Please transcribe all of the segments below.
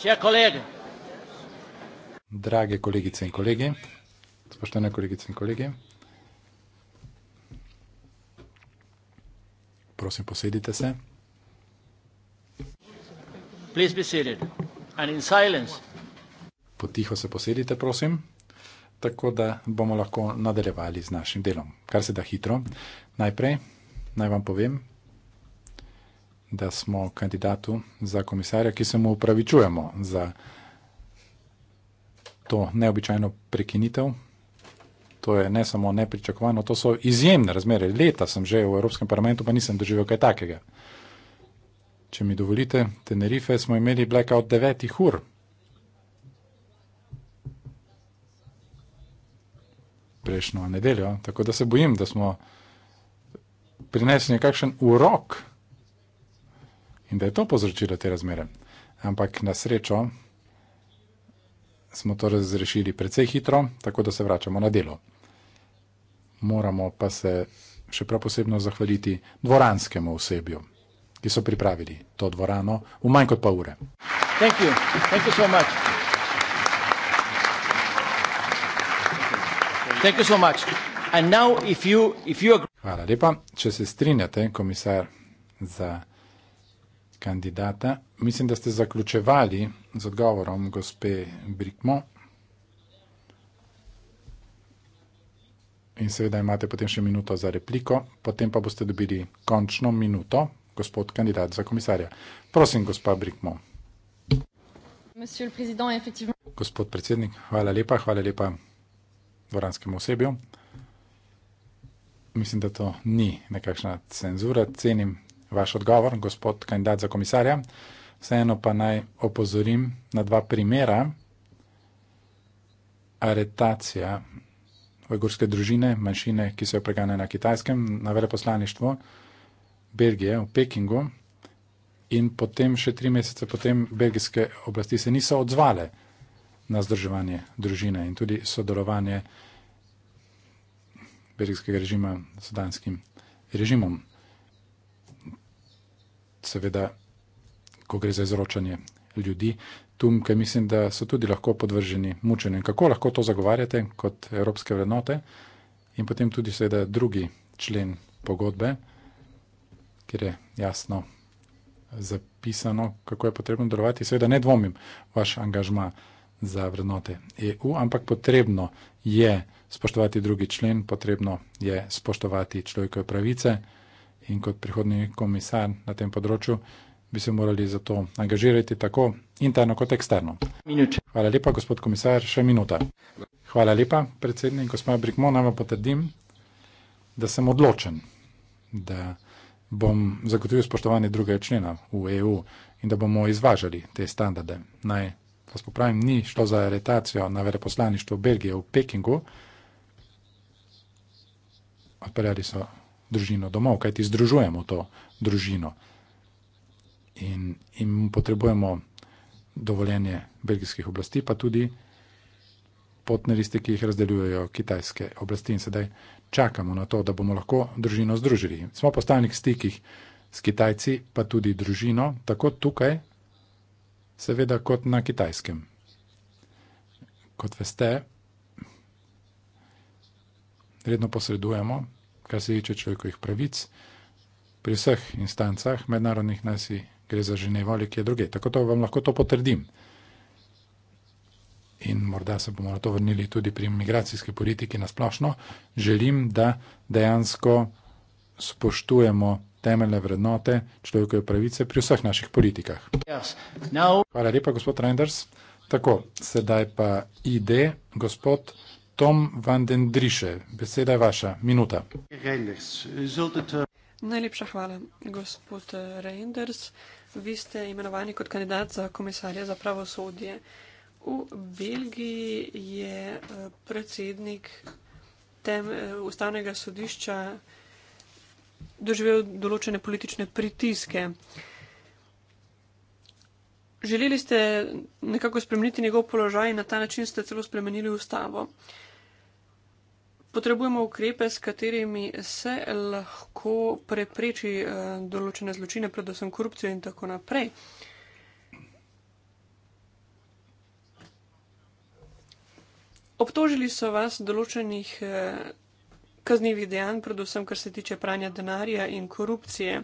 Če kolega. Drage kolegice in kolegi, spoštovane kolegice in kolegi, prosim, posedite se. Please be seated and in silence. Potiho se posedite, prosim, tako da bomo lahko nadaljevali z našim delom, kar se da hitro. Najprej naj vam povem, da smo kandidatu za komisarja, ki se mu upravičujemo za to neobičajno prekinitev. To je ne samo nepričakovano, to so izjemne razmere. Leta sem že v Evropskem parlamentu, pa nisem doživel kaj takega. Če mi dovolite, Tenerife smo imeli blackout devetih ur. Prejšnjo nedeljo, tako da se bojim, da smo prinesli nekakšen urok in da je to povzročilo te razmere. Ampak na srečo smo to razrešili precej hitro, tako da se vračamo na delo. Moramo pa se še prav posebno zahvaliti dvoranskemu osebju, ki so pripravili to dvorano v manj kot pa ure. Thank you. Thank you so much. Thank you so much. And now if you, if you agree... Hvala lepa. Če se strinjate, komisar za kandidata. Mislim, da ste zaključevali z odgovorom gospe Brikmo. In seveda imate potem še minuto za repliko, potem pa boste dobili končno minuto, gospod kandidat za komisarja. Prosim, gospa Brikmo. Gospod predsednik, hvala lepa, hvala lepa dvoranskemu osebju. Mislim, da to ni nekakšna cenzura, cenim vaš odgovor, gospod kandidat za komisarja. Vseeno pa naj opozorim na dva primera aretacija ojgurske družine, manjšine, ki so jo preganjali na kitajskem, na veleposlaništvo Belgije v Pekingu. In potem, še tri mesece potem, belgijske oblasti se niso odzvale na združevanje družine in tudi sodelovanje belgijskega režima s danskim režimom seveda, ko gre za izročanje ljudi, tukaj mislim, da so tudi lahko podvrženi mučenju. Kako lahko to zagovarjate kot evropske vrednote? In potem tudi, seveda, drugi člen pogodbe, kjer je jasno zapisano, kako je potrebno delovati. Seveda, ne dvomim vaš angažma za vrednote EU, ampak potrebno je spoštovati drugi člen, potrebno je spoštovati človekove pravice in kot prihodni komisar na tem področju bi se morali za to angažirati tako interno kot eksterno. Minut. Hvala lepa, gospod komisar, še minuta. Hvala lepa, predsednik, gospod Brikmo, naj vam potrdim, da sem odločen, da bom zagotovil spoštovanje druge člena v EU in da bomo izvažali te standarde. Naj vas popravim, ni šlo za aretacijo na veleposlaništvu Belgije v Pekingu, odpeljali so družino domov, kajti združujemo to družino. In, in potrebujemo dovoljenje belgijskih oblasti, pa tudi potne liste, ki jih razdeljujejo kitajske oblasti. In sedaj čakamo na to, da bomo lahko družino združili. Smo po stalnih stikih s Kitajci, pa tudi družino, tako tukaj, seveda, kot na kitajskem. Kot veste, redno posredujemo kar se tiče človekovih pravic, pri vseh instancah, mednarodnih nasi, gre za Ženevo ali kje druge. Tako da vam lahko to potrdim. In morda se bomo na to vrnili tudi pri imigracijski politiki nasplošno. Želim, da dejansko spoštujemo temeljne vrednote človekove pravice pri vseh naših politikah. Hvala lepa, gospod Reinders. Tako, sedaj pa ide gospod. Tom van den Driše, beseda je vaša, minuta. Najlepša hvala, gospod Reinders. Vi ste imenovani kot kandidat za komisarja za pravosodje. V Belgiji je eh, predsednik tem, eh, ustavnega sodišča doživel določene politične pritiske. Želeli ste nekako spremeniti njegov položaj in na ta način ste celo spremenili ustavo potrebujemo ukrepe, s katerimi se lahko prepreči eh, določene zločine, predvsem korupcijo in tako naprej. Obtožili so vas določenih eh, kaznjivih dejanj, predvsem kar se tiče pranja denarja in korupcije.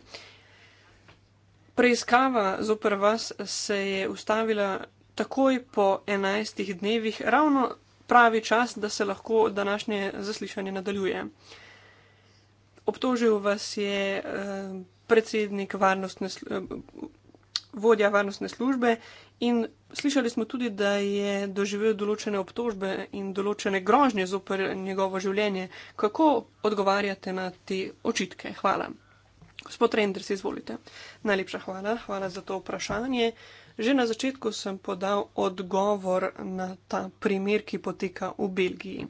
Preiskava zoper vas se je ustavila takoj po enajstih dnevih, ravno pravi čas, da se lahko današnje zaslišanje nadaljuje. Obtožil vas je eh, predsednik varnostne, eh, vodja varnostne službe in slišali smo tudi, da je doživel določene obtožbe in določene grožnje zoper njegovo življenje. Kako odgovarjate na te očitke? Hvala. Gospod Render, se izvolite. Najlepša hvala. Hvala za to vprašanje. Uh, Že na začetku sem podal odgovor na ta primer, ki poteka v Belgiji.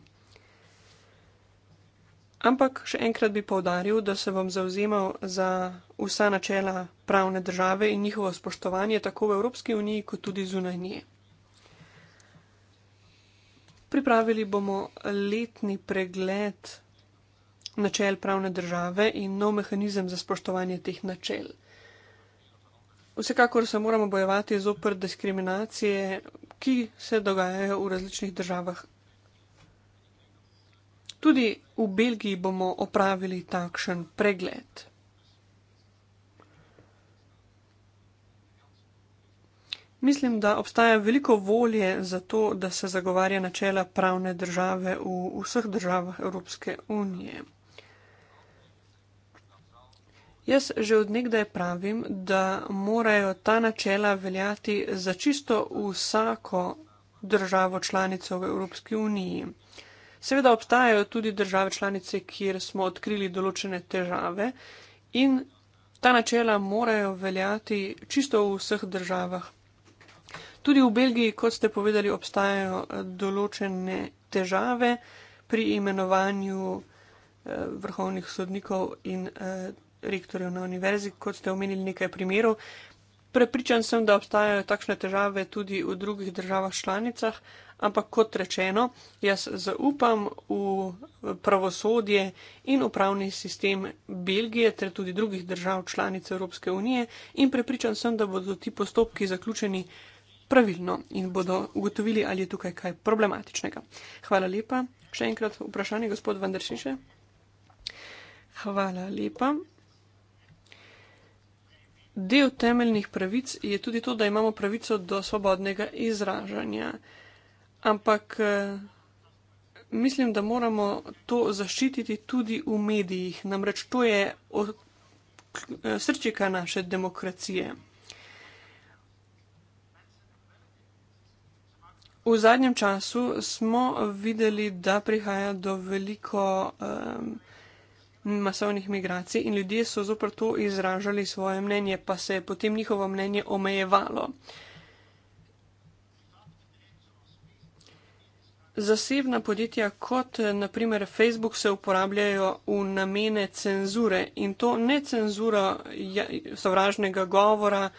Ampak še enkrat bi povdaril, da se bom zauzemal za vsa načela pravne države in njihovo spoštovanje tako v Evropski uniji, kot tudi zunaj nje. Pripravili bomo letni pregled načel pravne države in nov mehanizem za spoštovanje teh načel. Vsekakor se moramo bojevati zopr diskriminacije, ki se dogajajo v različnih državah. Tudi v Belgiji bomo opravili takšen pregled. Mislim, da obstaja veliko volje za to, da se zagovarja načela pravne države v vseh državah Evropske unije. Jaz že odnegdaj pravim, da morajo ta načela veljati za čisto vsako državo članico v Evropski uniji. Seveda obstajajo tudi države članice, kjer smo odkrili določene težave in ta načela morajo veljati čisto v vseh državah. Tudi v Belgiji, kot ste povedali, obstajajo eh, določene težave pri imenovanju eh, vrhovnih sodnikov in eh, rektorjev na univerzi, kot ste omenili nekaj primerov. Prepričan sem, da obstajajo takšne težave tudi v drugih državah članicah, ampak kot rečeno, jaz zaupam v pravosodje in upravni sistem Belgije ter tudi drugih držav članic Evropske unije in prepričan sem, da bodo ti postopki zaključeni pravilno in bodo ugotovili, ali je tukaj kaj problematičnega. Hvala lepa. Še enkrat vprašanje, gospod Vandršiše. Hvala lepa. Del temeljnih pravic je tudi to, da imamo pravico do svobodnega izražanja. Ampak eh, mislim, da moramo to zaščititi tudi v medijih. Namreč to je srčika naše demokracije. V zadnjem času smo videli, da prihaja do veliko. Um, masovnih migracij in ljudje so zopr to izražali svoje mnenje, pa se je potem njihovo mnenje omejevalo. Zasebna podjetja kot naprimer Facebook se uporabljajo v namene cenzure in to ne cenzura ja, sovražnega govora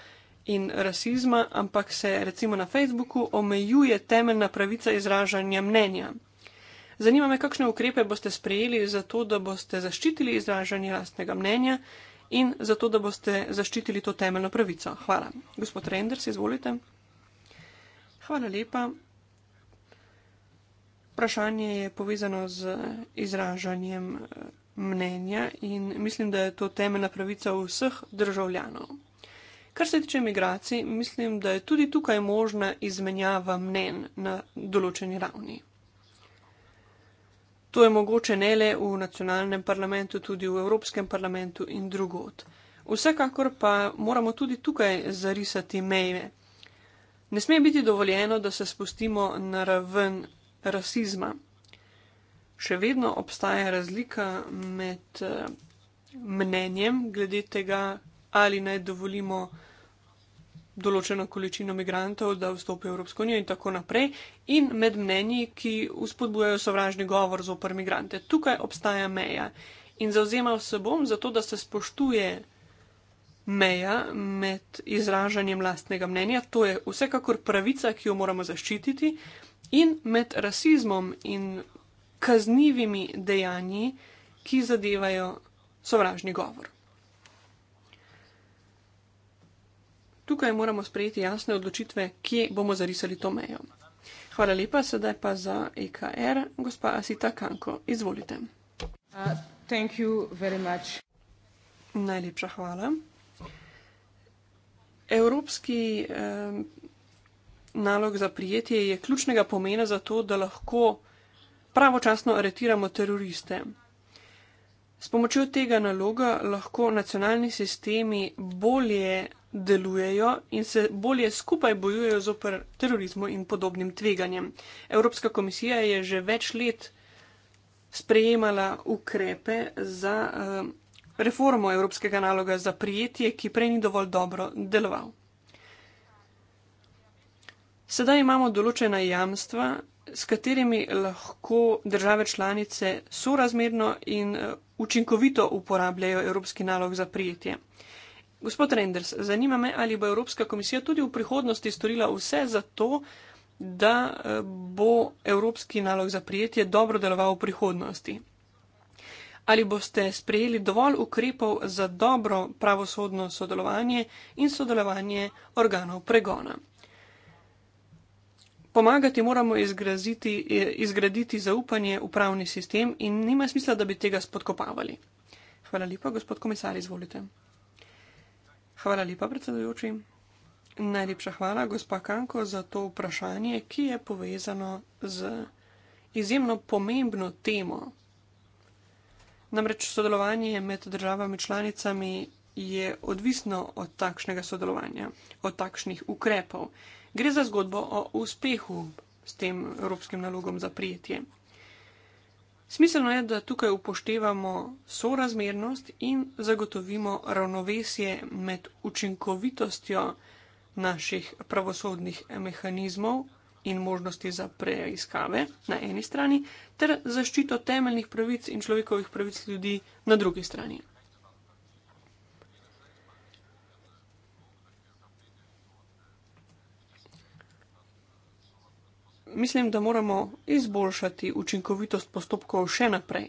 in rasizma, ampak se recimo na Facebooku omejuje temeljna pravica izražanja mnenja. Zanima me, kakšne ukrepe boste sprejeli za to, da boste zaščitili izražanje lastnega mnenja in za to, da boste zaščitili to temeljno pravico. Hvala. Gospod Renders, izvolite. Hvala lepa. Vprašanje je povezano z izražanjem eh, mnenja in mislim, da je to temeljna pravica vseh državljanov. Kar se tiče migracij, mislim, da je tudi tukaj možna izmenjava mnen na določeni ravni. To je mogoče ne le v nacionalnem parlamentu, tudi v Evropskem parlamentu in drugot. Vsekakor pa moramo tudi tukaj zarisati meje. Ne sme biti dovoljeno, da se spustimo na raven rasizma. Še vedno obstaja razlika med eh, mnenjem glede tega, ali naj dovolimo določeno količino migrantov, da vstopijo v Evropsko unijo in tako naprej, in med mnenji, ki uspodbujajo sovražni govor zoper migrante. Tukaj obstaja meja in zauzemal se bom za to, da se spoštuje meja med izražanjem lastnega mnenja, to je vsekakor pravica, ki jo moramo zaščititi, in med rasizmom in kaznivimi dejanji, ki zadevajo sovražni govor. Tukaj moramo sprejeti jasne odločitve, kje bomo zarisali to mejo. Hvala lepa, sedaj pa za EKR, gospa Asita Kanko. Izvolite. Uh, Najlepša hvala. Evropski eh, nalog za prijetje je ključnega pomena za to, da lahko pravočasno aretiramo teroriste. S pomočjo tega naloga lahko nacionalni sistemi bolje delujejo in se bolje skupaj bojujejo zoper terorizmu in podobnim tveganjem. Evropska komisija je že več let sprejemala ukrepe za uh, reformo evropskega naloga za prijetje, ki prej ni dovolj dobro deloval. Sedaj imamo določena jamstva, s katerimi lahko države članice sorazmerno in eh, učinkovito uporabljajo evropski nalog za prijetje. Gospod Renders, zanima me, ali bo Evropska komisija tudi v prihodnosti storila vse za to, da eh, bo Evropski nalog za prijetje dobro deloval v prihodnosti. Ali boste sprejeli dovolj ukrepov za dobro pravosodno sodelovanje in sodelovanje organov pregona? Pomagati moramo izgraziti, eh, izgraditi zaupanje v pravni sistem in nima smisla, da bi tega spodkopavali. Hvala lepa, gospod komisar, izvolite. Hvala lepa, predsedujoči. Najlepša hvala, gospa Kanko, za to vprašanje, ki je povezano z izjemno pomembno temo. Namreč sodelovanje med državami članicami je odvisno od takšnega sodelovanja, od takšnih ukrepov. Gre za zgodbo o uspehu s tem evropskim nalogom za prijetje. Smiselno je, da tukaj upoštevamo sorazmernost in zagotovimo ravnovesje med učinkovitostjo naših pravosodnih mehanizmov in možnosti za preiskave na eni strani ter zaščito temeljnih pravic in človekovih pravic ljudi na drugi strani. mislim, da moramo izboljšati učinkovitost postopkov še naprej.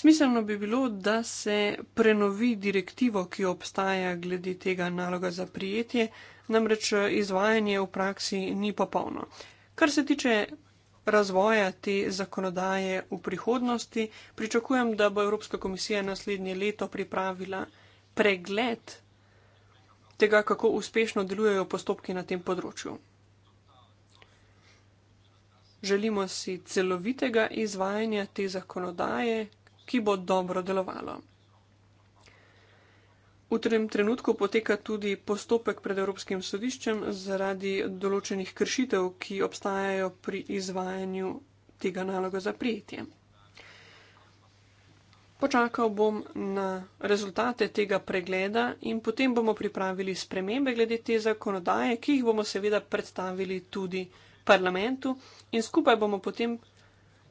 Smiselno bi bilo, da se prenovi direktivo, ki obstaja glede tega naloga za prijetje, namreč izvajanje v praksi ni popolno. Kar se tiče razvoja te zakonodaje v prihodnosti, pričakujem, da bo Evropska komisija naslednje leto pripravila pregled tega, kako uspešno delujejo postopki na tem področju. Želimo si celovitega izvajanja te zakonodaje, ki bo dobro delovalo. V tem trenutku poteka tudi postopek pred Evropskim sodiščem zaradi določenih kršitev, ki obstajajo pri izvajanju tega naloga za prijetje počakal bom na rezultate tega pregleda in potem bomo pripravili spremembe glede te zakonodaje, ki jih bomo seveda predstavili tudi parlamentu in skupaj bomo potem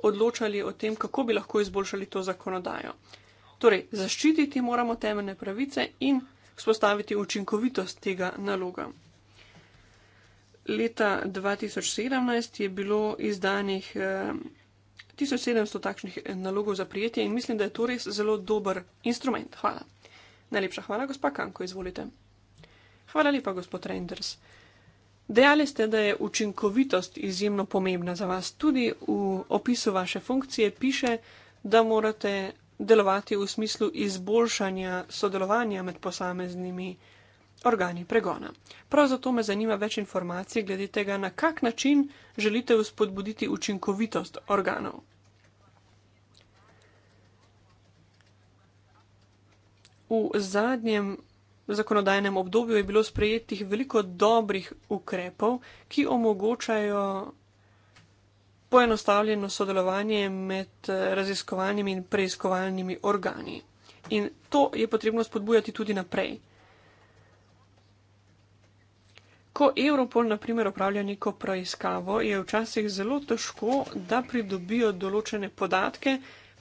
odločali o tem, kako bi lahko izboljšali to zakonodajo. Torej, zaščititi moramo temeljne pravice in spostaviti učinkovitost tega naloga. Leta 2017 je bilo izdanih eh, 1700 takšnih nalogov za prijetje in mislim, da je to res zelo dober instrument. Hvala. Najlepša hvala, gospa Kanko, izvolite. Hvala lepa, gospod Renders. Dejali ste, da je učinkovitost izjemno pomembna za vas. Tudi v opisu vaše funkcije piše, da morate delovati v smislu izboljšanja sodelovanja med posameznimi organi pregona. Prav zato me zanima več informacij glede tega, na kak način želite vzpodbuditi učinkovitost organov. V zadnjem zakonodajnem obdobju je bilo sprejetih veliko dobrih ukrepov, ki omogočajo poenostavljeno sodelovanje med raziskovalnimi in preiskovalnimi organi. In to je potrebno spodbujati tudi naprej. Ko Europol, na primer, opravlja neko preiskavo, je včasih zelo težko, da pridobijo določene podatke,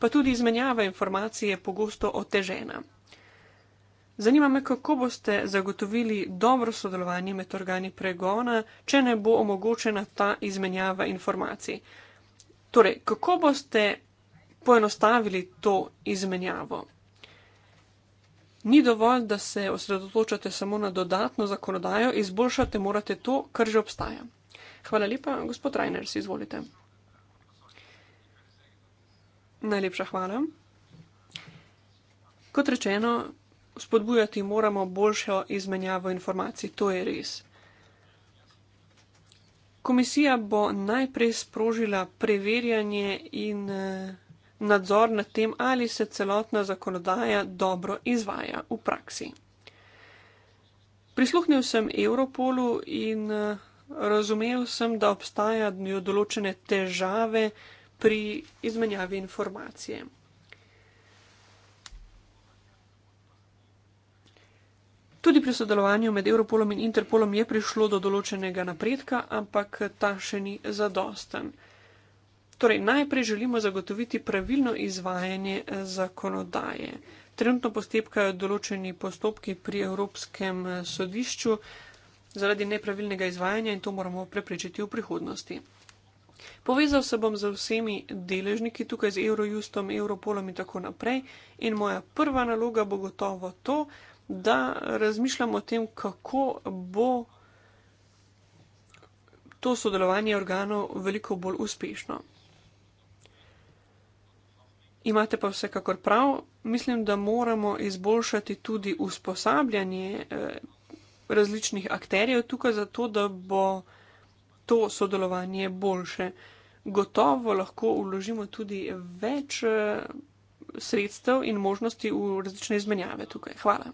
pa tudi izmenjava informacij je pogosto otežena. Zanima me, kako boste zagotovili dobro sodelovanje med organi pregona, če ne bo omogočena ta izmenjava informacij. Torej, kako boste poenostavili to izmenjavo? Ni dovolj, da se osredotočate samo na dodatno zakonodajo, izboljšate morate to, kar že obstaja. Hvala lepa, gospod Rajner, si izvolite. Najlepša hvala. Kot rečeno, spodbujati moramo boljšo izmenjavo informacij, to je res. Komisija bo najprej sprožila preverjanje in. Eh, nadzor nad tem, ali se celotna zakonodaja dobro izvaja v praksi. Prisluhnil sem Europolu in eh, razumel sem, da obstajajo določene težave pri izmenjavi informacije. Tudi pri sodelovanju med Europolom in Interpolom je prišlo do določenega napredka, ampak ta še ni zadosten. Torej, najprej želimo zagotoviti pravilno izvajanje eh, zakonodaje. Trenutno postepkajo določeni postopki pri Evropskem eh, sodišču zaradi nepravilnega izvajanja in to moramo preprečiti v prihodnosti. Povezal se bom z vsemi deležniki tukaj z Eurojustom, Europolom in tako naprej in moja prva naloga bo gotovo to, da razmišljam o tem, kako bo to sodelovanje organov veliko bolj uspešno. Imate pa vsekakor prav, mislim, da moramo izboljšati tudi usposabljanje eh, različnih akterjev tukaj, zato da bo to sodelovanje boljše. Gotovo lahko uložimo tudi več eh, sredstev in možnosti v različne izmenjave tukaj. Hvala.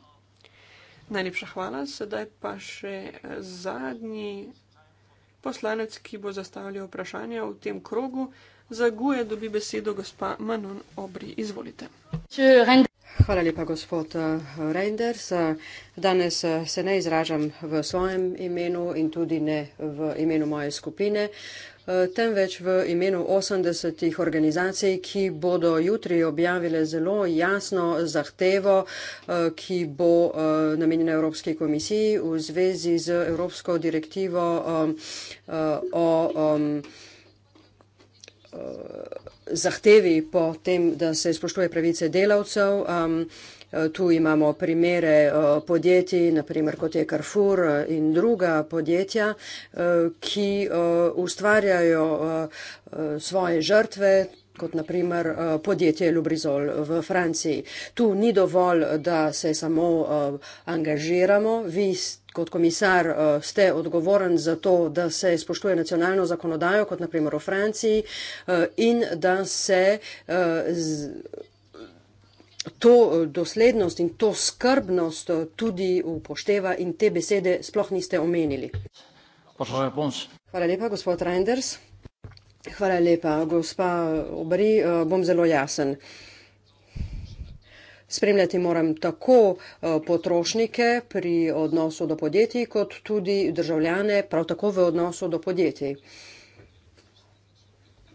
Najlepša hvala. Sedaj pa še eh, zadnji poslanec, ki bo zastavljal vprašanja v tem krogu. Za guje dobi besedo gospa Manon Obri. Izvolite. Hvala lepa, gospod eh, Reinders. Eh, danes eh, se ne izražam v svojem imenu in tudi ne v imenu moje skupine, temveč v imenu 80 organizacij, ki bodo jutri objavile zelo jasno zahtevo, ki bo namenjena Evropski komisiji v zvezi z Evropsko direktivo o. o Eh, zahtevi po tem, da se spoštuje pravice delavcev. Um, eh, tu imamo primere eh, podjetij, naprimer kot je Carrefour in druga podjetja, ki ustvarjajo svoje žrtve, kot naprimer eh, podjetje Lubrizol v Franciji. Tu ni dovolj, da se samo eh, angažiramo. Vi kot komisar eh, ste odgovoren za to, da se spoštuje nacionalno zakonodajo, kot naprimer v Franciji, in da se to doslednost in to skrbnost tudi upošteva in te besede sploh niste omenili. Hvala lepa, gospod Reinders. Hvala lepa, gospa Obri. Eh, bom zelo jasen. Spremljati moram tako eh, potrošnike pri odnosu do podjetij, kot tudi državljane, prav tako v odnosu do podjetij.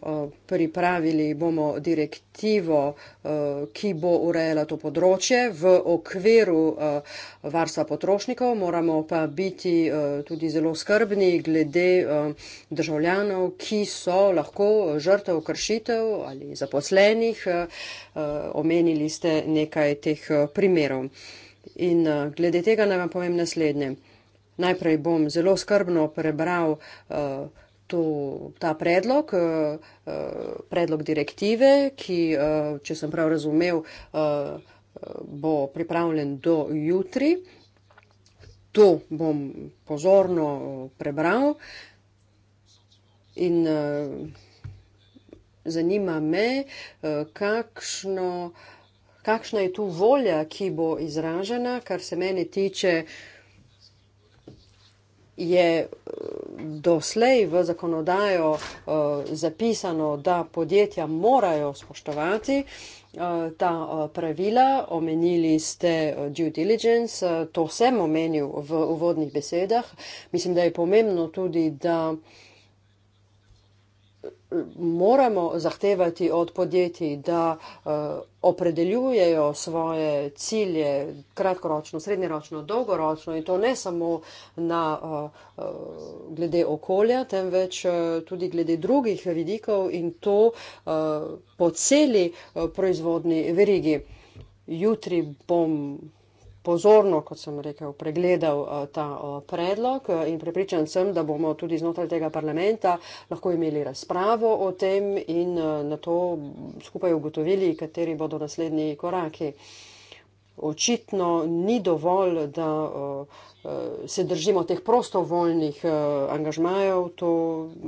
Eh, pripravili bomo direktivo, eh, ki bo urejala to področje v okviru eh, varstva potrošnikov. Moramo pa biti tudi zelo skrbni glede državljanov, ki so lahko žrtev kršitev ali zaposlenih. Omenili ste nekaj teh primerov. In glede tega naj vam povem naslednje. Najprej bom zelo skrbno prebral uh, tu, ta predlog, eh, eh, predlog direktive, ki, eh, če sem prav razumev, bo pripravljen do jutri. To bom pozorno prebral in zanima me, kakšno, kakšna je tu volja, ki bo izražena, kar se mene tiče je eh, doslej v zakonodajo eh, zapisano, da podjetja morajo spoštovati eh, ta pravila. Omenili ste due diligence, to sem omenil v uvodnih besedah. Mislim, da je pomembno tudi, da moramo zahtevati od podjetij, da eh, opredeljujejo svoje cilje kratkoročno, srednjeročno, dolgoročno in to ne samo na, eh, eh, glede okolja, temveč tudi glede drugih vidikov in to po celi proizvodni verigi. Jutri bom pozorno, kot sem rekel, pregledal eh, ta eh, predlog eh, in prepričan sem, da bomo tudi znotraj tega parlamenta lahko imeli razpravo o tem in na to skupaj ugotovili, kateri bodo naslednji koraki. Očitno ni dovolj, da se držimo teh prostovoljnih angažmajev, to,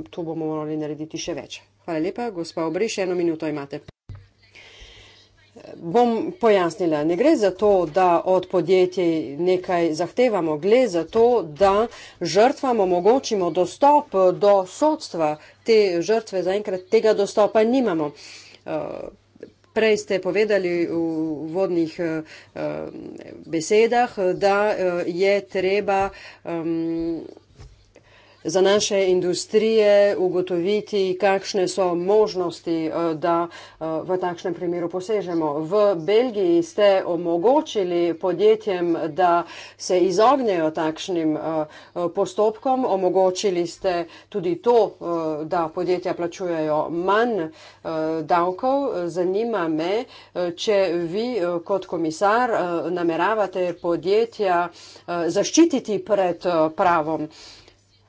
to bomo morali narediti še več. Hvala lepa, gospa Obriš, eno minuto imate. Bom pojasnila, ne gre za to, da od podjetij nekaj zahtevamo, gre za to, da žrtvam omogočimo dostop do sodstva. Te žrtve zaenkrat tega dostopa nimamo. Eh, prej ste povedali v vodnih eh, eh, besedah, da je treba ehm, za naše industrije ugotoviti, kakšne so možnosti, eh, da eh, v takšnem primeru posežemo. V Belgiji ste omogočili podjetjem, da se izognejo takšnim eh, postopkom, omogočili ste tudi to, da podjetja plačujejo manj davkov. Zanima me, če vi kot komisar nameravate podjetja zaščititi pred pravom.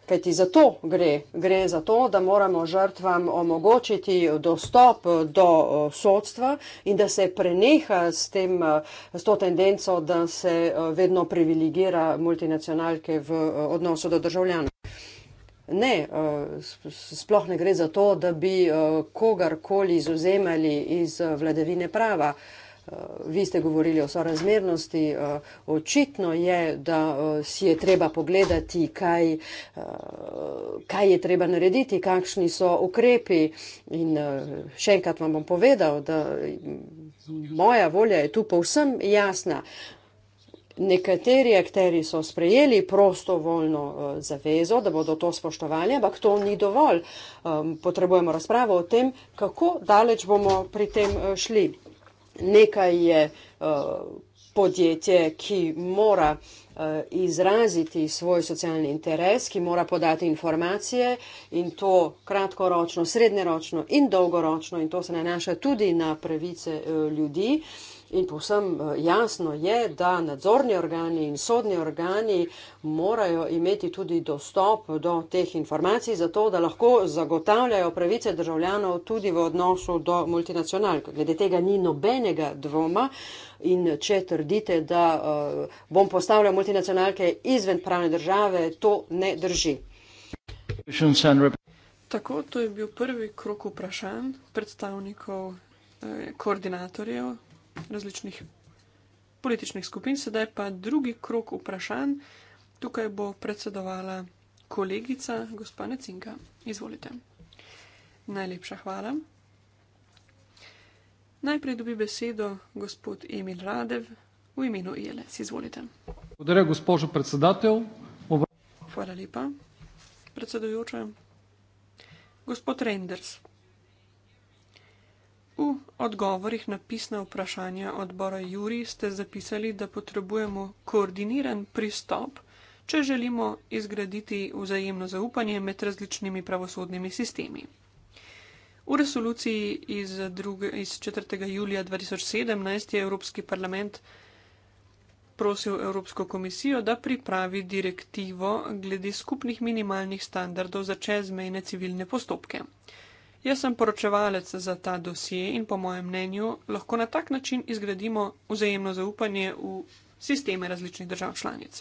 Kaj ti za to gre? Gre za to, da moramo žrtvam omogočiti dostop do eh, sodstva in da se preneha s, tem, eh, s to tendenco, da se eh, vedno privilegira multinacionalke v odnosu do državljanov. Ne, sploh ne gre za to, da bi kogarkoli izuzemali iz vladavine prava. Vi ste govorili o sorazmernosti. Eh, očitno je, da eh, si je treba pogledati, kaj, eh, kaj je treba narediti, kakšni so ukrepi. In še enkrat vam bom povedal, da moja volja je tu povsem jasna. Nekateri akteri so sprejeli prostovoljno zavezo, da bodo to spoštovali, ampak to ni dovolj. Potrebujemo razpravo o tem, kako daleč bomo pri tem šli nekaj je uh, podjetje, ki mora uh, izraziti svoj socialni interes, ki mora podati informacije in to kratkoročno, srednjeročno in dolgoročno in to se nanaša tudi na pravice uh, ljudi. Uh, In povsem eh, jasno je, da nadzorni organi in sodni organi morajo imeti tudi dostop do teh informacij, zato da lahko zagotavljajo pravice državljanov tudi v odnosu do multinacionalk. Glede tega ni nobenega dvoma in če trdite, da eh, bom postavljal multinacionalke izven pravne države, to ne drži. Tako, to je bil prvi krok vprašanj predstavnikov eh, koordinatorjev različnih političnih skupin. Sedaj pa drugi krok vprašanj. Tukaj bo predsedovala kolegica gospa Necinka. Izvolite. Najlepša hvala. Najprej dobi besedo gospod Emil Radev v imenu ILS. Izvolite. Podarja gospožo predsedatelj. Hvala lepa, predsedujoča. Gospod Renders, V odgovorih na pisna vprašanja odbora Juri ste zapisali, da potrebujemo koordiniran pristop, če želimo izgraditi vzajemno zaupanje med različnimi pravosodnimi sistemi. V resoluciji iz, druge, iz 4. julija 2017 je Evropski parlament prosil Evropsko komisijo, da pripravi direktivo glede skupnih minimalnih standardov za čezmejne civilne postopke. Jaz sem poročevalec za ta dosje in po mojem mnenju lahko na tak način izgradimo vzajemno zaupanje v sisteme različnih držav članic.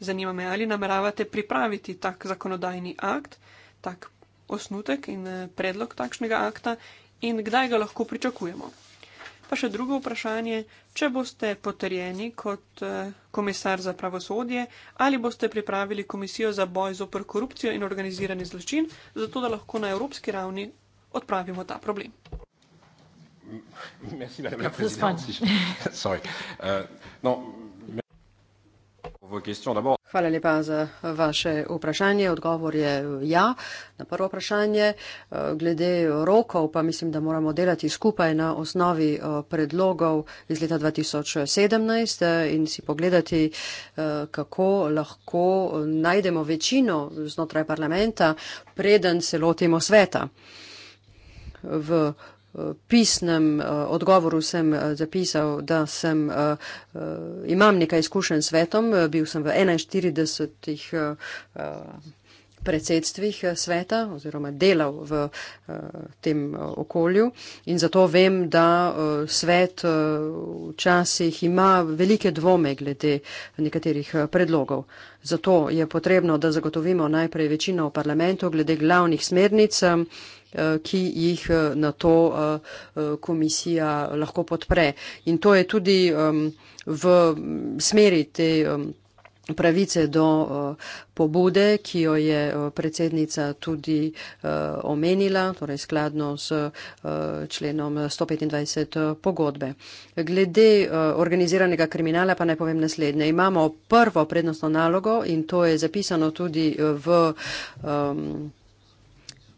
Zanima me, ali nameravate pripraviti tak zakonodajni akt, tak osnutek in eh, predlog takšnega akta in kdaj ga lahko pričakujemo. Pa še drugo vprašanje, če boste potrjeni kot eh, komisar za pravosodje, ali boste pripravili komisijo za boj zopr korupcijo in organizirani zločin, zato da lahko na evropski ravni odpravimo ta problem. Merci, madame la présidente. Sorry. Euh, non, v question. Hvala lepa za vaše vprašanje. Odgovor je ja na prvo vprašanje. Glede rokov pa mislim, da moramo delati skupaj na osnovi eh, predlogov iz leta 2017 eh, in si pogledati, eh, kako lahko najdemo večino znotraj parlamenta, preden se lotimo sveta. V pisnem uh, odgovoru sem uh, zapisal, da sem, uh, uh, imam nekaj izkušenj s svetom, uh, bil sem v 41. Uh, uh, predsedstvih sveta oziroma delal v uh, tem uh, okolju in zato vem, da uh, svet uh, včasih ima velike dvome glede nekaterih uh, predlogov. Zato je potrebno, da zagotovimo najprej večino v parlamentu glede glavnih smernic. Uh, Eh, ki jih eh, na to eh, komisija lahko podpre. In to je tudi v smeri te pravice do pobude, ki jo je predsednica tudi omenila, torej skladno s členom 125 pogodbe. Glede organiziranega kriminala pa naj povem naslednje. Imamo prvo prednostno nalogo in to je zapisano tudi v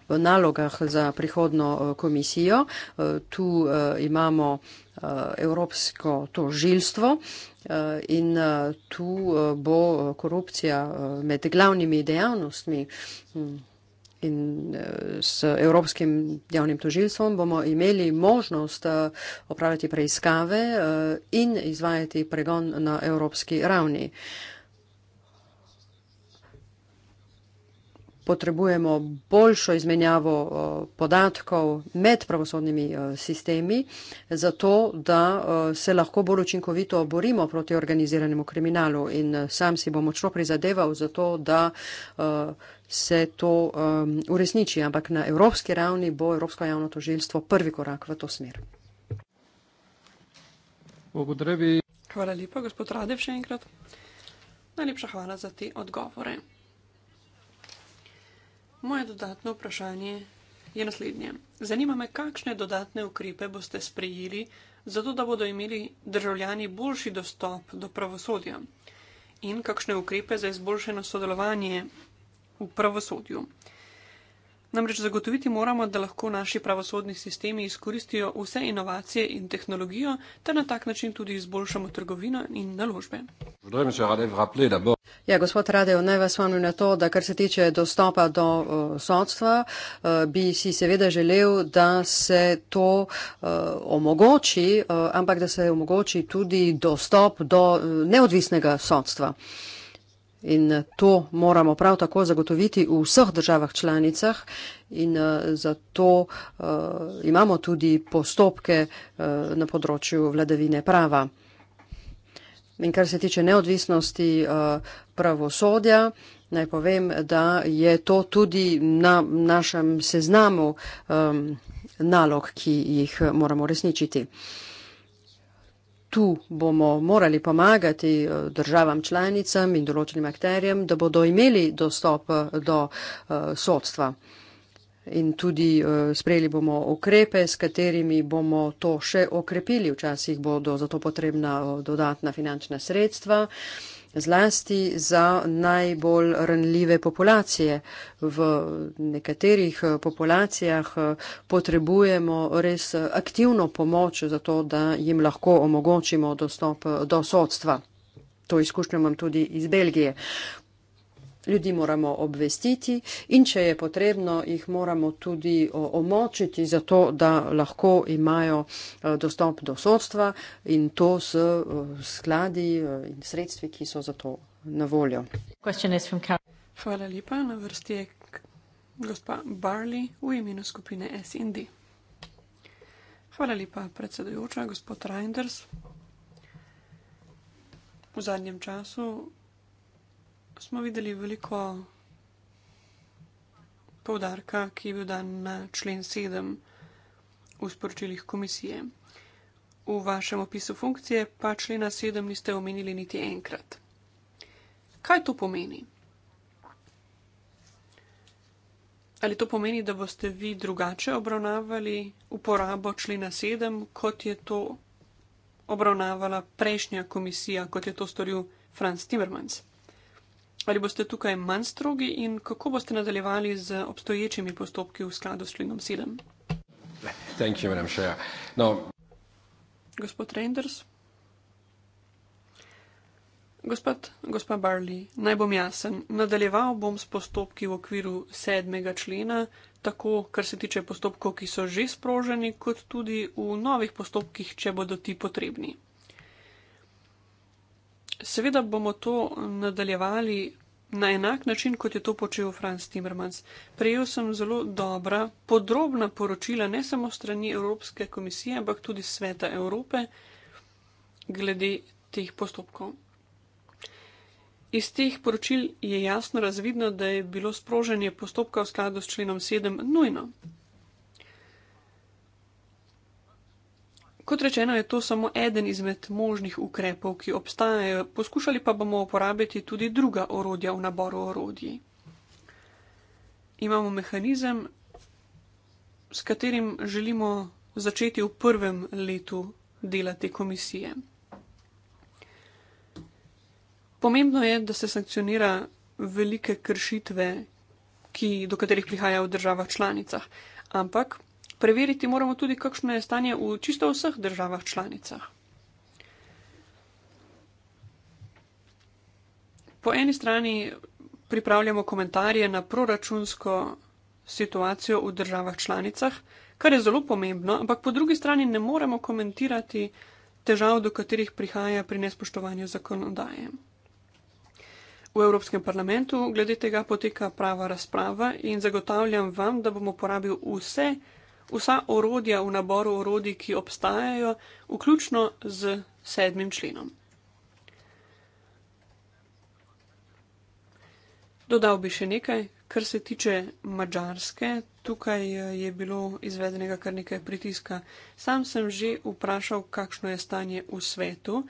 nalogah za prihodno eh, komisijo. Eh, tu eh, imamo Evropsko tožilstvo in tu bo korupcija med glavnimi dejavnostmi hm, in s Evropskim javnim tožilstvom bomo imeli možnost opraviti preiskave in izvajati pregon na evropski ravni. potrebujemo boljšo izmenjavo eh, podatkov med pravosodnimi eh, sistemi, zato da eh, se lahko bolj učinkovito borimo proti organiziranemu kriminalu. In sam si bom močno prizadeval za to, da se to uresniči, ampak na evropski ravni bo Evropsko javno tožilstvo prvi korak v to smer. Hvala lepa, gospod Radev, še enkrat. Najlepša hvala za te odgovore. Moje dodatno vprašanje je naslednje. Zanima me, kakšne dodatne ukrepe boste sprejeli, zato da bodo imeli državljani boljši dostop do pravosodja in kakšne ukrepe za izboljšeno sodelovanje v pravosodju. Namreč zagotoviti moramo, da lahko naši pravosodni sistemi izkoristijo vse inovacije in tehnologijo, ter na tak način tudi izboljšamo trgovino in naložbe. Ja, gospod Radev, naj vas spomnim na to, da kar se tiče dostopa do uh, sodstva, uh, bi si seveda želel, da se to uh, omogoči, uh, ampak da se omogoči tudi dostop do uh, neodvisnega sodstva. Uh, In eh, to moramo prav tako zagotoviti v vseh državah članicah in eh, zato uh, imamo tudi postopke uh, na področju vladavine prava. In kar se tiče neodvisnosti uh, pravosodja, naj povem, da je to tudi na našem seznamu um, nalog, ki jih moramo resničiti. Uh, tu bomo morali pomagati eh, državam članicam in določenim akterjem, da bodo imeli dostop eh, do eh, sodstva. In tudi sprejeli bomo ukrepe, s katerimi bomo to še okrepili. Včasih bodo za to potrebna dodatna finančna sredstva zlasti za najbolj ranljive populacije. V nekaterih eh, populacijah eh, potrebujemo res eh, aktivno pomoč za to, da jim lahko omogočimo dostop do sodstva. To izkušnjo imam tudi iz Belgije. Ljudi moramo obvestiti in če je potrebno, jih moramo tudi omočiti za to, da lahko imajo e, dostop do sodstva in to s e, skladi e, in sredstvi, ki so za to na voljo. Hvala lepa. Na vrsti je gospa Barley v imenu skupine S&D. Hvala lepa, predsedujoča, gospod Reinders. V zadnjem času smo videli veliko povdarka, ki je bil dan na člen 7 v sporočilih komisije. V vašem opisu funkcije pa člena 7 niste omenili niti enkrat. Kaj to pomeni? Ali to pomeni, da boste vi drugače obravnavali uporabo člena 7, kot je to obravnavala prejšnja komisija, kot je to storil Franz Timmermans? Ali boste tukaj manj strogi in kako boste nadaljevali z obstoječimi postopki v skladu s členom 7? You, sure. no. Gospod Reinders. Gospod, gospod Barley, naj bom jasen. Nadaljeval bom s postopki v okviru sedmega člena, tako kar se tiče postopkov, ki so že sproženi, kot tudi v novih postopkih, če bodo ti potrebni seveda bomo to nadaljevali na enak način, kot je to počel Franz Timmermans. Prejel sem zelo dobra, podrobna poročila, ne samo strani Evropske komisije, ampak tudi Sveta Evrope glede teh postopkov. Iz teh poročil je jasno razvidno, da je bilo sproženje postopka v skladu s členom 7 nujno. Kot rečeno, je to samo eden izmed možnih ukrepov, ki obstajajo, poskušali pa bomo uporabiti tudi druga orodja v naboru orodij. Imamo mehanizem, s katerim želimo začeti v prvem letu dela te komisije. Pomembno je, da se sankcionira velike kršitve, ki, do katerih prihaja v državah članicah, ampak preveriti moramo tudi, kakšno je stanje v čisto vseh državah članicah. Po eni strani pripravljamo komentarje na proračunsko situacijo v državah članicah, kar je zelo pomembno, ampak po drugi strani ne moremo komentirati težav, do katerih prihaja pri nespoštovanju zakonodaje. V Evropskem parlamentu glede tega poteka prava razprava in zagotavljam vam, da bomo porabili vse, vsa orodja v naboru orodij, ki obstajajo, vključno z sedmim členom. Dodal bi še nekaj, kar se tiče mačarske. Tukaj eh, je bilo izvedenega kar nekaj pritiska. Sam sem že vprašal, kakšno je stanje v svetu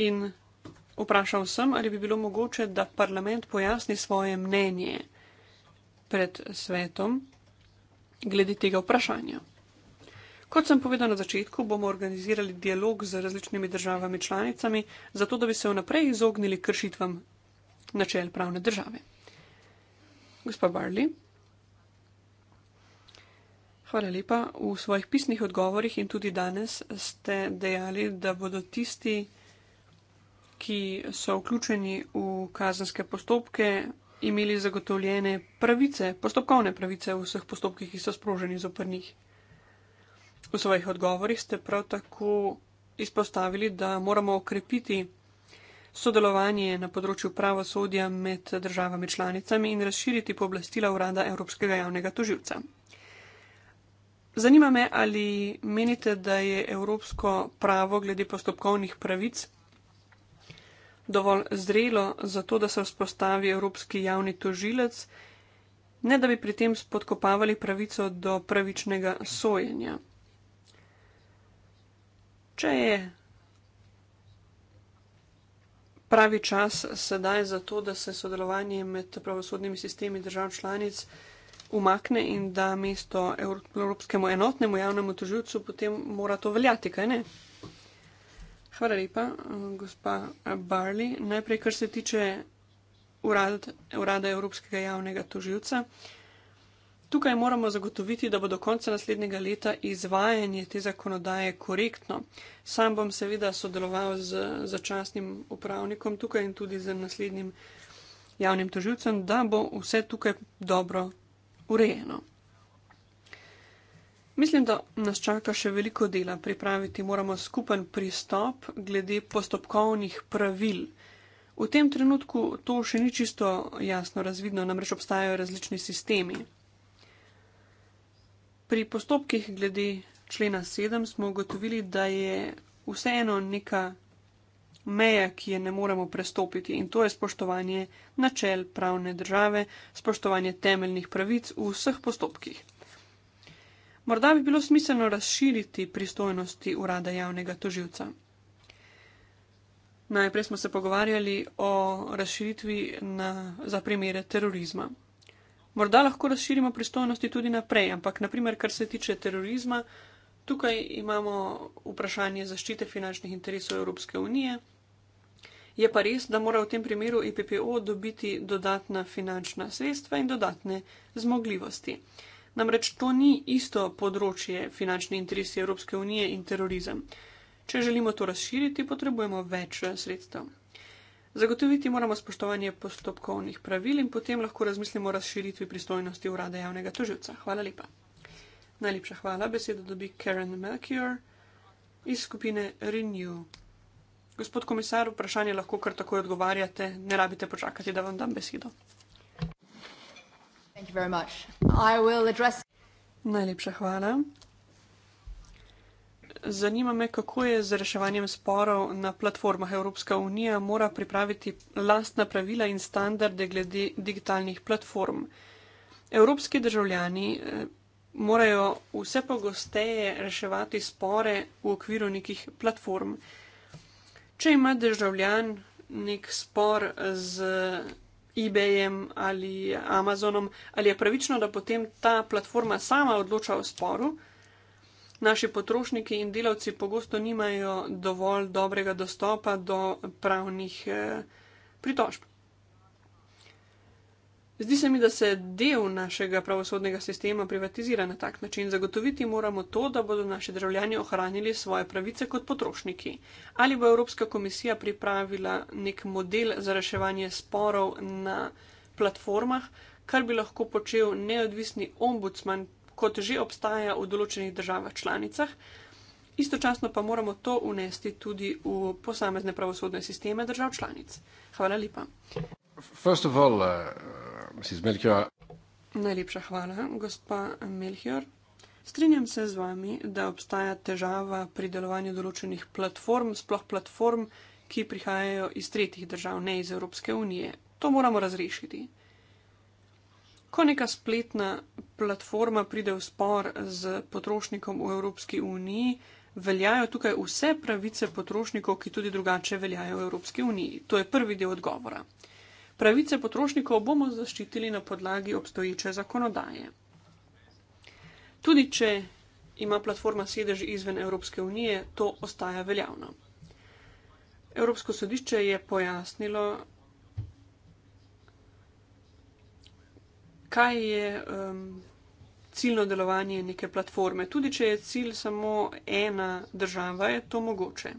in vprašal sem, ali bi bilo mogoče, da parlament pojasni svoje mnenje pred svetom, glede tega vprašanja. Kot sem povedal na začetku, bomo organizirali dialog z različnimi državami članicami, zato da bi se vnaprej izognili kršitvam načel pravne države. Gospa Barley, hvala lepa. V svojih pisnih odgovorih in tudi danes ste dejali, da bodo tisti, ki so vključeni v kazenske postopke, imeli zagotovljene pravice, postopkovne pravice v vseh postopkih, ki so sproženi zoper njih. V svojih odgovorih ste prav tako izpostavili, da moramo okrepiti sodelovanje na področju pravosodja med državami članicami in razširiti pooblastila Urada Evropskega javnega tožilca. Zanima me, ali menite, da je evropsko pravo glede postopkovnih pravic dovolj zrelo za to, da se vzpostavi evropski javni tožilec, ne da bi pri tem spodkopavali pravico do pravičnega sojenja. Če je pravi čas sedaj za to, da se sodelovanje med pravosodnimi sistemi držav članic umakne in da mesto Evropskemu enotnemu javnemu tožilcu potem mora to veljati, kaj ne? Hvala lepa, gospa Barli. Najprej, kar se tiče urad, urada Evropskega javnega toživca. Tukaj moramo zagotoviti, da bo do konca naslednjega leta izvajanje te zakonodaje korektno. Sam bom seveda sodeloval z začasnim upravnikom tukaj in tudi z naslednjim javnim toživcem, da bo vse tukaj dobro urejeno. Mislim, da nas čaka še veliko dela pripraviti. Moramo skupen pristop glede postopkovnih pravil. V tem trenutku to še ni čisto jasno razvidno, namreč obstajajo različni sistemi. Pri postopkih glede člena 7 smo ugotovili, da je vseeno neka meja, ki je ne moremo prestopiti in to je spoštovanje načel pravne države, spoštovanje temeljnih pravic v vseh postopkih. Morda bi bilo smiselno razširiti pristojnosti urada javnega toživca. Najprej smo se pogovarjali o razširitvi na, za primere terorizma. Morda lahko razširimo pristojnosti tudi naprej, ampak naprimer, kar se tiče terorizma, tukaj imamo vprašanje zaščite finančnih interesov Evropske unije. Je pa res, da mora v tem primeru IPPO e dobiti dodatna finančna sredstva in dodatne zmogljivosti. Namreč to ni isto področje finančni interesi Evropske unije in terorizem. Če želimo to razširiti, potrebujemo več eh, sredstev. Zagotoviti moramo spoštovanje postopkovnih pravil in potem lahko razmislimo o razširitvi pristojnosti urada javnega toživca. Hvala lepa. Najlepša hvala. Besedo dobi Karen Melchior iz skupine Renew. Gospod komisar, vprašanje lahko kar takoj odgovarjate, ne rabite počakati, da vam dam besedo. Address... Najlepša hvala. Zanima me, kako je z reševanjem sporov na platformah. Evropska unija mora pripraviti lastna pravila in standarde glede digitalnih platform. Evropski državljani eh, morajo vse pogosteje reševati spore v okviru nekih platform. Če ima državljan nek spor z eBayem ali Amazonom, ali je pravično, da potem ta platforma sama odloča o sporu. Naši potrošniki in delavci pogosto nimajo dovolj dobrega dostopa do pravnih eh, pritožb. Zdi se mi, da se del našega pravosodnega sistema privatizira na tak način. Zagotoviti moramo to, da bodo naši državljani ohranili svoje pravice kot potrošniki. Ali bo Evropska komisija pripravila nek model za reševanje sporov na platformah, kar bi lahko počel neodvisni ombudsman, kot že obstaja v določenih državah članicah. Istočasno pa moramo to unesti tudi v posamezne pravosodne sisteme držav članic. Hvala lepa. First of all, uh... Mrs. Melchior. Najlepša hvala, gospa Melchior. Strinjam se z vami, da obstaja težava pri delovanju določenih platform, sploh platform, ki prihajajo iz tretjih držav, ne iz Evropske unije. To moramo razrešiti. Ko neka spletna platforma pride v spor z potrošnikom v Evropski uniji, veljajo tukaj vse pravice potrošnikov, ki tudi drugače veljajo v Evropski uniji. To je prvi del odgovora. Pravice potrošnikov bomo zaščitili na podlagi obstoječe zakonodaje. Tudi če ima platforma sedež izven Evropske unije, to ostaja veljavno. Evropsko sodišče je pojasnilo, kaj je um, ciljno delovanje neke platforme. Tudi če je cilj samo ena država, je to mogoče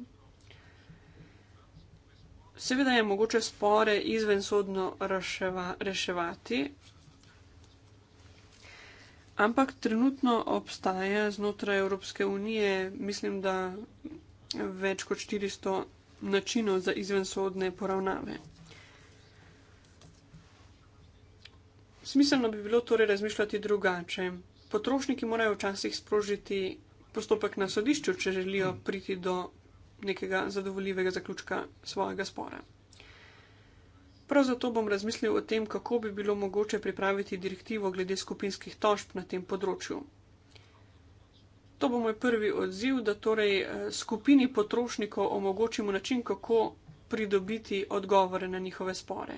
seveda je mogoče spore izven sodno reševa, reševati, ampak trenutno obstaja znotraj Evropske unije, mislim, da več kot 400 načinov za izven sodne poravnave. Smiselno bi bilo torej razmišljati drugače. Potrošniki morajo včasih sprožiti postopek na sodišču, če želijo priti do nekega zadovoljivega zaključka svojega spora. Prav zato bom razmislil o tem, kako bi bilo mogoče pripraviti direktivo glede skupinskih tožb na tem področju. To bo moj prvi odziv, da torej eh, skupini potrošnikov omogočimo način, kako pridobiti odgovore na njihove spore.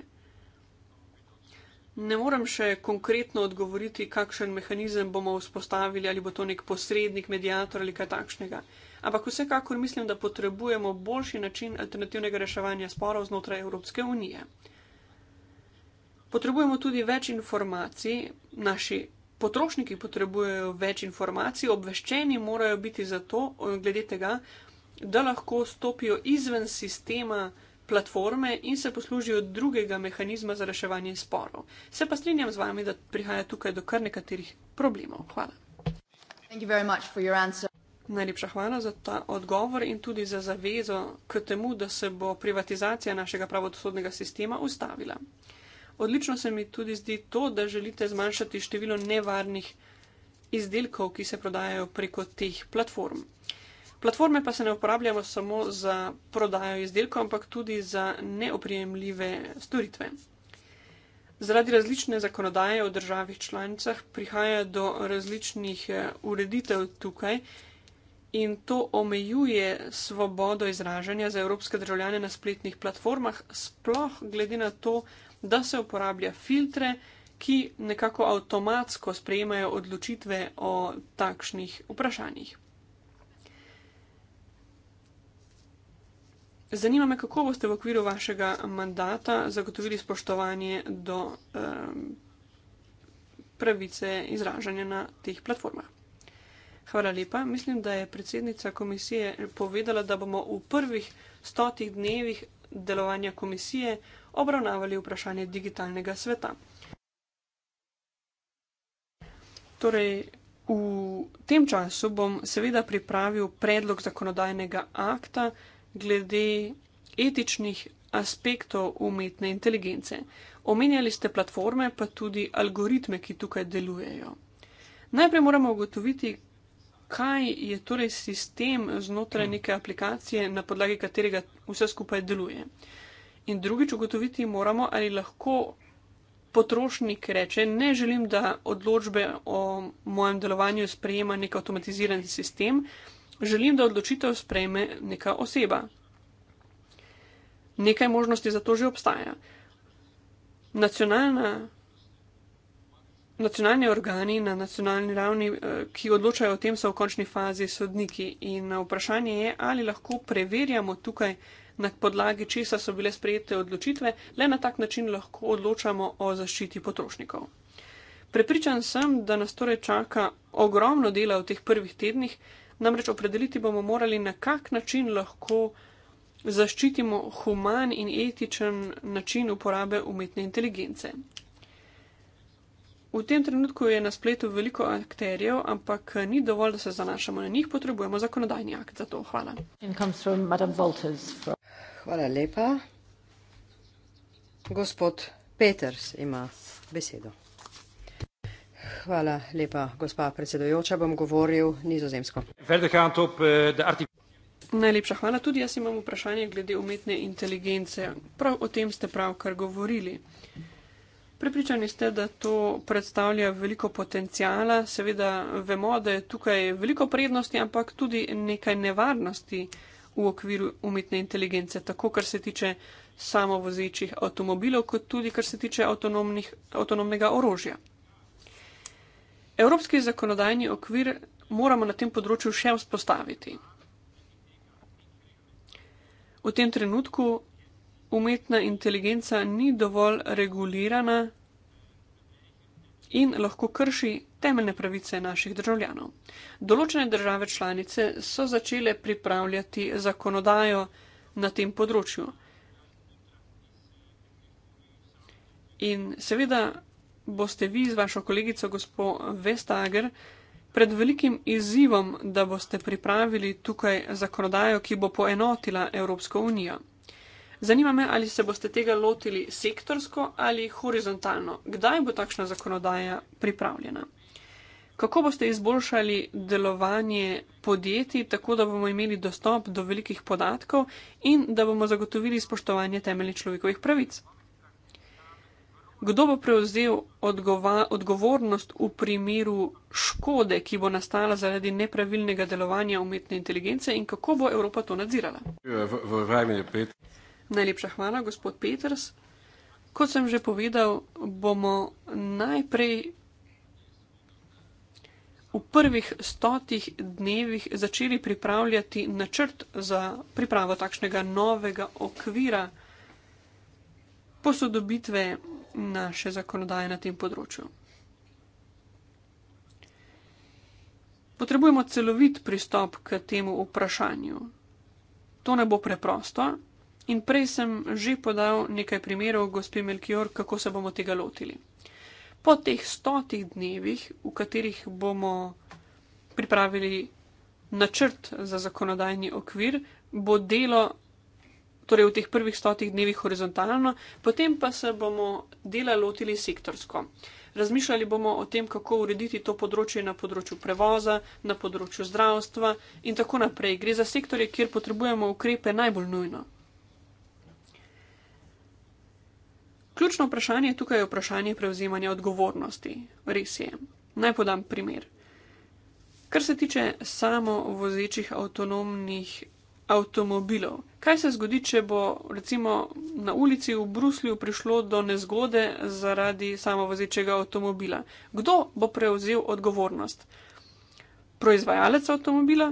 Ne morem še konkretno odgovoriti, kakšen mehanizem bomo vzpostavili, ali bo to nek posrednik, medijator ali kaj takšnega. Ampak vsekakor mislim, da potrebujemo boljši način alternativnega reševanja sporov znotraj Evropske unije. Potrebujemo tudi več informacij, naši potrošniki potrebujejo več informacij, obveščeni morajo biti zato, glede tega, da lahko stopijo izven sistema platforme in se poslužijo drugega mehanizma za reševanje sporov. Se pa strinjam z vami, da prihaja tukaj do kar nekaterih problemov. Hvala. Najlepša hvala za ta odgovor in tudi za zavezo k temu, da se bo privatizacija našega pravosodnega sistema ustavila. Odlično se mi tudi zdi to, da želite zmanjšati število nevarnih izdelkov, ki se prodajajo preko teh platform. Platforme pa se ne uporabljajo samo za prodajo izdelkov, ampak tudi za neoprijemljive storitve. Zaradi različne zakonodaje v državih članicah prihaja do različnih eh, ureditev tukaj in to omejuje svobodo izražanja za evropske državljane na spletnih platformah, sploh glede na to, da se uporablja filtre, ki nekako avtomatsko sprejemajo odločitve o takšnih vprašanjih. Zanima me, kako boste v okviru vašega mandata zagotovili spoštovanje do um, pravice izražanja na teh platformah. Hvala lepa. Mislim, da je predsednica komisije povedala, da bomo v prvih stotih dnevih delovanja komisije obravnavali vprašanje digitalnega sveta. Torej, v tem času bom seveda pripravil predlog zakonodajnega akta, glede etičnih aspektov umetne inteligence. Omenjali ste platforme, pa tudi algoritme, ki tukaj delujejo. Najprej moramo ugotoviti, kaj je torej sistem znotraj neke aplikacije, na podlagi katerega vse skupaj deluje. In drugič ugotoviti moramo, ali lahko potrošnik reče, ne želim, da odločbe o mojem delovanju sprejema nek avtomatiziran sistem, Želim, da odločitev sprejme neka oseba. Nekaj možnosti za to že obstaja. Nacionalna, nacionalni organi na nacionalni ravni, eh, ki odločajo o tem, so v končni fazi sodniki. In vprašanje je, ali lahko preverjamo tukaj, na podlagi česa so bile sprejete odločitve, le na tak način lahko odločamo o zaščiti potrošnikov. Prepričan sem, da nas torej čaka ogromno dela v teh prvih tednih, Namreč opredeliti bomo morali, na kak način lahko zaščitimo human in etičen način uporabe umetne inteligence. V tem trenutku je na spletu veliko akterjev, ampak ni dovolj, da se zanašamo na njih, potrebujemo zakonodajni akt za to. Hvala. Hvala lepa. Gospod Peters ima besedo. Hvala lepa, gospa predsedujoča. Bom govoril nizozemsko. Eh, Najlepša hvala. Tudi jaz imam vprašanje glede umetne inteligence. Prav o tem ste pravkar govorili. Prepričani ste, da to predstavlja veliko potencijala. Seveda vemo, da je tukaj veliko prednosti, ampak tudi nekaj nevarnosti v okviru umetne inteligence, tako kar se tiče samovozečih avtomobilov, kot tudi kar se tiče avtonomnega orožja. Evropski zakonodajni okvir moramo na tem področju še vzpostaviti. V tem trenutku umetna inteligenca ni dovolj regulirana in lahko krši temeljne pravice naših državljanov. Določene države članice so začele pripravljati zakonodajo na tem področju. In seveda boste vi z vašo kolegico gospo Vestager pred velikim izzivom, da boste pripravili tukaj zakonodajo, ki bo poenotila Evropsko unijo. Zanima me, ali se boste tega lotili sektorsko ali horizontalno. Kdaj bo takšna zakonodaja pripravljena? Kako boste izboljšali delovanje podjetij, tako da bomo imeli dostop do velikih podatkov in da bomo zagotovili spoštovanje temeljnih človekovih pravic? kdo bo prevzel odgovornost v primeru škode, ki bo nastala zaradi nepravilnega delovanja umetne inteligence in kako bo Evropa to nadzirala. V, v, v Najlepša hvala, gospod Peters. Kot sem že povedal, bomo najprej v prvih stotih dnevih začeli pripravljati načrt za pripravo takšnega novega okvira posodobitve naše zakonodaje na tem področju. Potrebujemo celovit pristop k temu vprašanju. To ne bo preprosto, in prej sem že podal nekaj primerov, gospe Melkior, kako se bomo tega lotili. Po teh stotih dnevih, v katerih bomo pripravili načrt za zakonodajni okvir, bo delo torej v teh prvih stotih dnevih horizontalno, potem pa se bomo dela lotili sektorsko. Razmišljali bomo o tem, kako urediti to področje na področju prevoza, na področju zdravstva in tako naprej. Gre za sektorje, kjer potrebujemo ukrepe najbolj nujno. Ključno vprašanje tukaj je vprašanje prevzemanja odgovornosti. Res je. Naj podam primer. Kar se tiče samo vozečih avtonomnih avtomobilov. Kaj se zgodi, če bo recimo na ulici v Bruslju prišlo do nezgode zaradi samovozečega avtomobila? Kdo bo prevzel odgovornost? Proizvajalec avtomobila,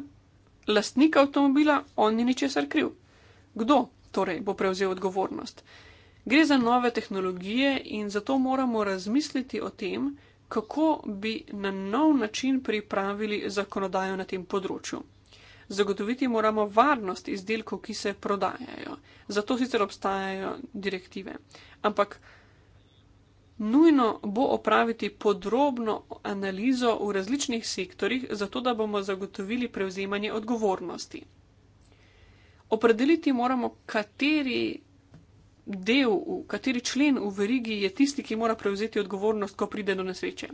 lastnik avtomobila, on ni ničesar kriv. Kdo torej bo prevzel odgovornost? Gre za nove tehnologije in zato moramo razmisliti o tem, kako bi na nov način pripravili zakonodajo na tem področju. Zagotoviti moramo varnost izdelkov, ki se prodajajo. Zato sicer obstajajo direktive. Ampak nujno bo opraviti podrobno analizo v različnih sektorjih, zato da bomo zagotovili prevzemanje odgovornosti. Opredeliti moramo, kateri del, kateri člen v verigi je tisti, ki mora prevzeti odgovornost, ko pride do nesreče.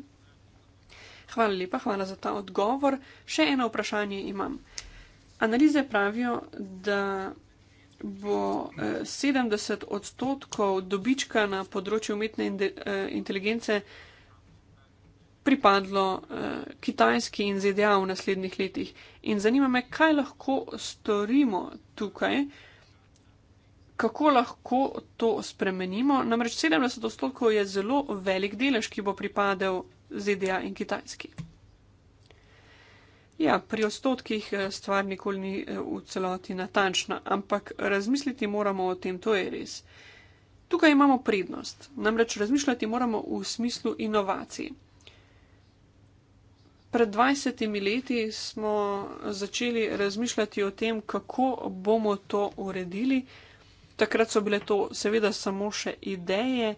Hvala lepa, hvala za ta odgovor. Še eno vprašanje imam. Analize pravijo, da bo 70 eh, odstotkov dobička na področju umetne eh, inteligence pripadlo eh, Kitajski in ZDA v naslednjih letih. In zanima me, kaj lahko storimo tukaj, kako lahko to spremenimo. Namreč 70 odstotkov je zelo velik delež, ki bo pripadel ZDA in Kitajski. Ja, pri odstotkih eh, stvar nikoli ni eh, v celoti natančna, ampak razmisliti moramo o tem, to je res. Tukaj imamo prednost, namreč razmišljati moramo v smislu inovacij. Pred 20 leti smo začeli razmišljati o tem, kako bomo to uredili. Takrat so bile to seveda samo še ideje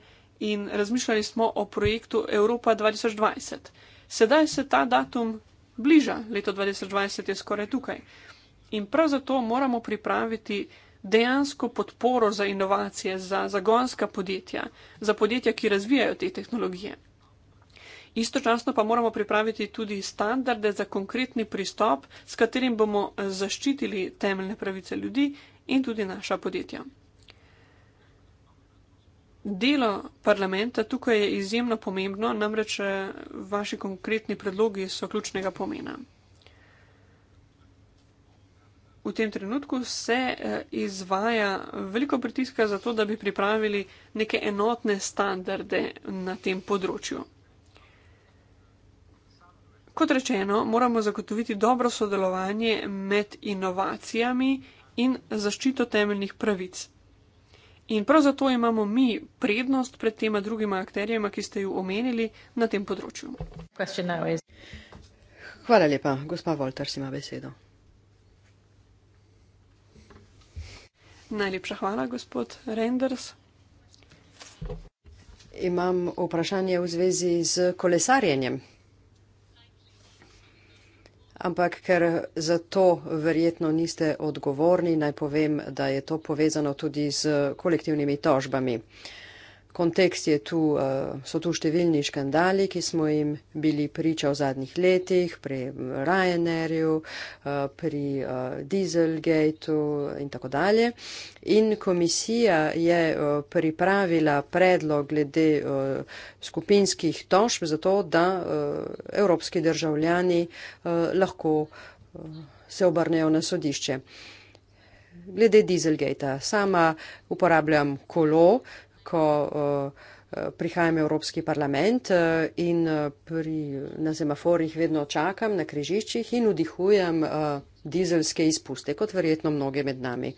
in razmišljali smo o projektu Evropa 2020. Sedaj se ta datum bliža, leto 2020 je skoraj tukaj. In prav zato moramo pripraviti dejansko podporo za inovacije, za zagonska podjetja, za podjetja, ki razvijajo te tehnologije. Istočasno pa moramo pripraviti tudi standarde za konkretni pristop, s katerim bomo zaščitili temeljne pravice ljudi in tudi naša podjetja. Delo parlamenta tukaj je izjemno pomembno, namreč eh, vaši konkretni predlogi so ključnega pomena. V tem trenutku se eh, izvaja veliko pritiska za to, da bi pripravili neke enotne standarde na tem področju. Kot rečeno, moramo zagotoviti dobro sodelovanje med inovacijami in zaščito temeljnih pravic. In prav zato imamo mi prednost pred tema drugima akterjema, ki ste ju omenili na tem področju. Hvala lepa, gospa Volters ima besedo. Najlepša hvala, gospod Renders. Imam vprašanje v zvezi z kolesarjenjem ampak ker za to verjetno niste odgovorni, naj povem, da je to povezano tudi z kolektivnimi tožbami. Kontekst je tu, eh, so tu številni škandali, ki smo jim bili priča v zadnjih letih, pri Ryanairju, eh, pri eh, Dieselgateu in tako dalje. In komisija je pripravila predlog glede skupinskih tožb za to, da evropski državljani lahko se obrnejo na sodišče. Glede Dieselgate, sama uporabljam kolo, ko eh, eh, prihajam v Evropski parlament eh, in pri, na semaforjih vedno čakam na križiščih in vdihujem dizelske izpuste, kot verjetno mnoge med nami.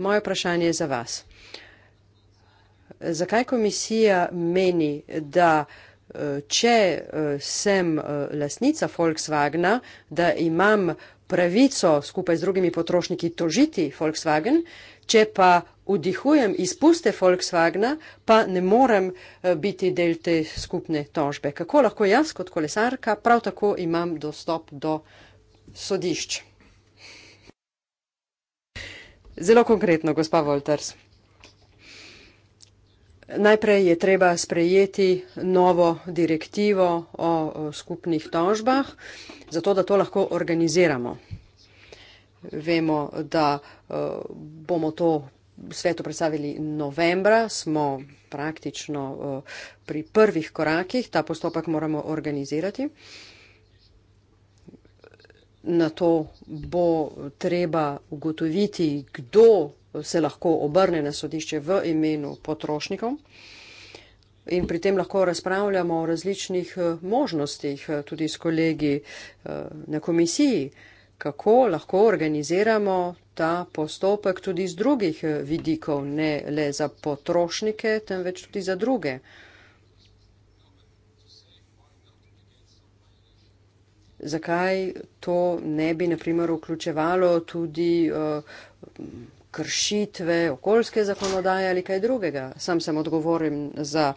Moje vprašanje je za vas. Zakaj komisija meni, da če sem lasnica Volkswagna, da imam pravico skupaj z drugimi potrošniki tožiti Volkswagen, Če pa vdihujem izpuste Volkswagna, pa ne morem eh, biti del te skupne tožbe. Kako lahko jaz kot kolesarka prav tako imam dostop do sodišč? Zelo konkretno, gospa Wolters. Najprej je treba sprejeti novo direktivo o eh, skupnih tožbah, zato da to lahko organiziramo vemo, da eh, bomo to svetu predstavili novembra, smo praktično eh, pri prvih korakih, ta postopek moramo organizirati. Na to bo treba ugotoviti, kdo se lahko obrne na sodišče v imenu potrošnikov. In pri tem lahko razpravljamo o različnih eh, možnostih, tudi s kolegi na komisiji kako lahko organiziramo ta postopek tudi z drugih eh, vidikov, ne le za potrošnike, temveč tudi za druge. Zakaj to ne bi, naprimer, vključevalo tudi uh, kršitve okoljske zakonodaje ali kaj drugega. Sam sem odgovoren za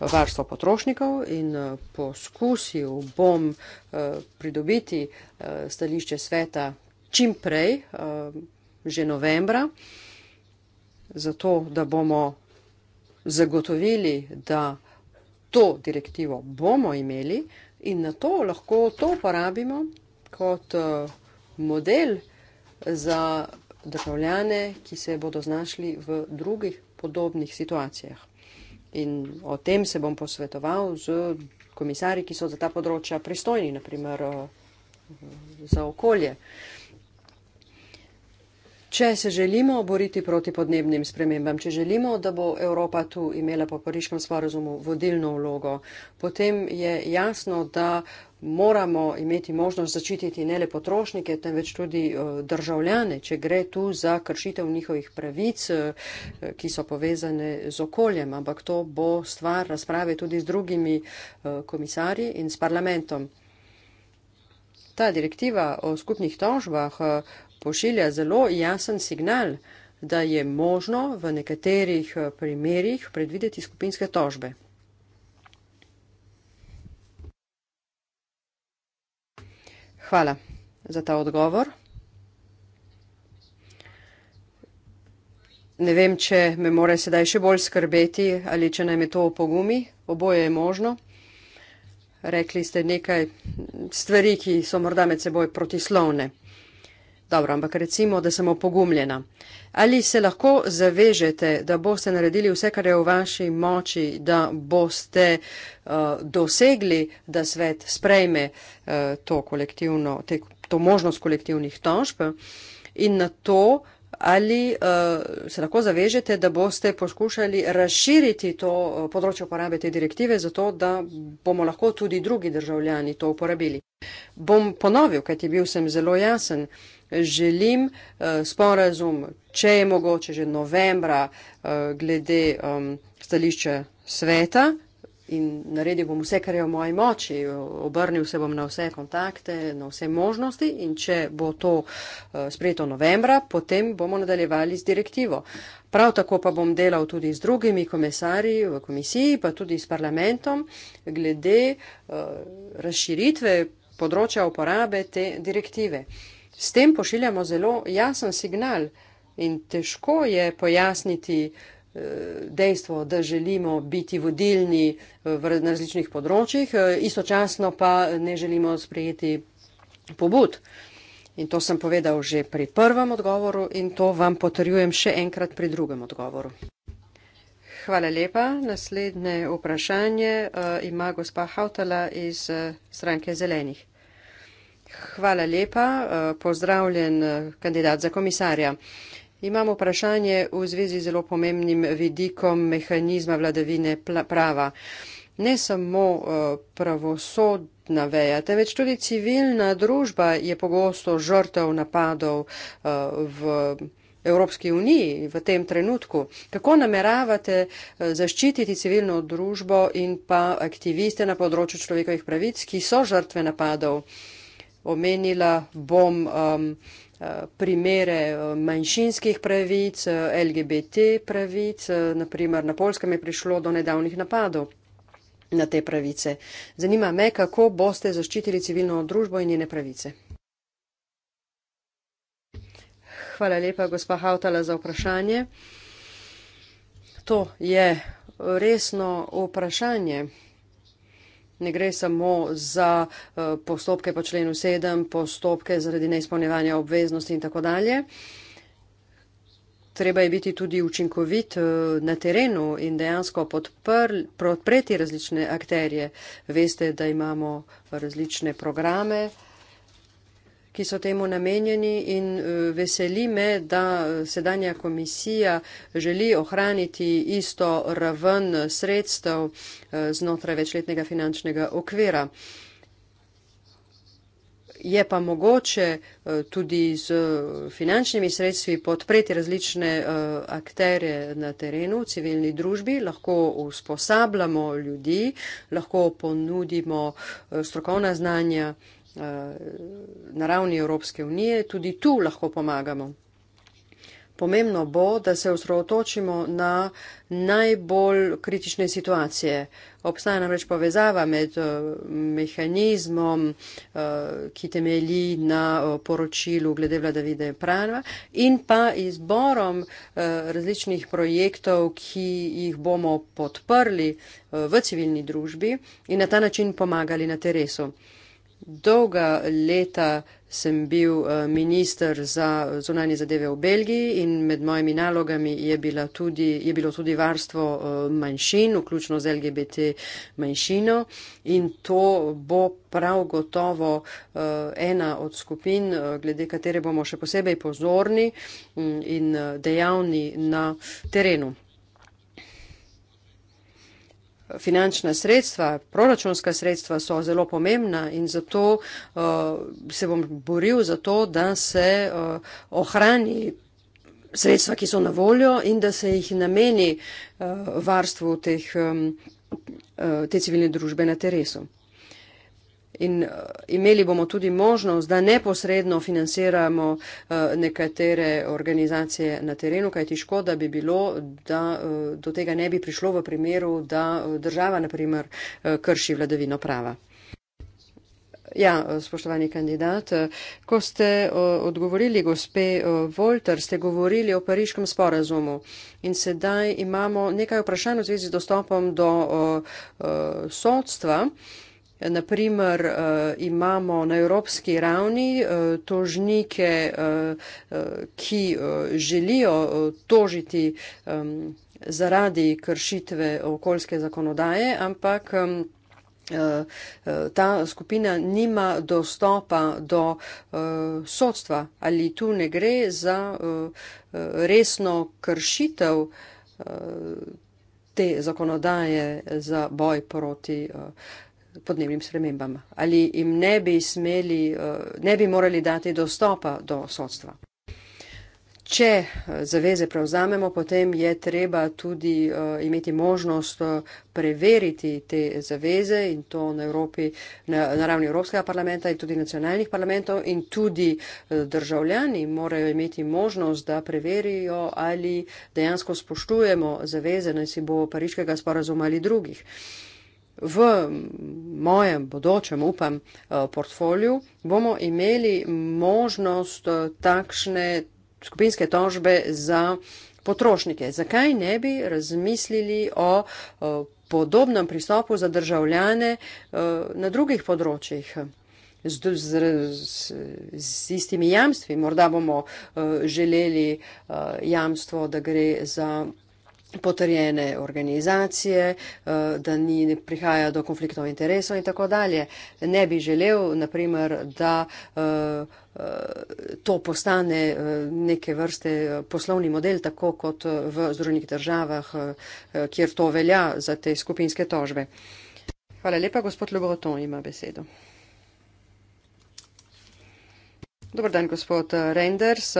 varstvo potrošnikov in eh, poskusil bom eh, pridobiti eh, stališče sveta čim prej, že novembra, zato da bomo zagotovili, da to direktivo bomo imeli in na to lahko to uporabimo kot model za državljane, ki se bodo znašli v drugih podobnih situacijah. In o tem se bom posvetoval z komisari, ki so za ta področja pristojni, naprimer eh, za okolje. Če se želimo boriti proti podnebnim spremembam, če želimo, da bo Evropa tu imela po pariškem sporazumu vodilno vlogo, potem je jasno, da moramo imeti možnost začititi ne le potrošnike, temveč tudi eh, državljane, če gre tu za kršitev njihovih pravic, eh, ki so povezane z okoljem, ampak to bo stvar razprave tudi z drugimi eh, komisarji in s parlamentom. Ta direktiva o skupnih tožbah pošilja zelo jasen signal, da je možno v nekaterih primerjih predvideti skupinske tožbe. Hvala za ta odgovor. Ne vem, če me mora sedaj še bolj skrbeti ali če naj me to opogumi. Oboje je možno. Rekli ste nekaj stvari, ki so morda med seboj protislovne. Dobro, ampak recimo, da sem opogumljena. Ali se lahko zavežete, da boste naredili vse, kar je v vaši moči, da boste uh, dosegli, da svet sprejme uh, to, te, to možnost kolektivnih tožb in na to, ali uh, se lahko zavežete, da boste poskušali razširiti to področje uporabe te direktive, zato da bomo lahko tudi drugi državljani to uporabili. Bom ponovil, kajti bil sem zelo jasen želim, eh, sporazum, če je mogoče že novembra, eh, glede stališča sveta in naredil bom vse, kar je v moji moči, obrnil se bom na vse kontakte, na vse možnosti in če bo to eh, sprejeto novembra, potem bomo nadaljevali z direktivo. Prav tako pa bom delal tudi z drugimi komisarji v komisiji, pa tudi s parlamentom, glede razširitve področja uporabe te direktive. Uh, S tem pošiljamo zelo jasen signal in težko je pojasniti eh, dejstvo, da želimo biti vodilni eh, v različnih področjih, eh, istočasno pa ne želimo sprejeti pobud. In to sem povedal že pri prvem odgovoru in to vam potrjujem še enkrat pri drugem odgovoru. Hvala lepa. Naslednje vprašanje ima gospa Hautala iz stranke Zelenih. Hvala lepa. Eh, pozdravljen eh, kandidat za komisarja. Imamo vprašanje v zvezi z zelo pomembnim vidikom mehanizma vladavine prava. Ne samo eh, pravosodna veja, temveč tudi civilna družba je pogosto žrtev napadov v Evropski uniji v tem trenutku. Kako nameravate zaščititi civilno družbo in pa aktiviste na področju človekovih pravic, ki so žrtve napadov? omenila bom um, uh, primere uh, manjšinskih pravic, uh, LGBT pravic. Naprimer, na Polskem je prišlo do nedavnih napadov na te pravice. Zanima me, kako boste zaščitili civilno družbo in njene pravice. Hvala lepa, gospa Hautala, za vprašanje. To je resno vprašanje. Ne gre samo za eh, postopke po členu 7, postopke zaradi neizpolnjevanja obveznosti in tako dalje. Treba je biti tudi učinkovit eh, na terenu in dejansko podpreti različne akterje. Veste, da imamo različne programe ki so temu namenjeni in eh, veseli me, da eh, sedanja komisija želi ohraniti isto raven sredstev eh, znotraj večletnega finančnega okvira. Je pa mogoče tudi z finančnimi sredstvi podpreti različne akterje na terenu, civilni družbi, lahko usposabljamo ljudi, lahko ponudimo strokovna znanja Eh, na ravni Evropske unije, tudi tu lahko pomagamo. Pomembno bo, da se osredotočimo na najbolj kritične situacije. Obstaja namreč povezava med eh, mehanizmom, eh, ki temelji na poročilu glede vladavide prava in pa izborom različnih projektov, ki jih bomo podprli v civilni družbi in na ta način pomagali na teresu. Dolga leta sem bil eh, minister za zunanje zadeve v Belgiji in med mojimi nalogami je, tudi, je bilo tudi varstvo eh, manjšin, vključno z LGBT manjšino in to bo prav gotovo eh, ena od skupin, glede katere bomo še posebej pozorni mm, in dejavni na terenu finančna sredstva, proračunska sredstva so zelo pomembna in zato uh, se bom boril za to, da se uh, ohrani sredstva, ki so na voljo in da se jih nameni uh, varstvu teh, um, uh, te civilne družbe na teresu. In eh, imeli bomo tudi možnost, da neposredno financiramo eh, nekatere organizacije na terenu, kaj ti škoda bi bilo, da eh, do tega ne bi prišlo v primeru, da država, naprimer, krši vladavino prava. Ja, spoštovani kandidat, ko ste odgovorili gospe Volter, ste govorili o pariškem sporazumu in sedaj imamo nekaj vprašanj v zvezi z dostopom do sodstva naprimer eh, imamo na evropski ravni eh, tožnike, eh, ki želijo tožiti zaradi kršitve okoljske zakonodaje, ampak ta skupina nima dostopa do sodstva ali tu ne gre za resno kršitev te zakonodaje za boj proti uh, podnebnim spremembam ali jim ne bi smeli, eh, ne bi morali dati dostopa do sodstva. Če eh, zaveze prevzamemo, potem je treba tudi uh, imeti možnost preveriti te zaveze in to na, Evropi, na, na ravni Evropskega parlamenta in tudi nacionalnih parlamentov in tudi uh, državljani morajo imeti možnost, da preverijo, ali dejansko spoštujemo zaveze, naj si bo pariškega sporazuma ali drugih. Uh, v mojem bodočem, upam, eh, portfolju, bomo imeli možnost eh, takšne skupinske tožbe za potrošnike. Zakaj ne bi razmislili o eh, podobnem pristopu za državljane na drugih področjih? Z, z, z, z istimi jamstvi. Morda bomo uh, želeli uh, jamstvo, da gre za potrjene organizacije, eh, da ni prihaja do konfliktov interesov in tako dalje. Ne bi želel, naprimer, da eh, eh, to postane neke vrste poslovni model, tako kot v združenih državah, kjer to velja za te skupinske tožbe. Hvala lepa, gospod Lugoton ima besedo. Dobar dan, gospod Renders.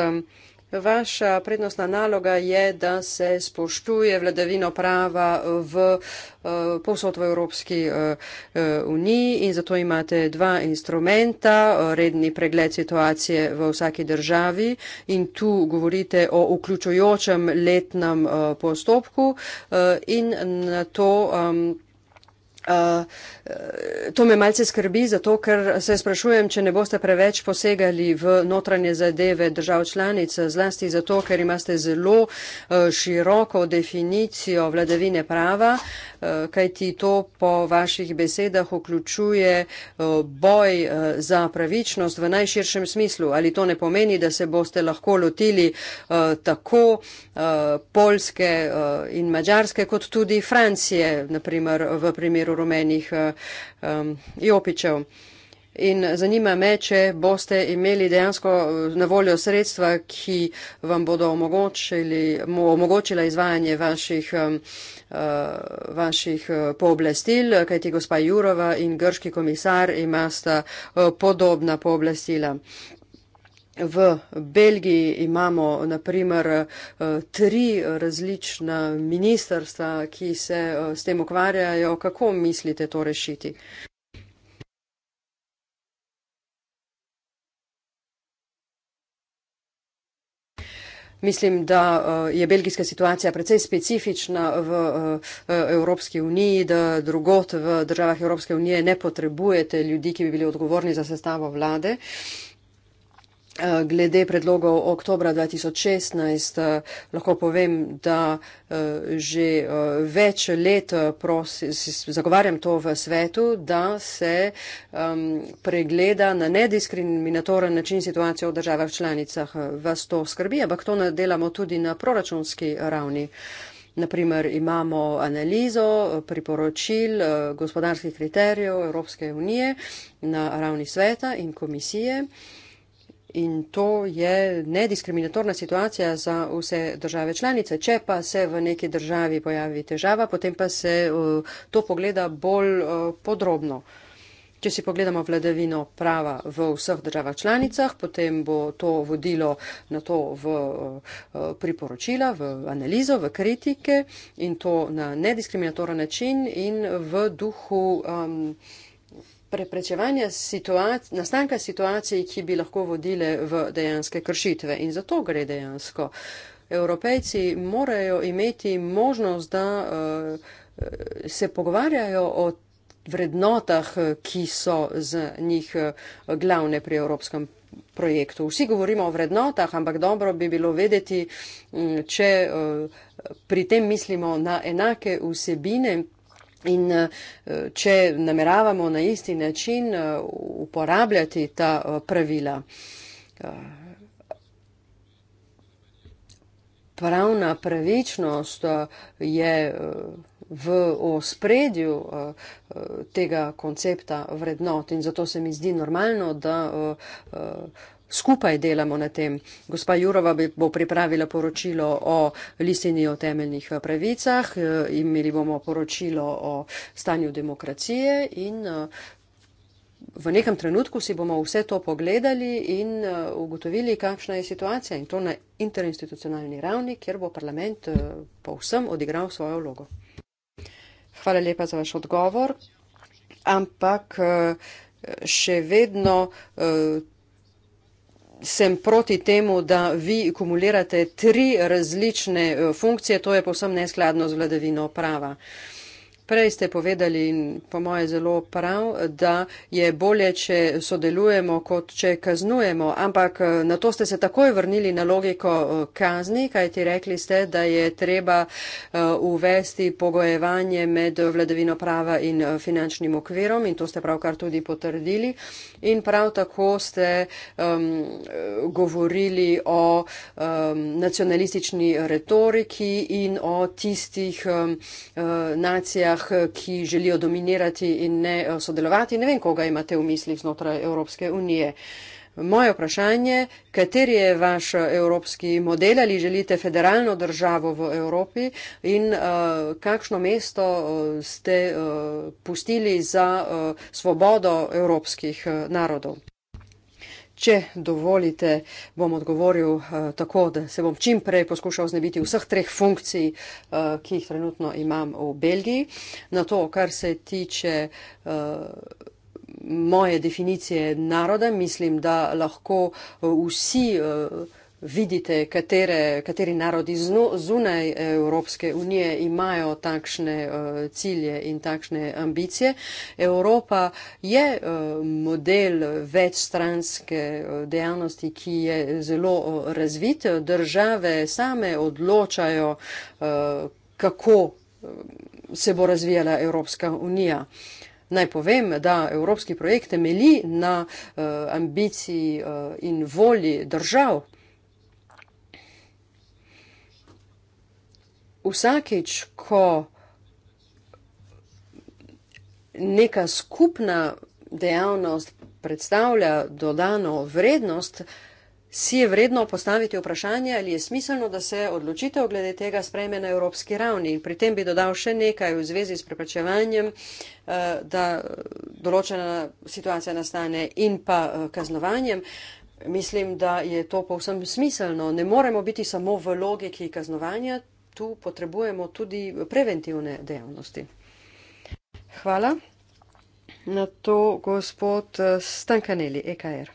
Vaša prednostna naloga je, da se spoštuje vladavino prava v eh, povsod v Evropski eh, eh, uniji in zato imate dva instrumenta, redni pregled situacije v vsaki državi in tu govorite o vključujočem letnem postopku in na to. E, to me malce skrbi, zato ker se sprašujem, če ne boste preveč posegali v notranje zadeve držav članic, zlasti zato, ker imate zelo e, široko definicijo vladavine prava, e, kajti to po vaših besedah vključuje boj za pravičnost v najširšem smislu. Ali to ne pomeni, da se boste lahko lotili tako polske in mađarske, kot tudi Francije, naprimer v primeru rumenih um, jopičev. In zanima me, če boste imeli dejansko eh, na voljo sredstva, ki vam bodo omogočili, omogočila izvajanje vaših, eh, vaših pooblastil, kajti gospa Jurova in grški komisar imasta podobna pooblastila. V Belgiji imamo naprimer eh, tri različna ministrstva, ki se eh, s tem ukvarjajo. Kako mislite to rešiti? Mislim, da eh, je belgijska situacija precej specifična v Evropski uniji, da drugot v državah Evropske unije ne potrebujete ljudi, ki bi bili odgovorni za sestavo vlade. Um, Eh, glede predlogov oktobra 2016 eh, lahko povem, da eh, že več let prosi, zagovarjam to v svetu, da se ehm, pregleda na nediskriminatoren način situacijo v državah članicah. Vas to skrbi, ampak to delamo tudi na proračunski ravni. Naprimer, imamo analizo priporočil gospodarskih kriterijev Evropske unije na ravni sveta in komisije in to je nediskriminatorna situacija za vse države članice. Če pa se v neki državi pojavi težava, potem pa se uh, to pogleda bolj uh, podrobno. Če si pogledamo vladavino prava v vseh državah članicah, potem bo to vodilo na to v uh, priporočila, v analizo, v kritike in to na nediskriminatoren način in v duhu. Um, preprečevanja situac nastanka situacij, ki bi lahko vodile v dejanske kršitve. In zato gre dejansko. Evropejci morajo imeti možnost, da uh, se pogovarjajo o vrednotah, ki so za njih eh, glavne pri evropskem projektu. Vsi govorimo o vrednotah, ampak dobro bi bilo vedeti, mm, če eh, pri tem mislimo na enake vsebine In eh, če nameravamo na isti način eh, uporabljati ta eh, pravila, pravna pravičnost je v ospredju tega koncepta vrednot in zato se mi zdi normalno, da skupaj delamo na tem. Gospa Jurova bo pripravila poročilo o listini o temeljnih eh, pravicah, eh, imeli bomo poročilo o stanju demokracije in eh, v nekem trenutku si bomo vse to pogledali in ugotovili, kakšna je situacija in to na interinstitucionalni ravni, kjer bo parlament povsem odigral svojo vlogo. Hvala lepa za vaš odgovor, ampak še vedno sem proti temu, da vi kumulirate tri različne eh, funkcije, to je posebno neskladno z vladavino prava. Prej ste povedali, in po moje zelo prav, da je bolje, če sodelujemo, kot če kaznujemo, ampak eh, na to ste se takoj vrnili na logiko eh, kazni, kajti rekli ste, da je treba eh, uvesti pogojevanje med vladavino prava in finančnim okvirom in to ste pravkar tudi potrdili. In prav tako ste um, govorili o um, nacionalistični retoriki in o tistih um, nacijah, strankah, eh, ki želijo dominirati in ne eh, sodelovati. Ne vem, koga imate v mislih znotraj Evropske unije. Moje vprašanje, kateri je vaš eh, evropski model ali želite federalno državo v Evropi in uh, kakšno mesto ste uh, pustili za uh, svobodo evropskih narodov? Če dovolite, bom odgovoril uh, tako, da se bom čim prej poskušal znebiti vseh treh funkcij, uh, ki jih trenutno imam v Belgiji. Na to, kar se tiče. Uh, Moje definicije naroda mislim, da lahko vsi uh, vidite, katere, kateri narodi zunaj eh, Evropske unije imajo takšne eh, cilje in takšne ambicije. Evropa je eh, model večstranske dejavnosti, ki je zelo razvit. Države same odločajo, kako se bo razvijala Evropska unija. Naj povem, da evropski projekt temelji na uh, ambiciji uh, in volji držav, vsakeč, ko neka skupna dejavnost predstavlja dodano vrednost, si je vredno postaviti vprašanje, ali je smiselno, da se odločitev glede tega spreme na evropski ravni. In pri tem bi dodal še nekaj v zvezi s preprečevanjem, eh, da določena situacija nastane in pa eh, kaznovanjem. Mislim, da je to povsem smiselno. Ne moremo biti samo v logiki kaznovanja, tu potrebujemo tudi preventivne dejavnosti. Hvala. Na to gospod eh, Stankaneli, EKR.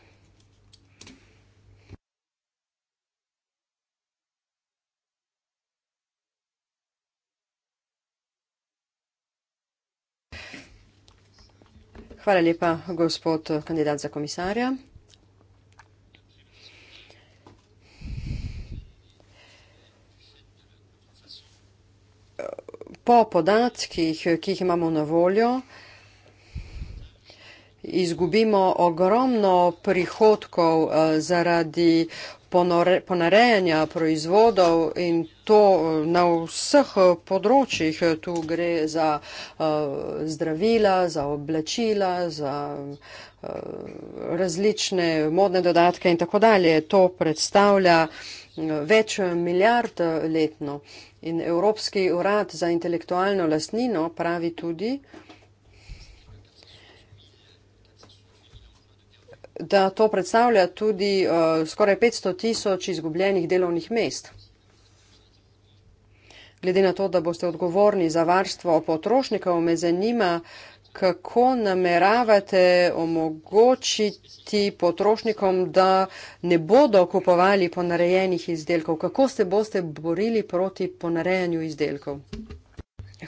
Hvala lepa, gospod eh, kandidat za komisarja. po podatkih, ki jih imamo na voljo, izgubimo ogromno prihodkov eh, zaradi ponarejanja proizvodov in to eh, na vseh eh, področjih. Tu gre za zdravila, za oblačila, za različne modne dodatke in tako dalje. To predstavlja več milijard letno. In Evropski urad za intelektualno lastnino pravi tudi, da to predstavlja tudi uh, skoraj 500 tisoč izgubljenih delovnih mest. Glede na to, da boste odgovorni za varstvo potrošnikov, me zanima, uh, kako nameravate omogočiti potrošnikom, da ne bodo kupovali ponarejenih izdelkov? Kako se boste borili proti ponarejanju izdelkov?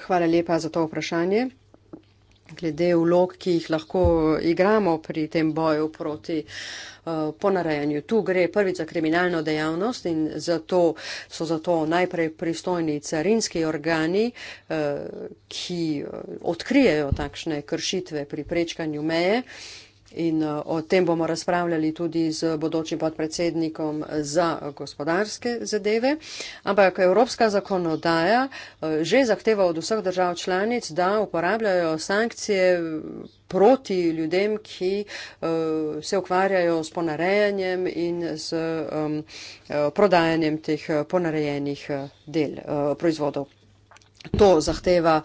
Hvala lepa za to vprašanje glede vlog, ki jih lahko igramo pri tem boju proti uh, ponarejanju. Tu gre prvič za kriminalno dejavnost in zato so zato najprej pristojni carinski organi, uh, ki uh, odkrijejo takšne kršitve pri prečkanju meje. In eh, o tem bomo razpravljali tudi z bodočim podpredsednikom za gospodarske zadeve. Ampak evropska zakonodaja eh, že zahteva od vseh držav članic, da uporabljajo sankcije proti ljudem, ki eh, se ukvarjajo s ponarejanjem in s prodajanjem teh ponarejenih del proizvodov. To zahteva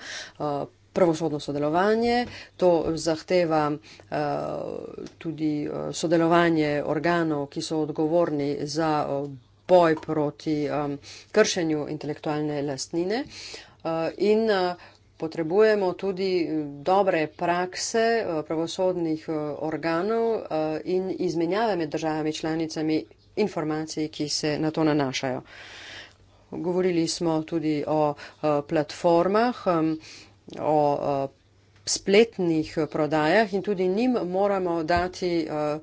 pravosodno sodelovanje, to zahteva uh, tudi eh, sodelovanje organov, ki so odgovorni za eh, boj proti um, kršenju intelektualne lastnine uh, in uh, Potrebujemo tudi dobre prakse pravosodnih organov in izmenjave med državami članicami informacij, ki se na to nanašajo. Govorili smo tudi o platformah, o e, spletnih e, prodajah in tudi njim moramo dati e,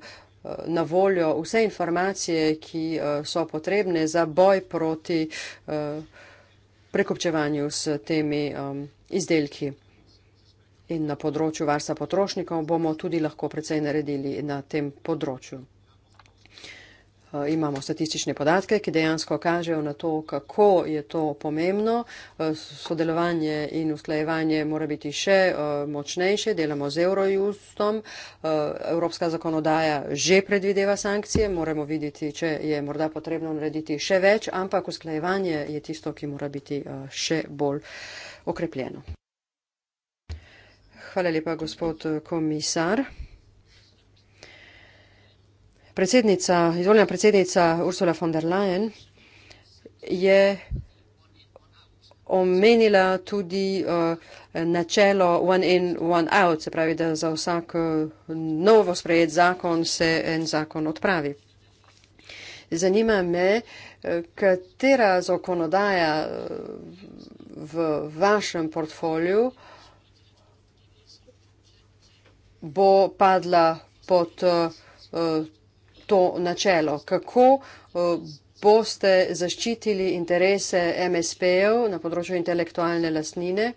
na voljo vse informacije, ki so potrebne za boj proti prekopčevanju s temi izdelki. In na področju varstva potrošnikov bomo tudi lahko precej naredili na tem področju. Eh, imamo statistične podatke, ki dejansko kažejo na to, kako je to pomembno. Eh, sodelovanje in usklajevanje mora biti še eh, močnejše, delamo z Eurojustom. Evropska zakonodaja že predvideva sankcije, moramo videti, če je morda potrebno narediti še več, ampak usklajevanje je tisto, ki mora biti še bolj okrepljeno. Hvala lepa, gospod komisar. Predsednica, izvoljena predsednica Ursula von der Leyen je omenila tudi uh, načelo one in one out, se pravi, da za vsak uh, novo sprejet zakon se en zakon odpravi. Zanima me, eh, katera zakonodaja v vašem portfolju bo padla pod uh, to načelo? Kako eh, boste zaščitili interese MSP-ev na področju intelektualne lasnine?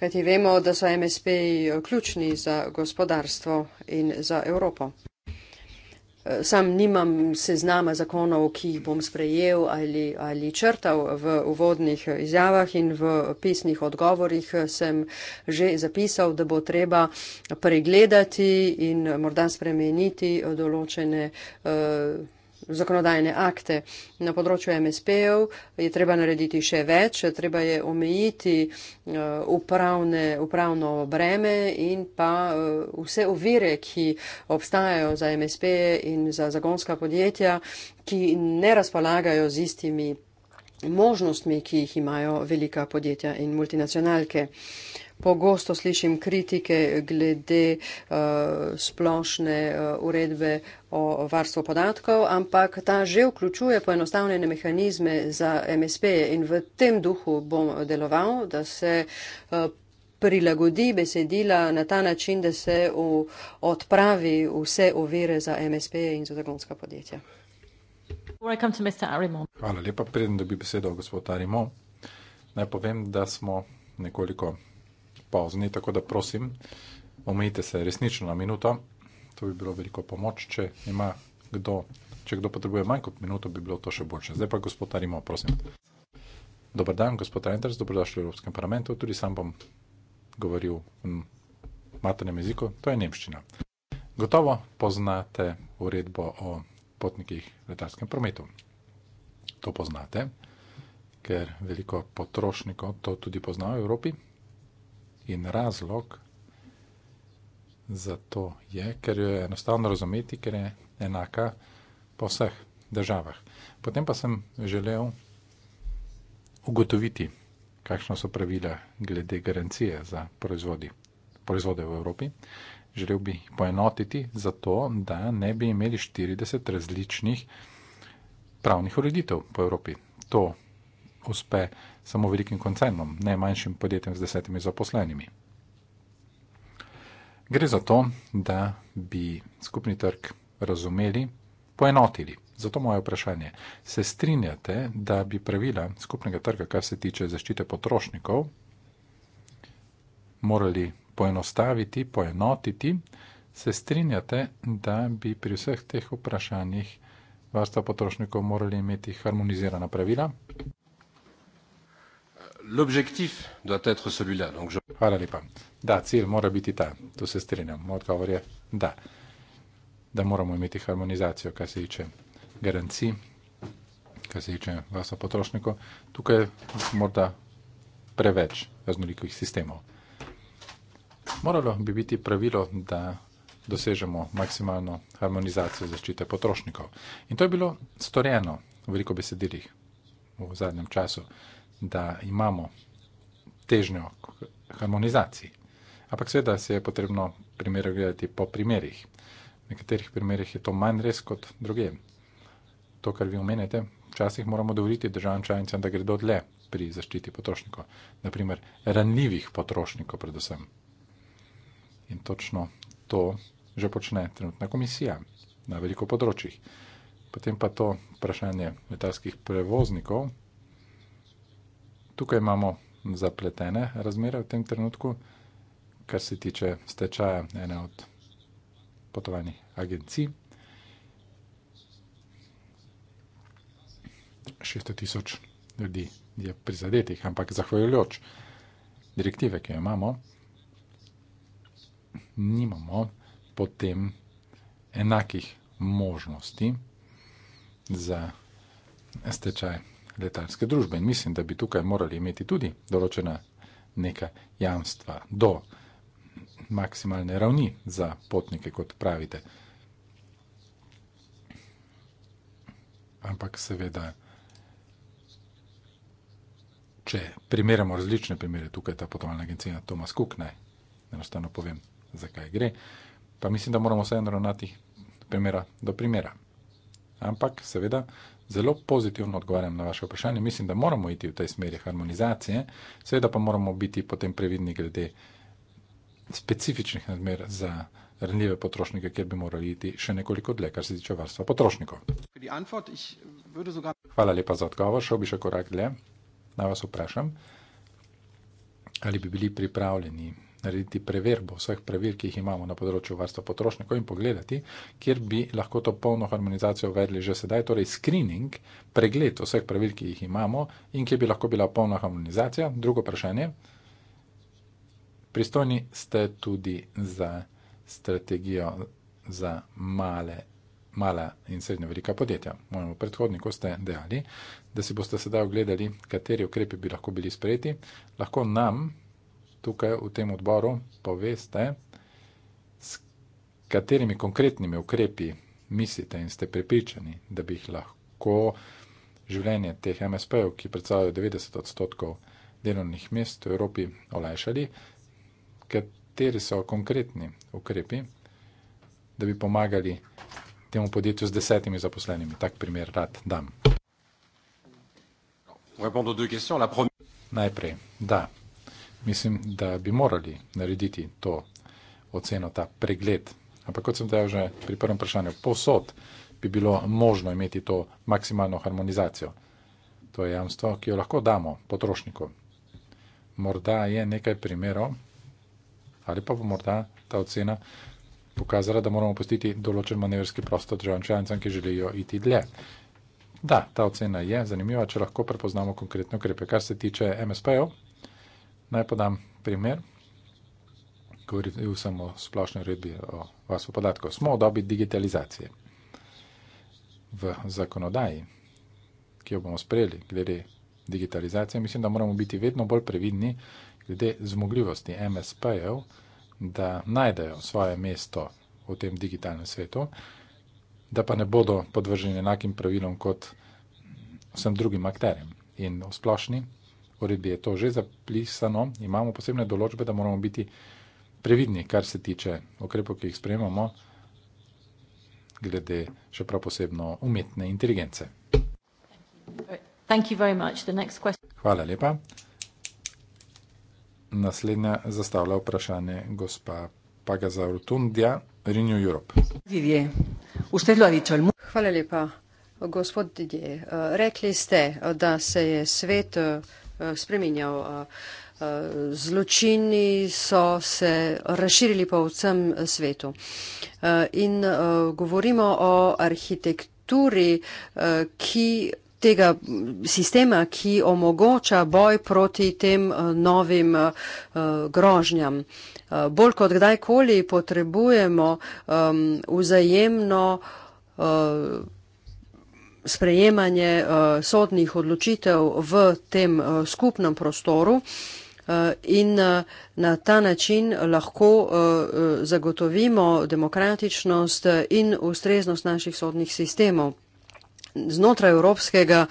Kajti vemo, da so MSP-ji ključni za gospodarstvo in za Evropo. Sam nimam seznama zakonov, ki jih bom sprejel ali, ali črtal v uvodnih izjavah in v pisnih odgovorih sem že zapisal, da bo treba pregledati in morda spremeniti določene. Uh, zakonodajne akte. Na področju MSP-ev je treba narediti še več, treba je omejiti eh, upravne, upravno breme in pa eh, vse ovire, ki obstajajo za MSP-je in za zagonska podjetja, ki ne razpolagajo z istimi možnostmi, ki jih imajo velika podjetja in multinacionalke. Pogosto slišim kritike glede uh, splošne uh, uredbe o varstvu podatkov, ampak ta že vključuje poenostavljene mehanizme za MSP in v tem duhu bom deloval, da se uh, prilagodi besedila na ta način, da se v, odpravi vse ovire za MSP in za zagonska podjetja. Hvala lepa, preden dobi besedo gospod Arimo. Naj povem, da smo nekoliko pozni, tako da prosim, omejite se resnično na minuto. To bi bilo veliko pomoč, če ima kdo. Če kdo potrebuje manj kot minuto, bi bilo to še boljše. Zdaj pa gospod Arimo, prosim. Dobar dan, gospod Reinders, dobrodošli v Evropskem parlamentu. Tudi sam bom govoril v maternem jeziku, to je nemščina. Gotovo poznate uredbo o potnikih v letalskem prometu. To poznate, ker veliko potrošnikov to tudi pozna v Evropi. In razlog za to je, ker jo je enostavno razumeti, ker je enaka po vseh državah. Potem pa sem želel ugotoviti, kakšno so pravila glede garancije za proizvode v Evropi. Želel bi poenotiti za to, da ne bi imeli 40 različnih pravnih ureditev po Evropi. To uspe samo velikim koncernom, ne manjšim podjetjem z desetimi zaposlenimi. Gre za to, da bi skupni trg razumeli, poenotili. Zato moje vprašanje. Se strinjate, da bi pravila skupnega trga, kar se tiče zaščite potrošnikov, morali poenostaviti, poenotiti? Se strinjate, da bi pri vseh teh vprašanjih varstva potrošnikov morali imeti harmonizirana pravila? L'objectif doit être celui-là. Je... Hvala lepa. Da, cilj mora biti ta. Tu se strinjam. Odgovor je da. Da moramo imeti harmonizacijo, kar se tiče garanci, kar se tiče vas, potrošnikov. Tukaj je morda preveč raznolikih sistemov. Moralo bi biti pravilo, da dosežemo maksimalno harmonizacijo zaščite potrošnikov. In to je bilo storjeno v veliko besedilih v zadnjem času da imamo težnjo k harmonizaciji. Ampak seveda se je potrebno primere gledati po primerih. V nekaterih primerih je to manj res kot druge. To, kar vi omenjate, včasih moramo dovoliti državam članicam, da gredo dlje pri zaščiti potrošnikov. Naprimer, ranljivih potrošnikov predvsem. In točno to že počne trenutna komisija na veliko področjih. Potem pa to vprašanje letalskih prevoznikov, tukaj imamo zapletene razmere v tem trenutku, kar se tiče stečaja ene od potovanjih agencij. 600 tisoč ljudi je prizadetih, ampak zahvaljujoč direktive, ki jo imamo, nimamo potem enakih možnosti za stečaj letalske družbe. In mislim, da bi tukaj morali imeti tudi določena neka jamstva do maksimalne ravni za potnike, kot pravite. Ampak seveda, če primerjamo različne primere, tukaj ta potovalna agencija Tomas Kuk, naj enostavno povem, zakaj gre, pa mislim, da moramo vseeno ravnati primera do primera. Ampak seveda zelo pozitivno odgovarjam na vaše vprašanje. Mislim, da moramo iti v tej smeri harmonizacije, seveda pa moramo biti potem previdni glede specifičnih nadmer za rnljive potrošnike, kjer bi morali iti še nekoliko dlje, kar se tiče varstva potrošnikov. Hvala lepa za odgovor, šel bi še korak dlje. Naj vas vprašam, ali bi bili pripravljeni narediti preverbo vseh pravil, ki jih imamo na področju varstva potrošnikov in pogledati, kjer bi lahko to polno harmonizacijo uvedli že sedaj, torej screening, pregled vseh pravil, ki jih imamo in kje bi lahko bila polna harmonizacija. Drugo vprašanje. Pristojni ste tudi za strategijo za male, mala in srednje velika podjetja. Mojemu predhodniku ste dejali, da si boste sedaj ogledali, kateri ukrepi bi lahko bili sprejeti. Lahko nam tukaj v tem odboru poveste, s katerimi konkretnimi ukrepi mislite in ste prepričani, da bi jih lahko življenje teh MSP-ev, ki predstavljajo 90 odstotkov delovnih mest v Evropi, olajšali, kateri so konkretni ukrepi, da bi pomagali temu podjetju z desetimi zaposlenimi. Tak primer rad dam. Najprej, da mislim, da bi morali narediti to oceno, ta pregled. Ampak kot sem dejal že pri prvem vprašanju, posod bi bilo možno imeti to maksimalno harmonizacijo. To je jamstvo, ki jo lahko damo potrošniku. Morda je nekaj primerov, ali pa bo morda ta ocena pokazala, da moramo postiti določen manevrski prostor državam članicam, ki želijo iti dlje. Da, ta ocena je zanimiva, če lahko prepoznamo konkretne ukrepe. Kar se tiče MSP-ov, Naj podam primer, govoril sem o splošni uredbi o vasu podatkov. Smo v dobi digitalizacije. V zakonodaji, ki jo bomo sprejeli glede digitalizacije, mislim, da moramo biti vedno bolj previdni glede zmogljivosti MSP-jev, da najdejo svoje mesto v tem digitalnem svetu, da pa ne bodo podvrženi enakim pravilom kot vsem drugim akterjem. In v splošni uredbi je to že zapisano, imamo posebne določbe, da moramo biti previdni, kar se tiče okrepov, ki jih sprejemamo, glede še prav posebno umetne inteligence. Hvala lepa. Naslednja zastavlja vprašanje gospa Pagaza Rotundja, Renew Europe. Hvala lepa. Gospod Didje, eh, rekli ste, eh, da se je svet eh, Eh, spreminjal. Eh, eh, zločini so se razširili po vsem svetu. In govorimo o arhitekturi, ki tega sistema, ki omogoča boj proti tem novim grožnjam. Bolj kot kdajkoli potrebujemo vzajemno sprejemanje eh, sodnih odločitev v tem eh, skupnem prostoru eh, in na ta način lahko zagotovimo demokratičnost in ustreznost naših sodnih sistemov. Znotraj evropskega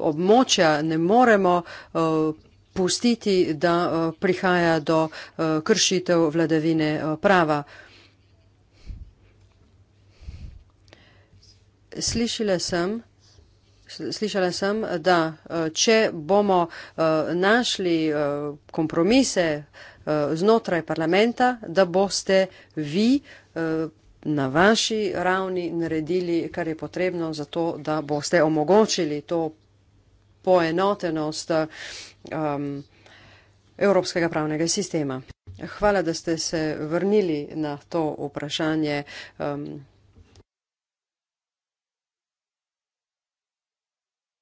območja ne moremo pustiti, da prihaja do kršitev vladavine prava. slišala sem, slišala sem, da eh, če bomo eh, našli eh, kompromise znotraj parlamenta, da boste vi na vaši ravni naredili, kar je potrebno za to, da boste omogočili to poenotenost um, evropskega pravnega sistema. Hvala, da ste se vrnili na to vprašanje. Um,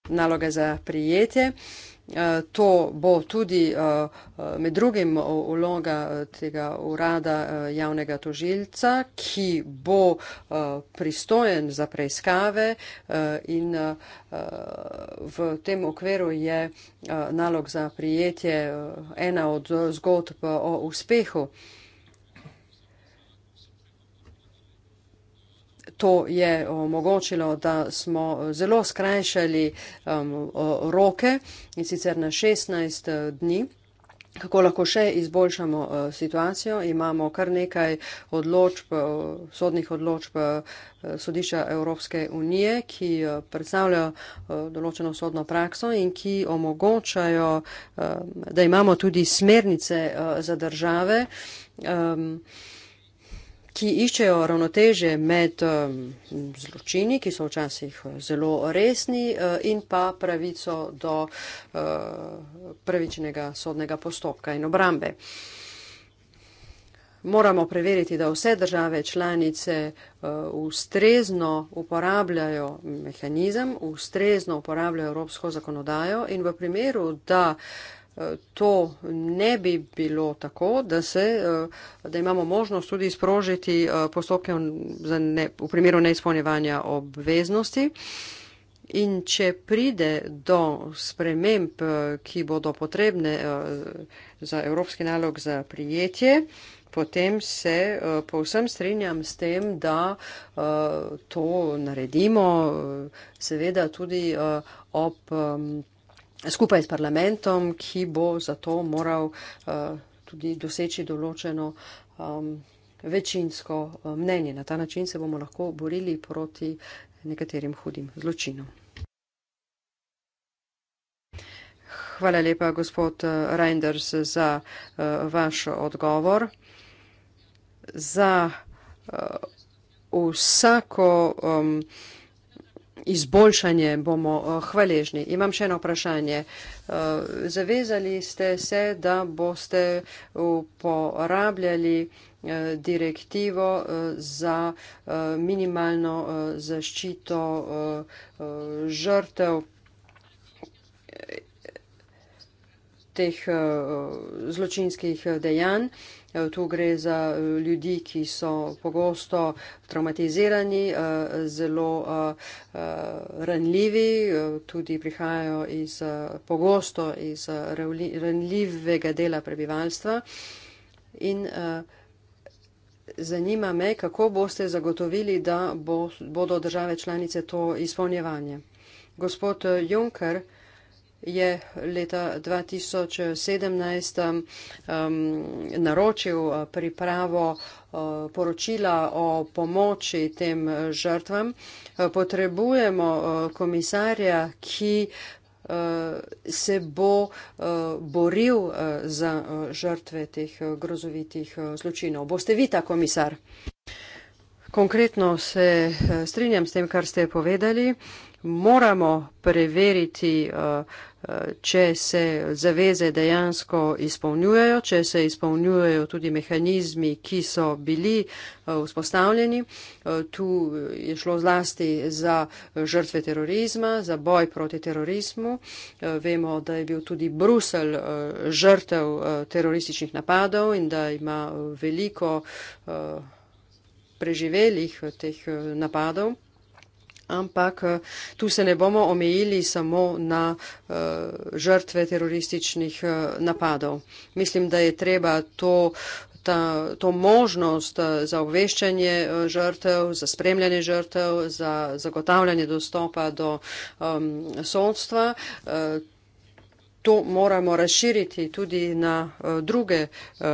naloga za prijetje. Eh, to bo tudi eh, eh, med drugim uloga tega urada javnega tožilca, ki bo pristojen za preiskave in v tem okviru je nalog za prijetje ena od zgodb o uspehu to je omogočilo, da smo eh, zelo skrajšali um, roke in sicer na 16 eh, dni. Kako lahko še izboljšamo eh, situacijo? Imamo kar nekaj odločb, sodnih odločb sodišča Evropske unije, ki predstavljajo določeno sodno prakso in ki omogočajo, da imamo tudi smernice za države. Um, ki iščejo ravnoteže med um, zločini, ki so včasih uh, zelo resni, uh, in pa pravico do uh, pravičnega sodnega postopka in obrambe. Moramo preveriti, da vse države članice ustrezno uporabljajo mehanizem, ustrezno uporabljajo evropsko zakonodajo in v primeru, da to ne bi bilo tako, da, se, eh, da imamo možnost tudi sprožiti eh, postopke ne, v primeru neizpolnjevanja obveznosti. In če pride do sprememb, eh, ki bodo potrebne za evropski nalog za prijetje, potem se povsem strinjam s tem, da to naredimo, seveda tudi ob skupaj s parlamentom, ki bo zato moral eh, tudi doseči določeno večinsko eh, mnenje. Na ta način se bomo lahko borili proti nekaterim hudim zločinom. Hvala lepa, gospod eh, Reinders, za vaš odgovor. Za vsako um, izboljšanje bomo eh, hvaležni. Imam še eno vprašanje. Eh, zavezali ste se, da boste uporabljali eh, direktivo za minimalno zaščito žrtev teh zločinskih dejanj. Eh, tu gre za eh, ljudi, ki so pogosto traumatizirani, eh, zelo ranljivi, tudi prihajajo iz, pogosto iz ranljivega dela prebivalstva. In zanima me, kako boste zagotovili, da bo, bodo države članice to izpolnjevanje. Gospod Juncker, je leta 2017 um, um, naročil uh, pripravo uh, poročila o pomoči tem žrtvam. Uh, potrebujemo uh, komisarja, ki uh, se bo boril za žrtve teh grozovitih zločinov. Boste vi ta komisar? Konkretno se strinjam s tem, kar ste povedali moramo preveriti, eh, eh, če se zaveze dejansko izpolnjujejo, če se izpolnjujejo tudi mehanizmi, ki so bili eh, vzpostavljeni. Tu je šlo zlasti za žrtve terorizma, za boj proti terorizmu. Vemo, da je bil tudi Brusel žrtev terorističnih napadov in da ima veliko preživelih teh napadov ampak eh, tu se ne bomo omejili samo na eh, žrtve terorističnih eh, napadov. Mislim, da je treba to. Ta, to možnost za obveščanje žrtev, za spremljanje žrtev, za zagotavljanje dostopa do um, sodstva, uh, to moramo razširiti tudi na uh, druge uh,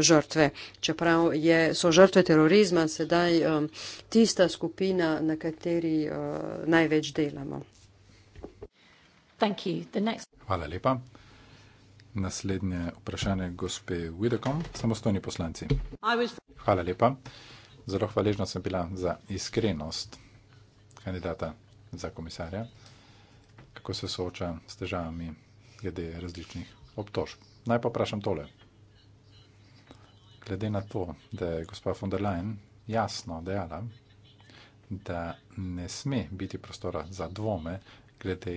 žrtve. Čeprav je, so žrtve terorizma sedaj um, tista skupina, na kateri uh, največ delamo. Next... Hvala lepa. Naslednje vprašanje gospe Widekom, samostojni poslanci. Was... Hvala lepa. Zelo hvaležna sem bila za iskrenost kandidata za komisarja, kako se sooča s težavami glede različnih obtožb. Naj pa vprašam tole. Glede na to, da je gospa von der Leyen jasno dejala, da ne sme biti prostora za dvome glede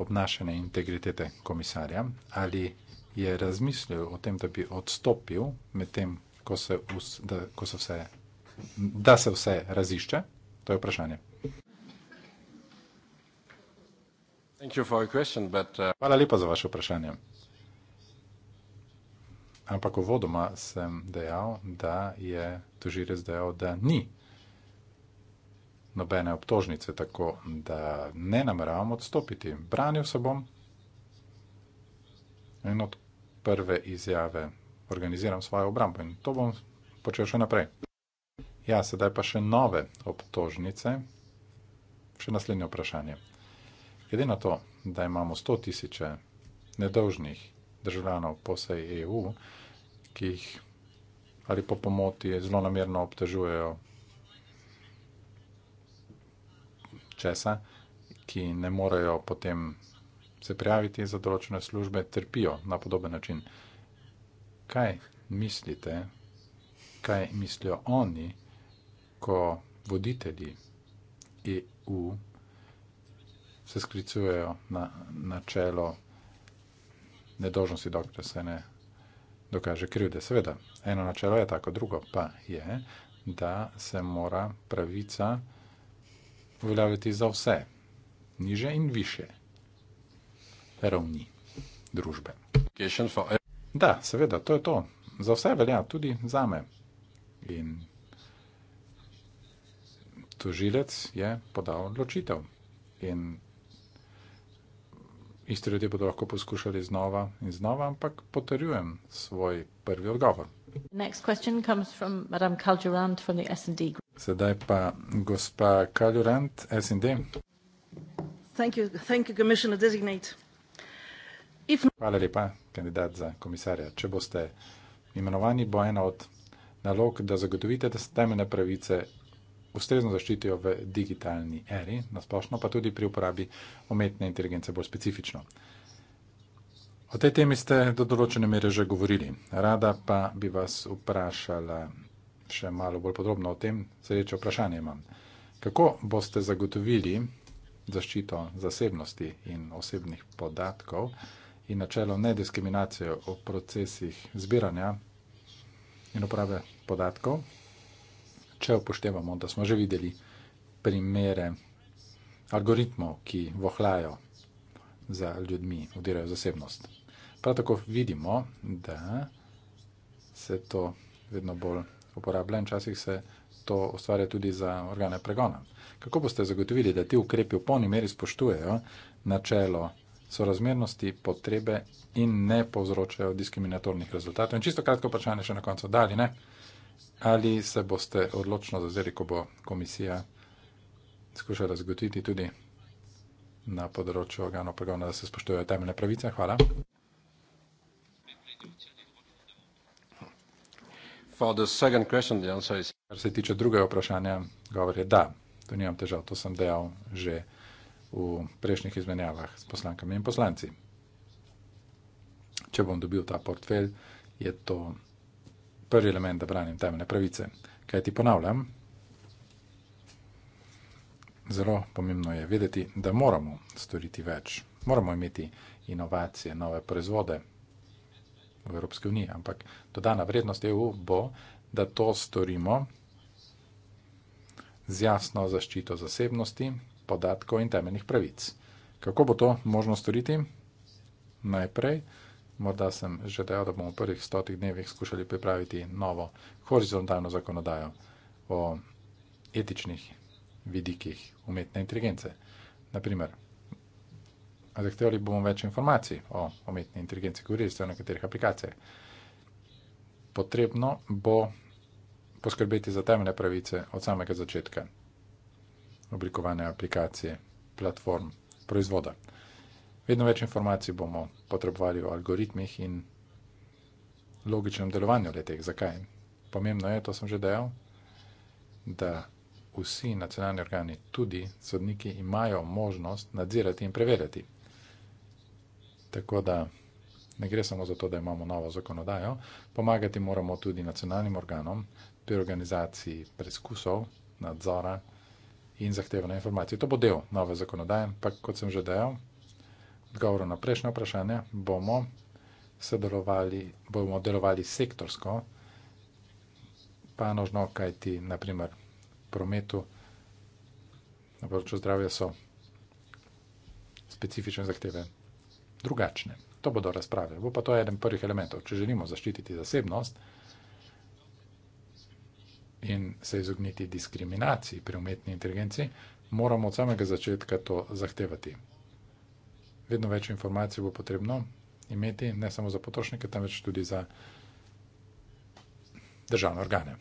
obnašene integritete komisarja, ali je razmislil o tem, da bi odstopil med tem, ko se, us, da, ko se vse, da se vse razišče, to je vprašanje. Uh, Hvala lepa za vaše vprašanje. Ampak v vodoma sem dejal, da je tožirec dejal, da ni nobene obtožnice, tako da ne nameravam odstopiti. Branil se bom in od prve izjave organiziram svojo obrambo in to bom počel še naprej. Ja, sedaj pa še nove obtožnice. Še naslednje vprašanje. Glede na to, da imamo 100 tisoče nedolžnih državljanov po vsej EU, ki jih ali po pomoti zelo namerno obtežujejo česa, ki ne morejo potem se prijaviti za določene službe, trpijo na podoben način. Kaj mislite, kaj mislijo oni, ko voditelji EU se sklicujejo na načelo nedožnosti, dokler se ne dokaže krivde. Seveda, eno načelo je tako, drugo pa je, da se mora pravica uveljavljati za vse, niže in više ravni družbe. Da, seveda, to je to. Za vse velja, tudi za me. In tožilec je podal odločitev. In Isti ljudje bodo lahko poskušali znova in znova, ampak potrjujem svoj prvi odgovor. Sedaj pa gospa Kaljurant, SND. Hvala lepa, kandidat za komisarja. Če boste imenovani, bo ena od nalog, da zagotovite temeljne pravice ustrezno zaščitijo v digitalni eri, nasplošno pa tudi pri uporabi umetne inteligence bolj specifično. O tej temi ste do določene mere že govorili. Rada pa bi vas vprašala še malo bolj podrobno o tem. Sredeče vprašanje imam. Kako boste zagotovili zaščito zasebnosti in osebnih podatkov in načelo nediskriminacije o procesih zbiranja in uporabe podatkov če upoštevamo, da smo že videli primere algoritmov, ki vohljajo za ljudmi, udirajo zasebnost. Prav tako vidimo, da se to vedno bolj uporablja in časih se to ustvarja tudi za organe pregona. Kako boste zagotovili, da ti ukrepi v polni meri spoštujejo načelo sorazmernosti, potrebe in ne povzročajo diskriminatornih rezultatov? In čisto kratko vprašanje še na koncu, da ali ne? Ali se boste odločno zazeli, ko bo komisija skušala zgoditi tudi na področju organov pregona, da se spoštujejo temeljne pravice? Hvala. For the second question, the answer is... Kar se tiče drugega vprašanja, govor je da. To nimam težav, to sem dejal že v prejšnjih izmenjavah s poslankami in poslanci. Če bom dobil ta portfelj, je to prvi element, da branim temeljne pravice. Kaj ti ponavljam? Zelo pomembno je vedeti, da moramo storiti več. Moramo imeti inovacije, nove proizvode v Evropske unije, ampak dodana vrednost EU bo, da to storimo z jasno zaščito zasebnosti, podatkov in temeljnih pravic. Kako bo to možno storiti? Najprej morda sem že dejal, da bomo v prvih stotih dnevih skušali pripraviti novo horizontalno zakonodajo o etičnih vidikih umetne inteligence. Naprimer, zahtevali bomo več informacij o umetni inteligenci, govorili ste o nekaterih aplikacijah. Potrebno bo poskrbeti za temeljne pravice od samega začetka oblikovanja aplikacije, platform, proizvoda. Vedno več informacij bomo potrebovali o algoritmih in logičnem delovanju letih. Zakaj? Pomembno je, to sem že dejal, da vsi nacionalni organi, tudi sodniki, imajo možnost nadzirati in preverjati. Tako da ne gre samo za to, da imamo novo zakonodajo, pomagati moramo tudi nacionalnim organom pri organizaciji preizkusov, nadzora in zahtevane informacije. To bo del nove zakonodaje, ampak kot sem že dejal, odgovoru na prejšnje vprašanje, bomo sodelovali, bomo delovali sektorsko, panožno, kaj ti naprimer prometu, na področju zdravja so specifične zahteve drugačne. To bodo razprave. Bo pa to eden prvih elementov. Če želimo zaščititi zasebnost in se izogniti diskriminaciji pri umetni inteligenci, moramo od samega začetka to zahtevati vedno več informacij bo potrebno imeti, ne samo za potrošnike, temveč tudi za državne organe.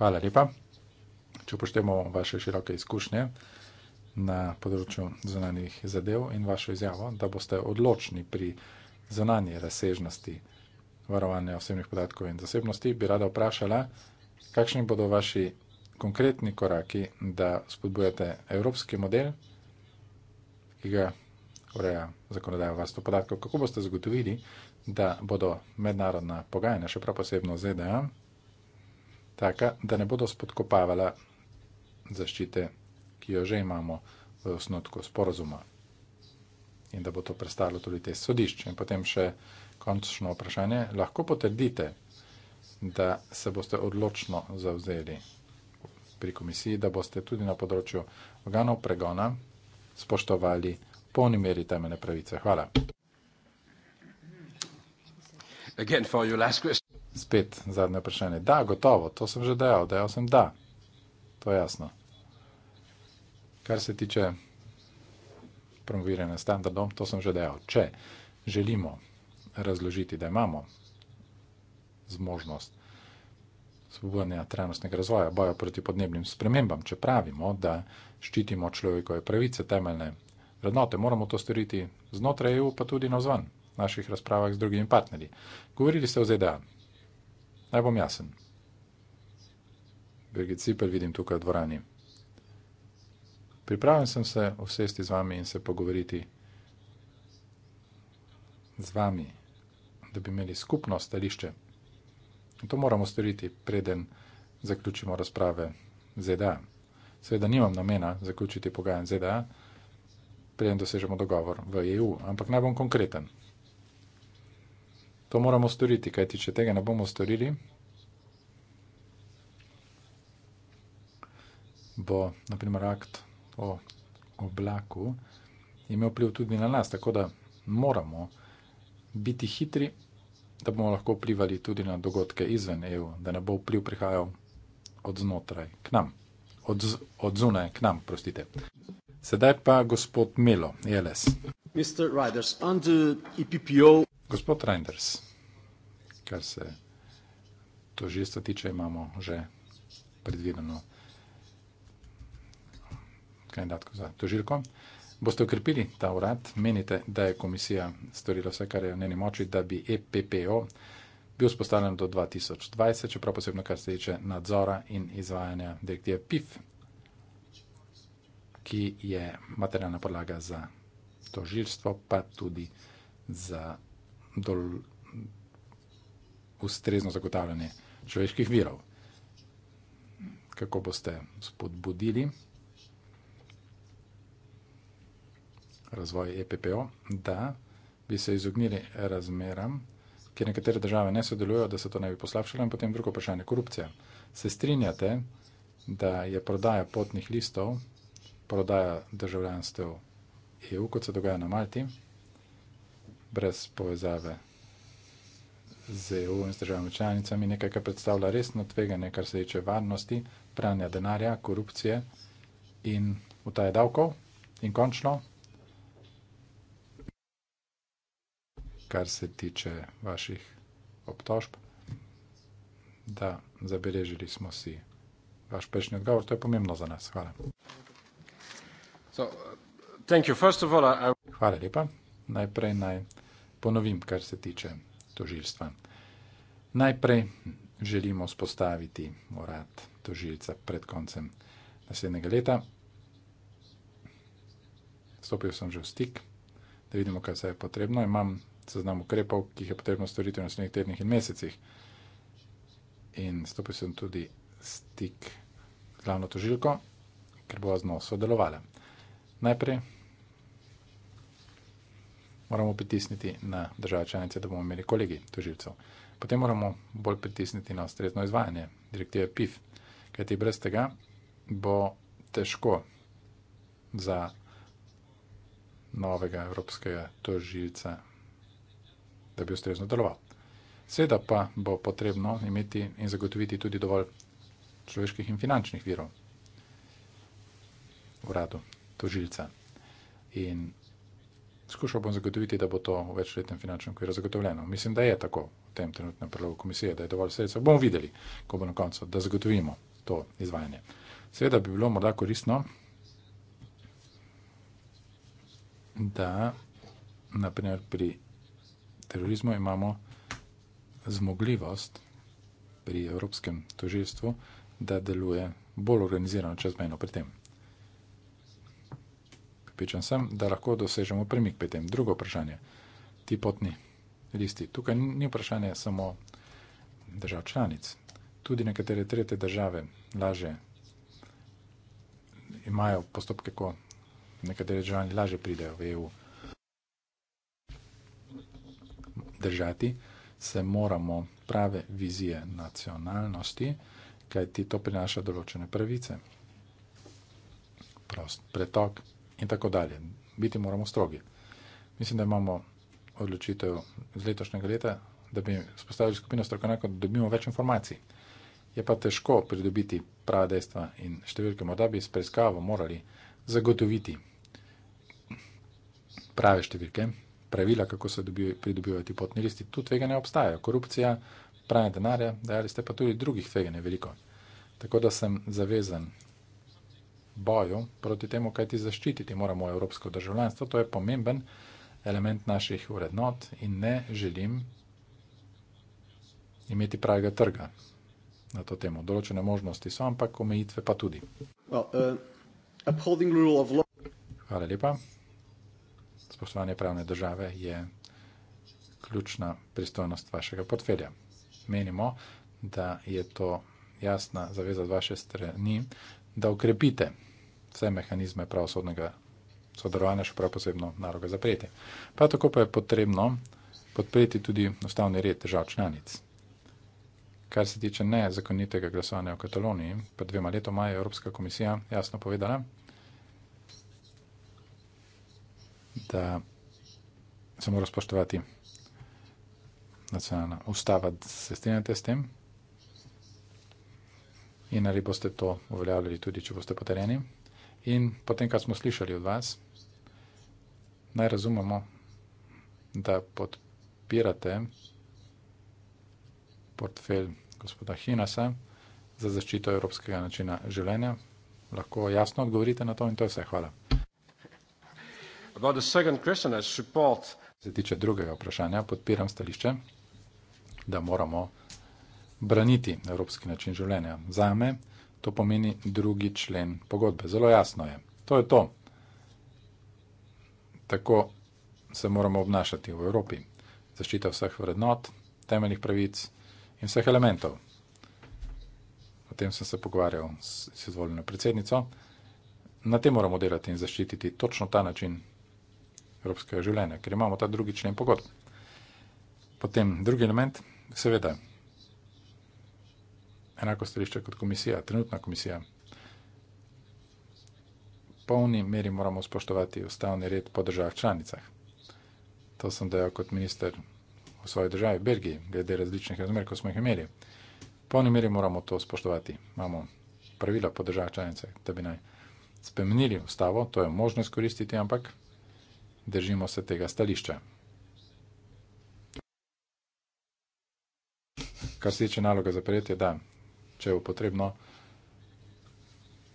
Hvala lepa. Če upoštevamo vaše široke izkušnje na področju zunanjih zadev in vašo izjavo, da boste odločni pri zunanji razsežnosti varovanja osebnih podatkov in zasebnosti, bi rada vprašala, kakšni bodo vaši konkretni koraki, da spodbujate evropski model ki ga ureja zakonodaja o varstvu podatkov. Kako boste zagotovili, da bodo mednarodna pogajanja, še prav posebno ZDA, taka, da ne bodo spodkopavala zaščite, ki jo že imamo v osnotku sporozuma in da bo to prestalo tudi te sodišče. In potem še končno vprašanje, lahko potrdite, da se boste odločno zavzeli pri komisiji, da boste tudi na področju organov pregona spoštovali v polni meri temeljne pravice. Hvala. Spet zadnje vprašanje. Da, gotovo, to sem že dejal, dejal sem da. To je jasno. Kar se tiče promoviranja standardov, to sem že dejal. Če želimo razložiti, da imamo zmožnost spodbujanja trajnostnega razvoja, boja proti podnebnim spremembam, če pravimo, da ščitimo človekove pravice, temeljne vrednote, moramo to storiti znotraj EU, pa tudi na zvon, v naših razpravah z drugimi partnerji. Govorili ste o ZDA. Naj bom jasen. Birgit Cipel vidim tukaj v dvorani. Pripravljen sem se usesti z vami in se pogovoriti z vami, da bi imeli skupno stališče. In to moramo storiti, preden zaključimo razprave ZDA. Seveda nimam namena zaključiti pogajanj ZDA, preden dosežemo dogovor v EU, ampak naj bom konkreten. To moramo storiti, kajti če tega ne bomo storili, bo naprimer akt o oblaku imel pliv tudi na nas, tako da moramo biti hitri da bomo lahko vplivali tudi na dogodke izven EU, da ne bo vpliv prihajal od znotraj k nam, od, z, od zunaj k nam, prostite. Sedaj pa gospod Melo, JLS. E EPPO... E gospod Reinders, kar se tožilstva tiče, imamo že predvideno kandidatko za tožilko. Boste ukrepili ta urad? Menite, da je komisija storila vse, kar je v njeni moči, da bi EPPO bil spostavljen do 2020, čeprav posebno kar se tiče nadzora in izvajanja direktive PIF, ki je materialna podlaga za tožilstvo, pa tudi za dol... ustrezno zagotavljanje človeških virov. Kako boste spodbudili? razvoj EPPO, da bi se izognili razmeram, kjer nekatere države ne sodelujo, da se to ne bi poslabšalo in potem drugo vprašanje, korupcija. Se strinjate, da je prodaja potnih listov, prodaja državljanstev EU, kot se dogaja na Malti, brez povezave z EU in z državami članicami, nekaj, kar predstavlja resno tveganje, kar se tiče varnosti, pranja denarja, korupcije in utaje davkov. In končno, kar se tiče vaših obtožb, da zabeležili smo si vaš prejšnji odgovor. To je pomembno za nas. Hvala. Uh, Hvala lepa. Najprej naj ponovim, kar se tiče tožilstva. Najprej želimo spostaviti urad tožilca pred koncem naslednjega leta. Stopil sem že v stik, da vidimo, kaj se je potrebno. Imam seznam ukrepov, ki jih je potrebno storiti v naslednjih tednih in mesecih. In stopil sem tudi stik z glavno tožilko, ker bo z njo sodelovala. Najprej moramo pritisniti na države članice, da bomo imeli kolegi tožilcev. Potem moramo bolj pritisniti na ustrezno izvajanje direktive PIF, kajti brez tega bo težko za novega evropskega tožilca da bi ustrezno deloval. Seveda pa bo potrebno imeti in zagotoviti tudi dovolj človeških in finančnih virov v radu tožilca. In skušal bom zagotoviti, da bo to v večletnem finančnem okviru zagotovljeno. Mislim, da je tako v tem trenutnem prelogu komisije, da je dovolj sredstva. Bomo videli, ko bo na koncu, da zagotovimo to izvajanje. Seveda bi bilo morda koristno, da naprimer pri terorizmu imamo zmogljivost pri Evropskem tožilstvu, da deluje bolj organizirano čezmejno pri tem. Pripričan sem, da lahko dosežemo premik pri tem. Drugo vprašanje, ti potni listi. Tukaj ni vprašanje samo držav članic. Tudi nekatere tretje države laže imajo postopke, ko nekateri državljani laže pridejo v EU. držati, se moramo prave vizije nacionalnosti, kajti to prinaša določene pravice, prost pretok in tako dalje. Biti moramo strogi. Mislim, da imamo odločitev z letošnjega leta, da bi spostavili skupino strokovnjakov, da dobimo več informacij. Je pa težko pridobiti prava dejstva in številke, morda bi s preiskavo morali zagotoviti prave številke pravila, kako se dobi, pridobivajo ti potni listi, tu tveganja obstajajo. Korupcija, pranje denarja, dajali ste pa tudi drugih tveganj veliko. Tako da sem zavezan boju proti temu, kaj ti zaščititi moramo evropsko državljanstvo. To je pomemben element naših urednot in ne želim imeti pravega trga na to temo. Določene možnosti so, ampak omejitve pa tudi. Well, uh, Hvala lepa spoštovanje pravne države je ključna pristojnost vašega portfelja. Menimo, da je to jasna zaveza z vaše strani, da ukrepite vse mehanizme pravosodnega sodelovanja, še prav posebno naroga zapreti. Prav tako pa je potrebno podpreti tudi ustavni red držav članic. Kar se tiče nezakonitega glasovanja v Kataloniji, pred dvema letoma je Evropska komisija jasno povedala, da se mora spoštovati nacionalna ustava, da se strinjate s tem. In ali boste to uveljavljali tudi, če boste potrjeni. In potem, kar smo slišali od vas, naj razumemo, da podpirate portfelj gospoda Hinasa za zaščito evropskega načina življenja. Lahko jasno odgovorite na to in to je vse. Hvala. Se tiče drugega vprašanja, podpiram stališče, da moramo braniti evropski način življenja. Za me to pomeni drugi člen pogodbe. Zelo jasno je. To je to. Tako se moramo obnašati v Evropi. Zaščita vseh vrednot, temeljnih pravic in vseh elementov. O tem sem se pogovarjal s izvoljeno predsednico. Na tem moramo delati in zaščititi točno ta način evropskega življenja, ker imamo ta drugi člen pogodb. Potem drugi element, seveda, enako stališče kot komisija, trenutna komisija. Polni meri moramo spoštovati ustavni red po državah članicah. To sem dejal kot minister v svoji državi, Belgiji, glede različnih razmer, ko smo jih imeli. Polni meri moramo to spoštovati. Imamo pravila po državah članicah, da bi naj spremenili ustavo, to je možno izkoristiti, ampak držimo se tega stališča. Kar se tiče naloga za prijetje, da, če je potrebno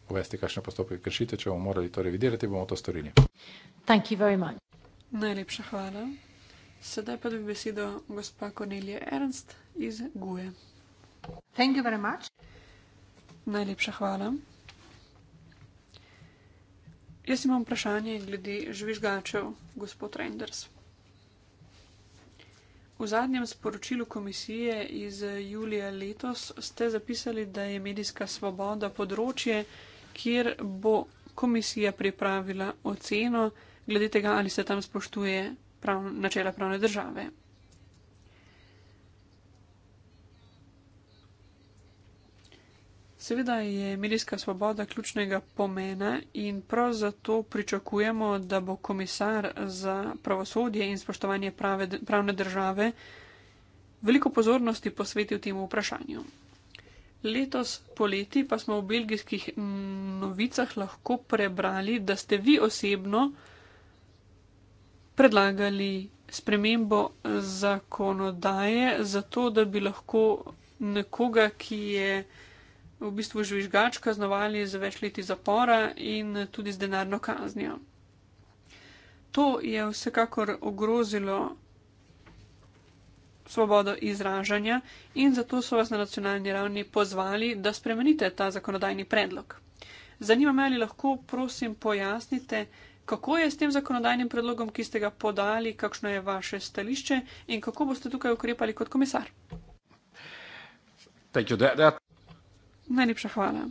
uvesti kakšne postopke kršite, če bomo morali to revidirati, bomo to storili. Thank you very much. Najlepša hvala. Sedaj pa dobi besedo gospa Kornelija Ernst iz GUE. Thank you very much. Najlepša hvala. Jaz imam vprašanje glede žvižgačev, gospod Renders. V zadnjem sporočilu komisije iz julija letos ste zapisali, da je medijska svoboda področje, kjer bo komisija pripravila oceno glede tega, ali se tam spoštuje prav, načela pravne države, Seveda je medijska svoboda ključnega pomena in prav zato pričakujemo, da bo komisar za pravosodje in spoštovanje prave, pravne države veliko pozornosti posvetil temu vprašanju. Letos poleti pa smo v belgijskih novicah lahko prebrali, da ste vi osebno predlagali spremembo zakonodaje, zato da bi lahko nekoga, ki je v bistvu žvižgač kaznovali z več leti zapora in tudi z denarno kaznijo. To je vsekakor ogrozilo svobodo izražanja in zato so vas na nacionalni ravni pozvali, da spremenite ta zakonodajni predlog. Zanima me, ali lahko prosim pojasnite, kako je s tem zakonodajnim predlogom, ki ste ga podali, kakšno je vaše stališče in kako boste tukaj ukrepali kot komisar. Thank you. That, that... Najlepša hvala.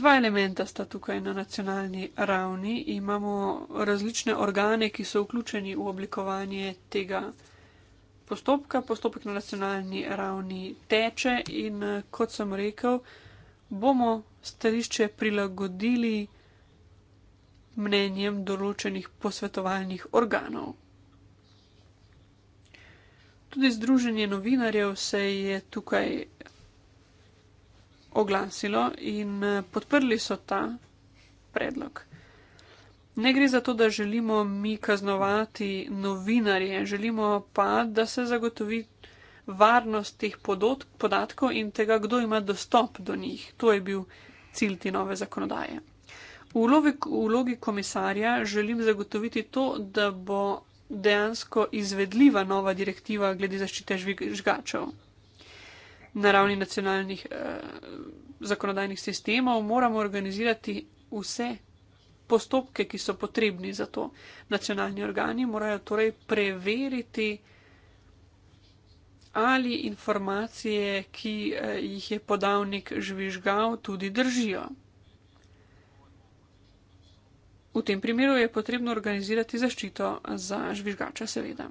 Dva elementa sta tukaj na nacionalni ravni. Imamo različne organe, ki so vključeni v oblikovanje tega postopka. Postopek na nacionalni ravni teče in, kot sem rekel, bomo stališče prilagodili mnenjem določenih posvetovalnih organov. Tudi Združenje novinarjev se je tukaj oglasilo in eh, podprli so ta predlog. Ne gre za to, da želimo mi kaznovati novinarje, želimo pa, da se zagotovi varnost teh podatkov in tega, kdo ima dostop do njih. To je bil cilj te nove zakonodaje. V vlogi komisarja želim zagotoviti to, da bo dejansko izvedljiva nova direktiva glede zaščite žvižgačev na ravni nacionalnih eh, zakonodajnih sistemov, moramo organizirati vse postopke, ki so potrebni za to. Nacionalni organi morajo torej preveriti, ali informacije, ki eh, jih je podavnik žvižgal, tudi držijo. V tem primeru je potrebno organizirati zaščito za žvižgača, seveda.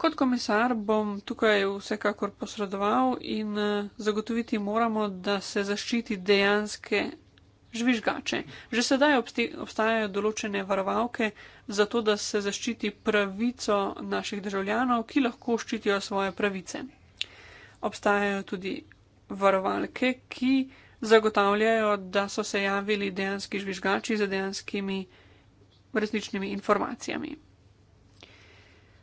Kot komisar bom tukaj vsekakor posredoval in eh, zagotoviti moramo, da se zaščiti dejanske žvižgače. Že sedaj obstajajo določene varovalke za to, da se zaščiti pravico naših državljanov, ki lahko ščitijo svoje pravice. Obstajajo tudi varovalke, ki zagotavljajo, da so se javili dejanski žvižgači za dejanskimi resničnimi informacijami.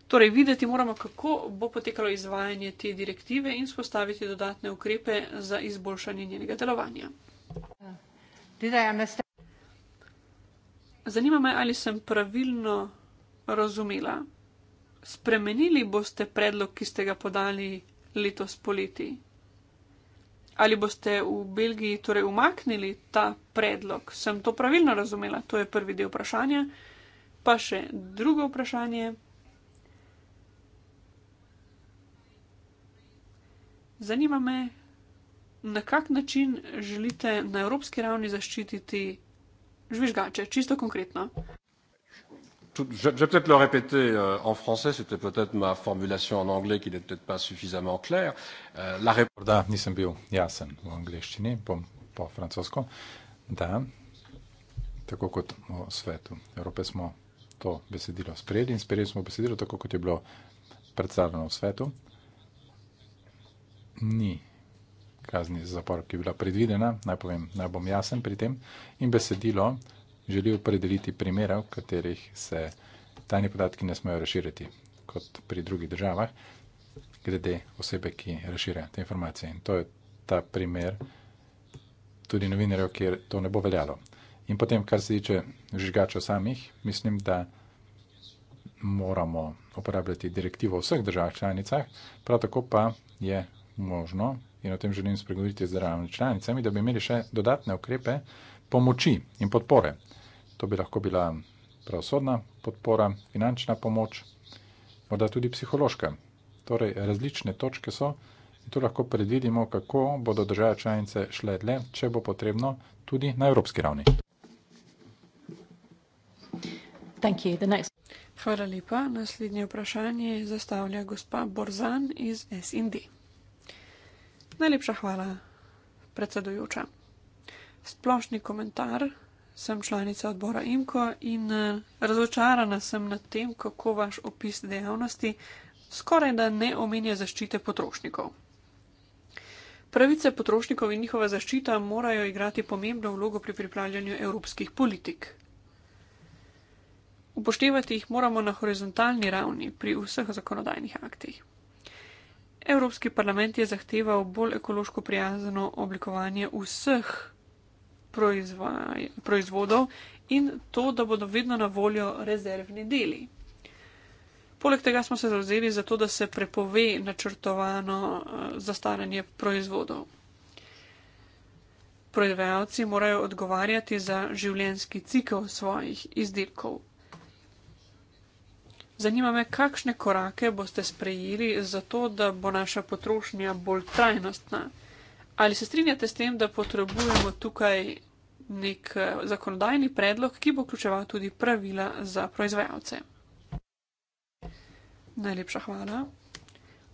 Torej, videti moramo, kako bo potekalo izvajanje te direktive in spostaviti dodatne ukrepe za izboljšanje njenega delovanja. Zanima me, ali sem pravilno razumela. Spremenili boste predlog, ki ste ga podali letos poleti? Ali boste v Belgiji torej umaknili ta predlog? Sem to pravilno razumela? To je prvi del vprašanja. Pa še drugo vprašanje. zanima me, na kak način želite na evropski ravni zaščititi žvižgače, čisto konkretno. Je vais peut-être le répéter euh, en français, c'était peut-être ma formulation en anglais qui n'est peut-être pas suffisamment claire. Euh, la réponse. jasen v angliščini, po, po francosko. Da, tako kot v svetu Evrope smo to besedilo sprejeli in sprejeli smo besedilo tako, kot je bilo predstavljeno v svetu, ni kazni zapor, ki je bila predvidena, naj povem, naj bom jasen pri tem, in besedilo želi opredeliti primere, v katerih se tajni podatki ne smejo raširiti, kot pri drugih državah, glede osebe, ki raširja te informacije. In to je ta primer tudi novinarjev, kjer to ne bo veljalo. In potem, kar se tiče žigačev samih, mislim, da moramo uporabljati direktivo v vseh državah članicah, prav tako pa je možno in o tem želim spregovoriti z državnimi članicami, da bi imeli še dodatne ukrepe pomoči in podpore. To bi lahko bila pravosodna podpora, finančna pomoč, morda tudi psihološka. Torej, različne točke so in tu lahko predvidimo, kako bodo države članice šle dle, če bo potrebno tudi na evropski ravni. Thank you. The next... Hvala lepa. Naslednje vprašanje zastavlja gospa Borzan iz SND. Najlepša hvala, predsedujoča. Splošni komentar. Sem članica odbora IMKO in eh, razočarana sem nad tem, kako vaš opis dejavnosti skoraj da ne omenja zaščite potrošnikov. Pravice potrošnikov in njihova zaščita morajo igrati pomembno vlogo pri pripravljanju evropskih politik. Upoštevati jih moramo na horizontalni ravni pri vseh zakonodajnih aktih. Evropski parlament je zahteval bolj ekološko prijazno oblikovanje vseh proizvaj, proizvodov in to, da bodo vedno na voljo rezervni deli. Poleg tega smo se zavzeli za to, da se prepove načrtovano eh, zastaranje proizvodov. Proizvajalci morajo odgovarjati za življenski cikl svojih izdelkov. Zanima me, kakšne korake boste sprejeli za to, da bo naša potrošnja bolj trajnostna. Ali se strinjate s tem, da potrebujemo tukaj nek eh, zakonodajni predlog, ki bo vključeval tudi pravila za proizvajalce? Najlepša hvala.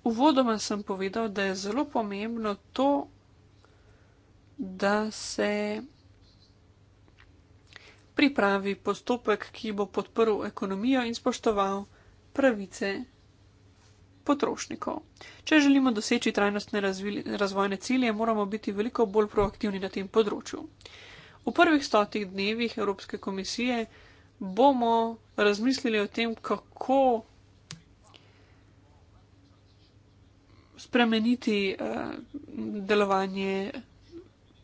Uvodoma sem povedal, da je zelo pomembno to, da se pripravi postopek, ki bo podprl ekonomijo in spoštoval pravice potrošnikov. Če želimo doseči trajnostne razvojne cilje, moramo biti veliko bolj proaktivni na tem področju. V prvih stotih dnevih Evropske komisije bomo razmislili o tem, kako spremeniti uh, delovanje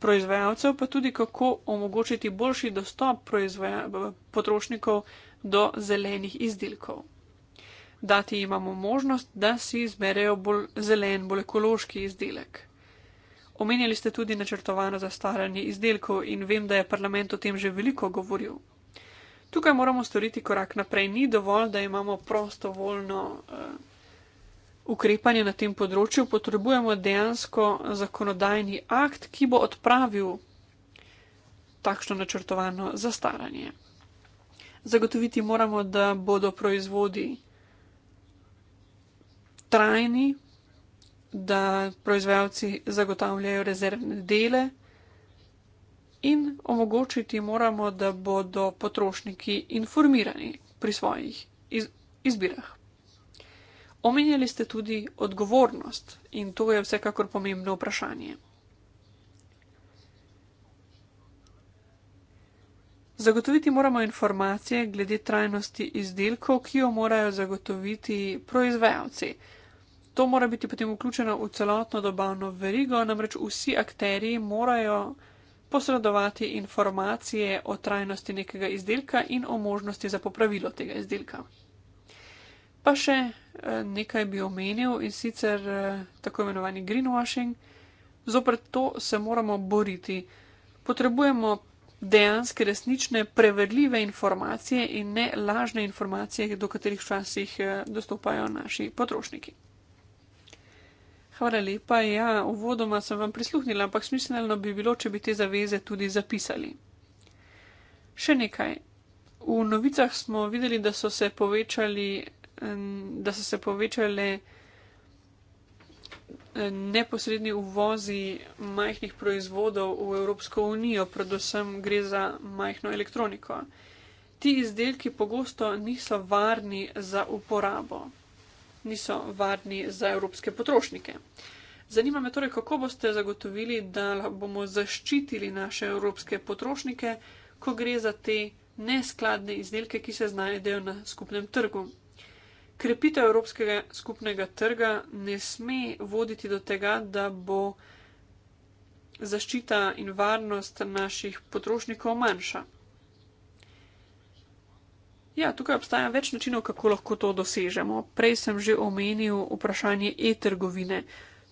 proizvajalcev, pa tudi kako omogočiti boljši dostop potrošnikov do zelenih izdelkov dati imamo možnost, da si izberejo bolj zelen, bolj ekološki izdelek. Omenjali ste tudi načrtovano zastaranje izdelkov in vem, da je parlament o tem že veliko govoril. Tukaj moramo storiti korak naprej. Ni dovolj, da imamo prostovoljno uh, ukrepanje na tem področju. Potrebujemo dejansko zakonodajni akt, ki bo odpravil takšno načrtovano zastaranje. Zagotoviti moramo, da bodo proizvodi trajni, da proizvajalci zagotavljajo rezervne dele in omogočiti moramo, da bodo potrošniki informirani pri svojih iz izbirah. Omenjali ste tudi odgovornost in to je vsekakor pomembno vprašanje. Zagotoviti moramo informacije glede trajnosti izdelkov, ki jo morajo zagotoviti proizvajalci. To mora biti potem vključeno v celotno dobavno verigo, namreč vsi akteri morajo posredovati informacije o trajnosti nekega izdelka in o možnosti za popravilo tega izdelka. Pa še eh, nekaj bi omenil in sicer eh, tako imenovani greenwashing. Zopret to se moramo boriti. Potrebujemo dejanske, resnične, preverljive informacije in ne lažne informacije, do katerih včasih eh, dostopajo naši potrošniki. Hvala lepa. Ja, uvodoma sem vam prisluhnila, ampak smiselno bi bilo, če bi te zaveze tudi zapisali. Še nekaj. V novicah smo videli, da so se povečali, da so se povečale neposredni uvozi majhnih proizvodov v Evropsko unijo, predvsem gre za majhno elektroniko. Ti izdelki pogosto niso varni za uporabo niso varni za evropske potrošnike. Zanima me torej, kako boste zagotovili, da bomo zaščitili naše evropske potrošnike, ko gre za te neskladne izdelke, ki se znajdejo na skupnem trgu. Krepitev evropskega skupnega trga ne sme voditi do tega, da bo zaščita in varnost naših potrošnikov manjša. Ja, tukaj obstaja več načinov, kako lahko to dosežemo. Prej sem že omenil vprašanje e-trgovine.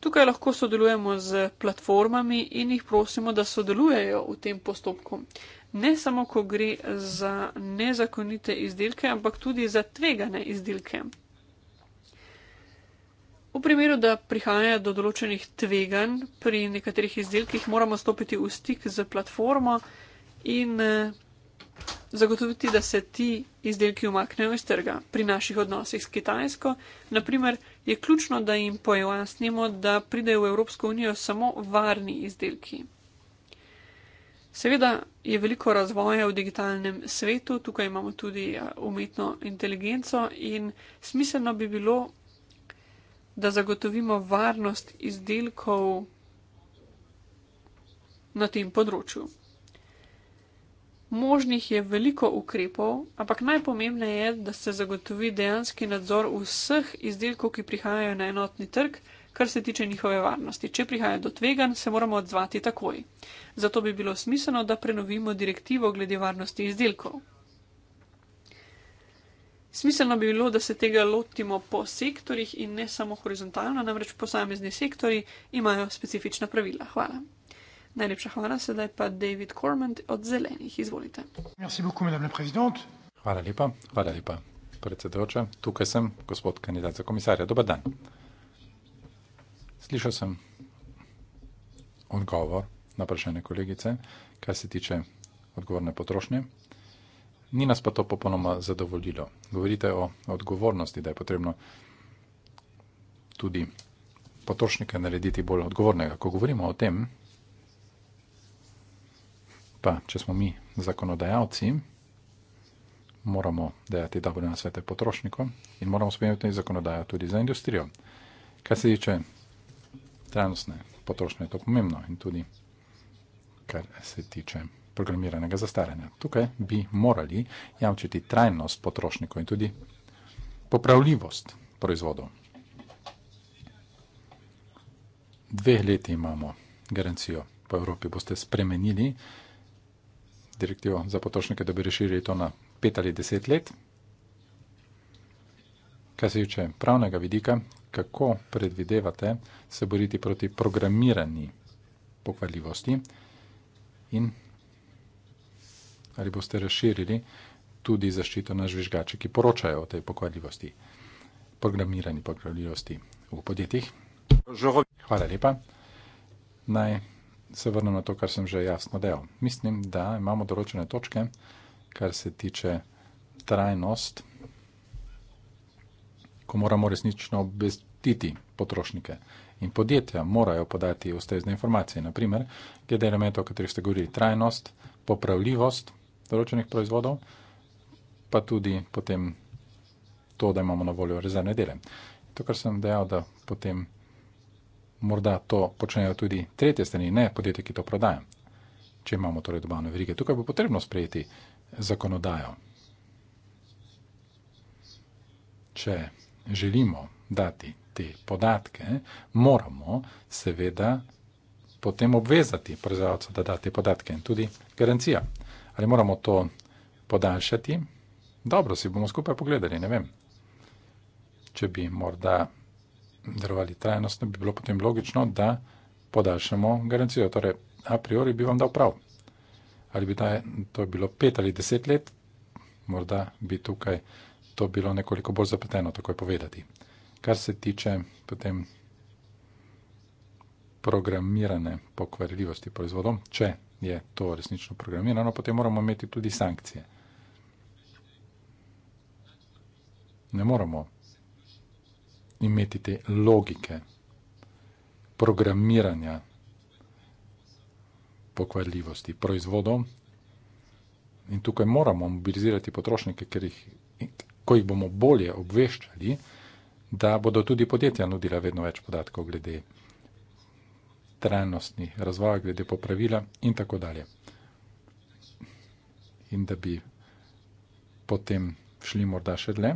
Tukaj lahko sodelujemo z platformami in jih prosimo, da sodelujejo v tem postopku. Ne samo, ko gre za nezakonite izdelke, ampak tudi za tvegane izdelke. V primeru, da prihaja do določenih tveganj pri nekaterih izdelkih, moramo stopiti v stik z platformo in zagotoviti, da se ti izdelki umaknejo iz trga. Pri naših odnosih s Kitajsko, naprimer, je ključno, da jim pojasnimo, da pridejo v Evropsko unijo samo varni izdelki. Seveda je veliko razvoja v digitalnem svetu, tukaj imamo tudi ja, umetno inteligenco in smiselno bi bilo, da zagotovimo varnost izdelkov na tem področju. Možnih je veliko ukrepov, ampak najpomembneje je, da se zagotovi dejanski nadzor vseh izdelkov, ki prihajajo na enotni trg, kar se tiče njihove varnosti. Če prihaja do tvegan, se moramo odzvati takoj. Zato bi bilo smiselno, da prenovimo direktivo glede varnosti izdelkov. Smiselno bi bilo, da se tega lotimo po sektorjih in ne samo horizontalno, namreč posamezni sektori imajo specifična pravila. Hvala. Najlepša hvala, sedaj pa David Cormant od Zelenih. Izvolite. Hvala lepa, hvala lepa, predsedujoča. Tukaj sem, gospod kandidat za komisarja. Dobar dan. Slišal sem odgovor na vprašanje kolegice, kar se tiče odgovorne potrošnje. Ni nas pa to popolnoma zadovoljilo. Govorite o odgovornosti, da je potrebno tudi potrošnike narediti bolj odgovornega. Ko govorimo o tem, pa, če smo mi zakonodajalci, moramo dejati dobre nasvete potrošnikom in moramo spremljati zakonodajo tudi za industrijo. Kar se tiče trajnostne potrošnje, je to pomembno in tudi kar se tiče programiranega zastaranja. Tukaj bi morali jamčiti trajnost potrošnikov in tudi popravljivost proizvodov. Dve leti imamo garancijo. Po Evropi boste spremenili direktivo za potrošnike, da bi reširili to na pet ali deset let. Kaj se tiče pravnega vidika, kako predvidevate se boriti proti programirani pokvarljivosti in ali boste razširili tudi zaščito na žvižgače, ki poročajo o tej pokvarljivosti, programirani pokvarljivosti v podjetjih. Hvala lepa. Naj se vrnem na to, kar sem že jasno dejal. Mislim, da imamo določene točke, kar se tiče trajnost, ko moramo resnično obvestiti potrošnike. In podjetja morajo podati ustrezne informacije, naprimer, glede elementov, o katerih ste govorili, trajnost, popravljivost določenih proizvodov, pa tudi potem to, da imamo na voljo rezervne dele. To, kar sem dejal, da potem morda to počnejo tudi tretje strani, ne podjetje, ki to prodaja. Če imamo torej dobavne verige, tukaj bo potrebno sprejeti zakonodajo. Če želimo dati te podatke, moramo seveda potem obvezati proizvajalca, da da te podatke in tudi garancija. Ali moramo to podaljšati? Dobro, si bomo skupaj pogledali, ne vem. Če bi morda darovali trajnostno, bi bilo potem logično, da podaljšamo garancijo. Torej, a priori bi vam dal prav. Ali bi da, to je bilo pet ali deset let, morda bi tukaj to bilo nekoliko bolj zapleteno, tako je povedati. Kar se tiče potem programirane pokvarljivosti proizvodov, če je to resnično programirano, potem moramo imeti tudi sankcije. Ne moramo imeti te logike, programiranja pokvarljivosti, proizvodov. In tukaj moramo mobilizirati potrošnike, ker jih, ko jih bomo bolje obveščali, da bodo tudi podjetja nudila vedno več podatkov glede trajnostnih razvoja, glede popravila in tako dalje. In da bi potem šli morda še dlje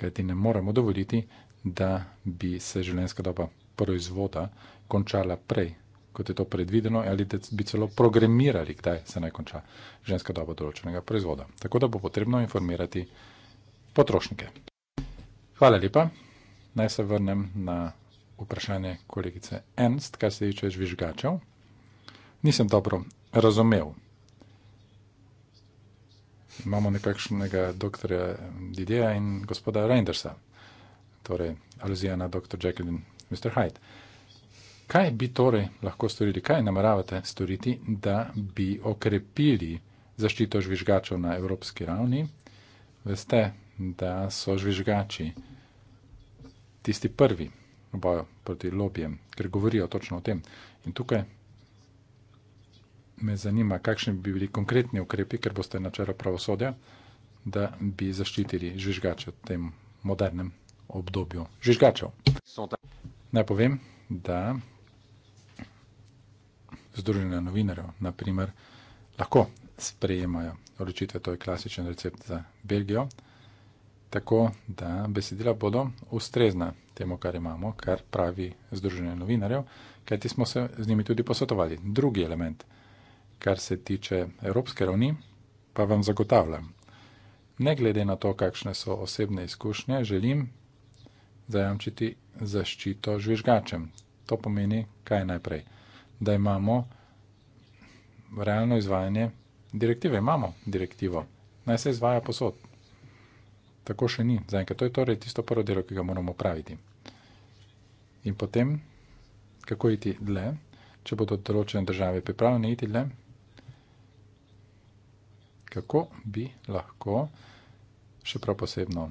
kajti ne moremo dovoliti, da bi se življenjska doba proizvoda končala prej, kot je to predvideno, ali da bi celo programirali, kdaj se naj konča življenjska doba določenega proizvoda. Tako da bo potrebno informirati potrošnike. Hvala lepa. Naj se vrnem na vprašanje kolegice Enst, kar se tiče žvižgačev. Nisem dobro razumel imamo nekakšnega doktorja Didija in gospoda Reindersa, torej aluzija na dr. Jekyll in Mr. Hyde. Kaj bi torej lahko storili, kaj nameravate storiti, da bi okrepili zaščito žvižgačev na evropski ravni? Veste, da so žvižgači tisti prvi v boju proti lobijem, ker govorijo točno o tem. In tukaj me zanima, kakšni bi bili konkretni ukrepi, ker boste na čelu pravosodja, da bi zaščitili žvižgače v tem modernem obdobju žvižgačev. Naj povem, da združenja novinarjev, naprimer, lahko sprejemajo odločitve, to je klasičen recept za Belgijo, tako da besedila bodo ustrezna temu, kar imamo, kar pravi združenje novinarjev, kajti smo se z njimi tudi posvetovali. Drugi element je, kar se tiče evropske ravni, pa vam zagotavljam. Ne glede na to, kakšne so osebne izkušnje, želim zajamčiti zaščito žvižgačem. To pomeni, kaj najprej, da imamo realno izvajanje direktive. Imamo direktivo, naj se izvaja posod. Tako še ni. Zdaj, to je torej tisto prvo delo, ki ga moramo praviti. In potem, kako iti dle, če bodo določene države pripravljene iti dle, kako bi lahko, še prav posebno,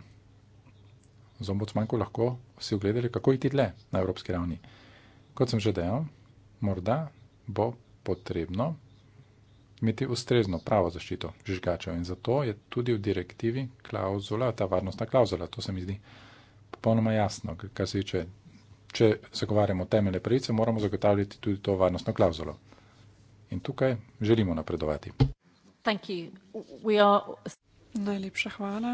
z ombudsmanko lahko vsi ogledali, kako iti dlje na evropski ravni. Kot sem že dejal, morda bo potrebno imeti ustrezno pravo zaščito žigačev in zato je tudi v direktivi klauzula, ta varnostna klauzula, to se mi zdi popolnoma jasno, kar se tiče, če zagovarjamo temeljne pravice, moramo zagotavljati tudi to varnostno klauzulo. In tukaj želimo napredovati. Thank you. We are... Najlepša hvala.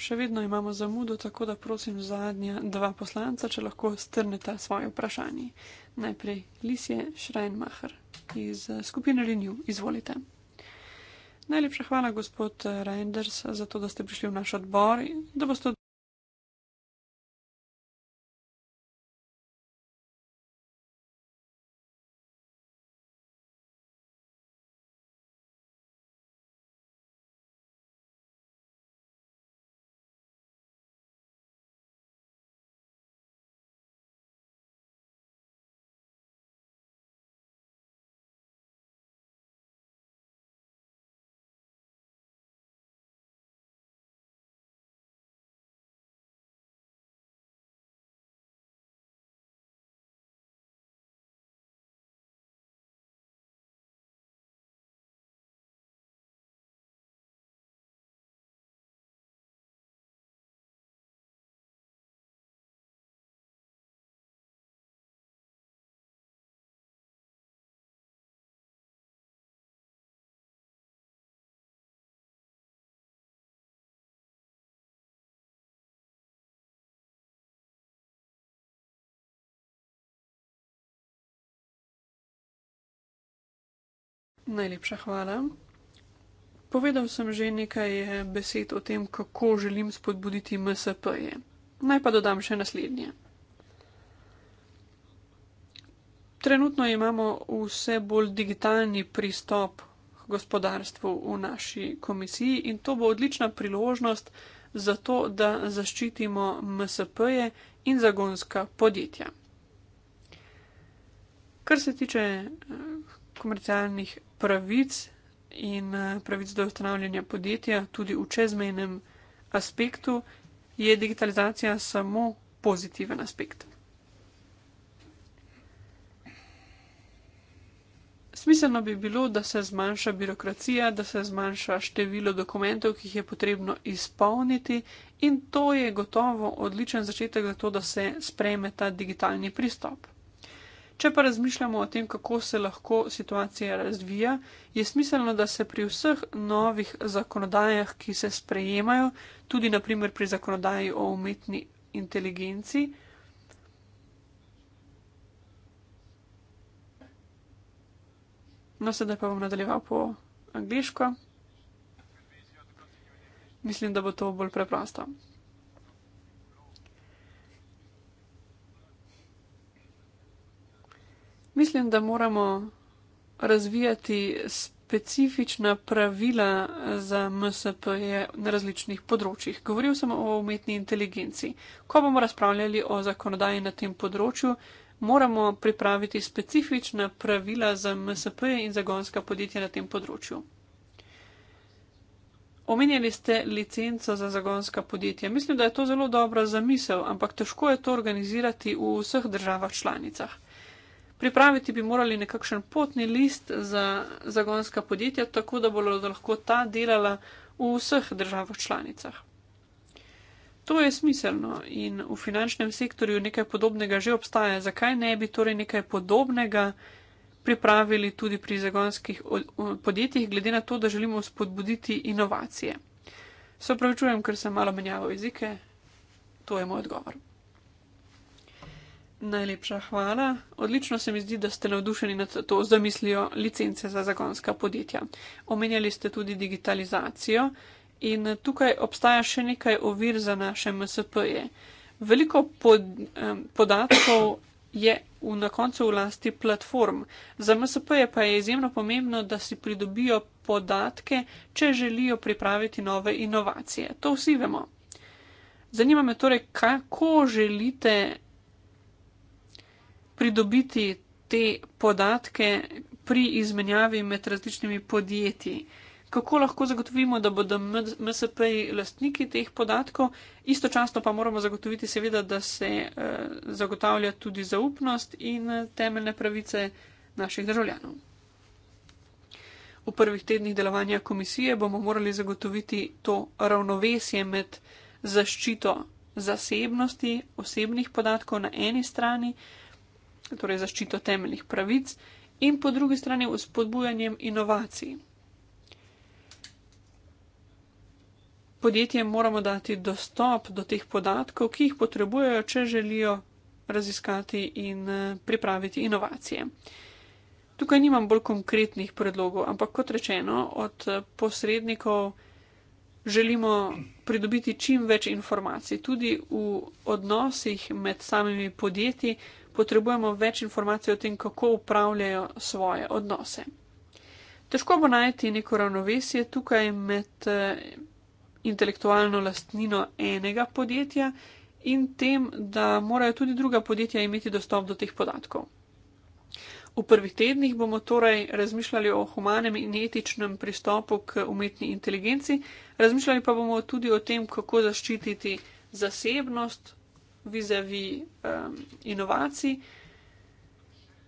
Še vedno imamo zamudo, tako da prosim zadnja dva poslanca, če lahko strneta svoje vprašanje. Najprej Lisje Schreinmacher iz eh, skupine Renew. Izvolite. Najlepša hvala, gospod eh, Reinders, za to, da ste prišli v naš odbor in da boste. Najlepša hvala. Povedal sem že nekaj besed o tem, kako želim spodbuditi MSP-je. Naj pa dodam še naslednje. Trenutno imamo vse bolj digitalni pristop k gospodarstvu v naši komisiji in to bo odlična priložnost za to, da zaščitimo MSP-je in zagonska podjetja. Kar se tiče komercialnih pravic in eh, pravic do ustanavljanja podjetja, tudi v čezmejnem aspektu, je digitalizacija samo pozitiven aspekt. Smiselno bi bilo, da se zmanjša birokracija, da se zmanjša število dokumentov, ki jih je potrebno izpolniti, in to je gotovo odličen začetek za to, da se spreme ta digitalni pristop. Če pa razmišljamo o tem, kako se lahko situacija razvija, je smiselno, da se pri vseh novih zakonodajah, ki se sprejemajo, tudi naprimer pri zakonodaji o umetni inteligenci, no sedaj pa bom nadaljeval po angliško. Mislim, da bo to bolj preprosto. mislim, da moramo razvijati specifična pravila za MSP na različnih področjih. Govoril sem o umetni inteligenci. Ko bomo razpravljali o zakonodaji na tem področju, moramo pripraviti specifična pravila za MSP in za gonska podjetja na tem področju. Omenjali ste licenco za zagonska podjetja. Mislim, da je to zelo dobra zamisel, ampak težko je to organizirati v vseh državah članicah. Pripraviti bi morali nekakšen potni list za zagonska podjetja, tako da bodo lahko ta delala v vseh državah članicah. To je smiselno in v finančnem sektorju nekaj podobnega že obstaja. Zakaj ne bi torej nekaj podobnega pripravili tudi pri zagonskih podjetjih, glede na to, da želimo spodbuditi inovacije? Se opravičujem, ker sem malo menjal jezike. To je moj odgovor. Najlepša hvala. Odlično se mi zdi, da ste navdušeni nad to zamislijo licence za zagonska podjetja. Omenjali ste tudi digitalizacijo in tukaj obstaja še nekaj ovir za naše MSP-je. Veliko pod, eh, podatkov je v na koncu v lasti platform. Za MSP-je pa je izjemno pomembno, da si pridobijo podatke, če želijo pripraviti nove inovacije. To vsi vemo. Zanima me torej, kako želite pridobiti te podatke pri izmenjavi med različnimi podjetji. Kako lahko zagotovimo, da bodo MSP-ji lastniki teh podatkov, istočasno pa moramo zagotoviti, seveda, da se eh, zagotavlja tudi zaupnost in eh, temeljne pravice naših državljanov. V prvih tednih delovanja komisije bomo morali zagotoviti to ravnovesje med zaščito zasebnosti, osebnih podatkov na eni strani torej zaščito temeljnih pravic, in po drugi strani spodbujanjem inovacij. Podjetjem moramo dati dostop do teh podatkov, ki jih potrebujejo, če želijo raziskati in eh, pripraviti inovacije. Tukaj nimam bolj konkretnih predlogov, ampak kot rečeno, od eh, posrednikov želimo pridobiti čim več informacij, tudi v odnosih med samimi podjetji, potrebujemo več informacij o tem, kako upravljajo svoje odnose. Težko bo najti neko ravnovesje tukaj med eh, intelektualno lastnino enega podjetja in tem, da morajo tudi druga podjetja imeti dostop do teh podatkov. V prvih tednih bomo torej razmišljali o humanem in etičnem pristopu k umetni inteligenci, razmišljali pa bomo tudi o tem, kako zaščititi zasebnost vizavi um, inovacij.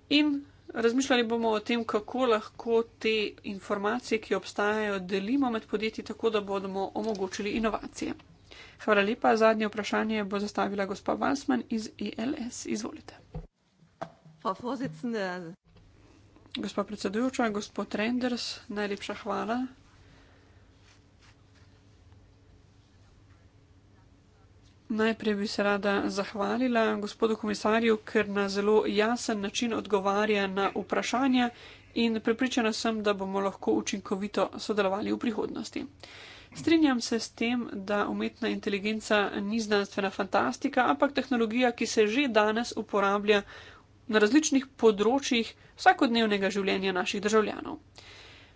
In razmišljali bomo o tem, kako lahko te informacije, ki obstajajo, delimo med podjetji, tako da bomo omogočili inovacije. Hvala lepa. Zadnje vprašanje bo zastavila gospa Valsman iz ELS. Izvolite. Gospa predsedujoča, gospod Renders, najlepša hvala Najprej bi se rada zahvalila gospodu komisarju, ker na zelo jasen način odgovarja na vprašanja in prepričana sem, da bomo lahko učinkovito sodelovali v prihodnosti. Strinjam se s tem, da umetna inteligenca ni znanstvena fantastika, ampak tehnologija, ki se že danes uporablja na različnih področjih vsakodnevnega življenja naših državljanov.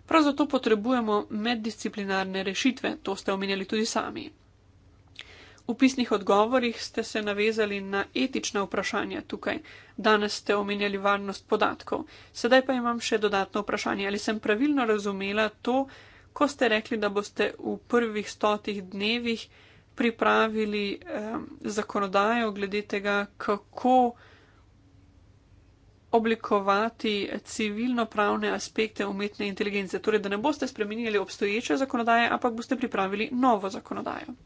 Prav zato potrebujemo meddisciplinarne rešitve, to ste omenjali tudi sami. V pisnih odgovorih ste se navezali na etična vprašanja tukaj. Danes ste omenjali varnost podatkov. Sedaj pa imam še dodatno vprašanje. Ali sem pravilno razumela to, ko ste rekli, da boste v prvih stotih dnevih pripravili eh, zakonodajo glede tega, kako oblikovati civilno pravne aspekte umetne inteligence. Torej, da ne boste spremenili obstoječe zakonodaje, ampak boste pripravili novo zakonodajo.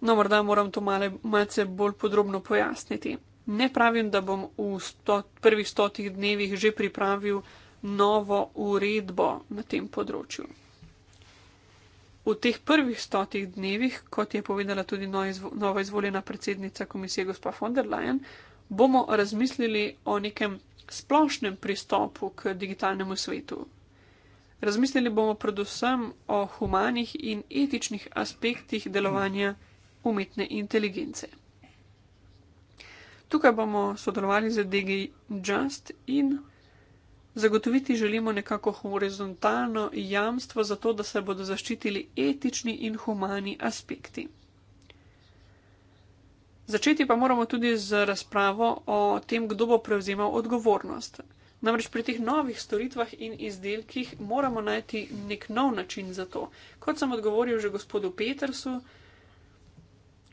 No, morda moram to male, malce bolj podrobno pojasniti. Ne pravim, da bom v sto, prvih stotih dnevih že pripravil novo uredbo na tem področju. V teh prvih stotih dnevih, kot je povedala tudi novo izvoljena predsednica komisije gospa von der Leyen, bomo razmislili o nekem splošnem pristopu k digitalnemu svetu, Razmislili bomo predvsem o humanih in etičnih aspektih delovanja umetne inteligence. Tukaj bomo sodelovali z DG Just in zagotoviti želimo nekako horizontalno jamstvo za to, da se bodo zaščitili etični in humani aspekti. Začeti pa moramo tudi z razpravo o tem, kdo bo prevzemal odgovornost. Namreč pri teh novih storitvah in izdelkih moramo najti nek nov način za to. Kot sem odgovoril že gospodu Petersu,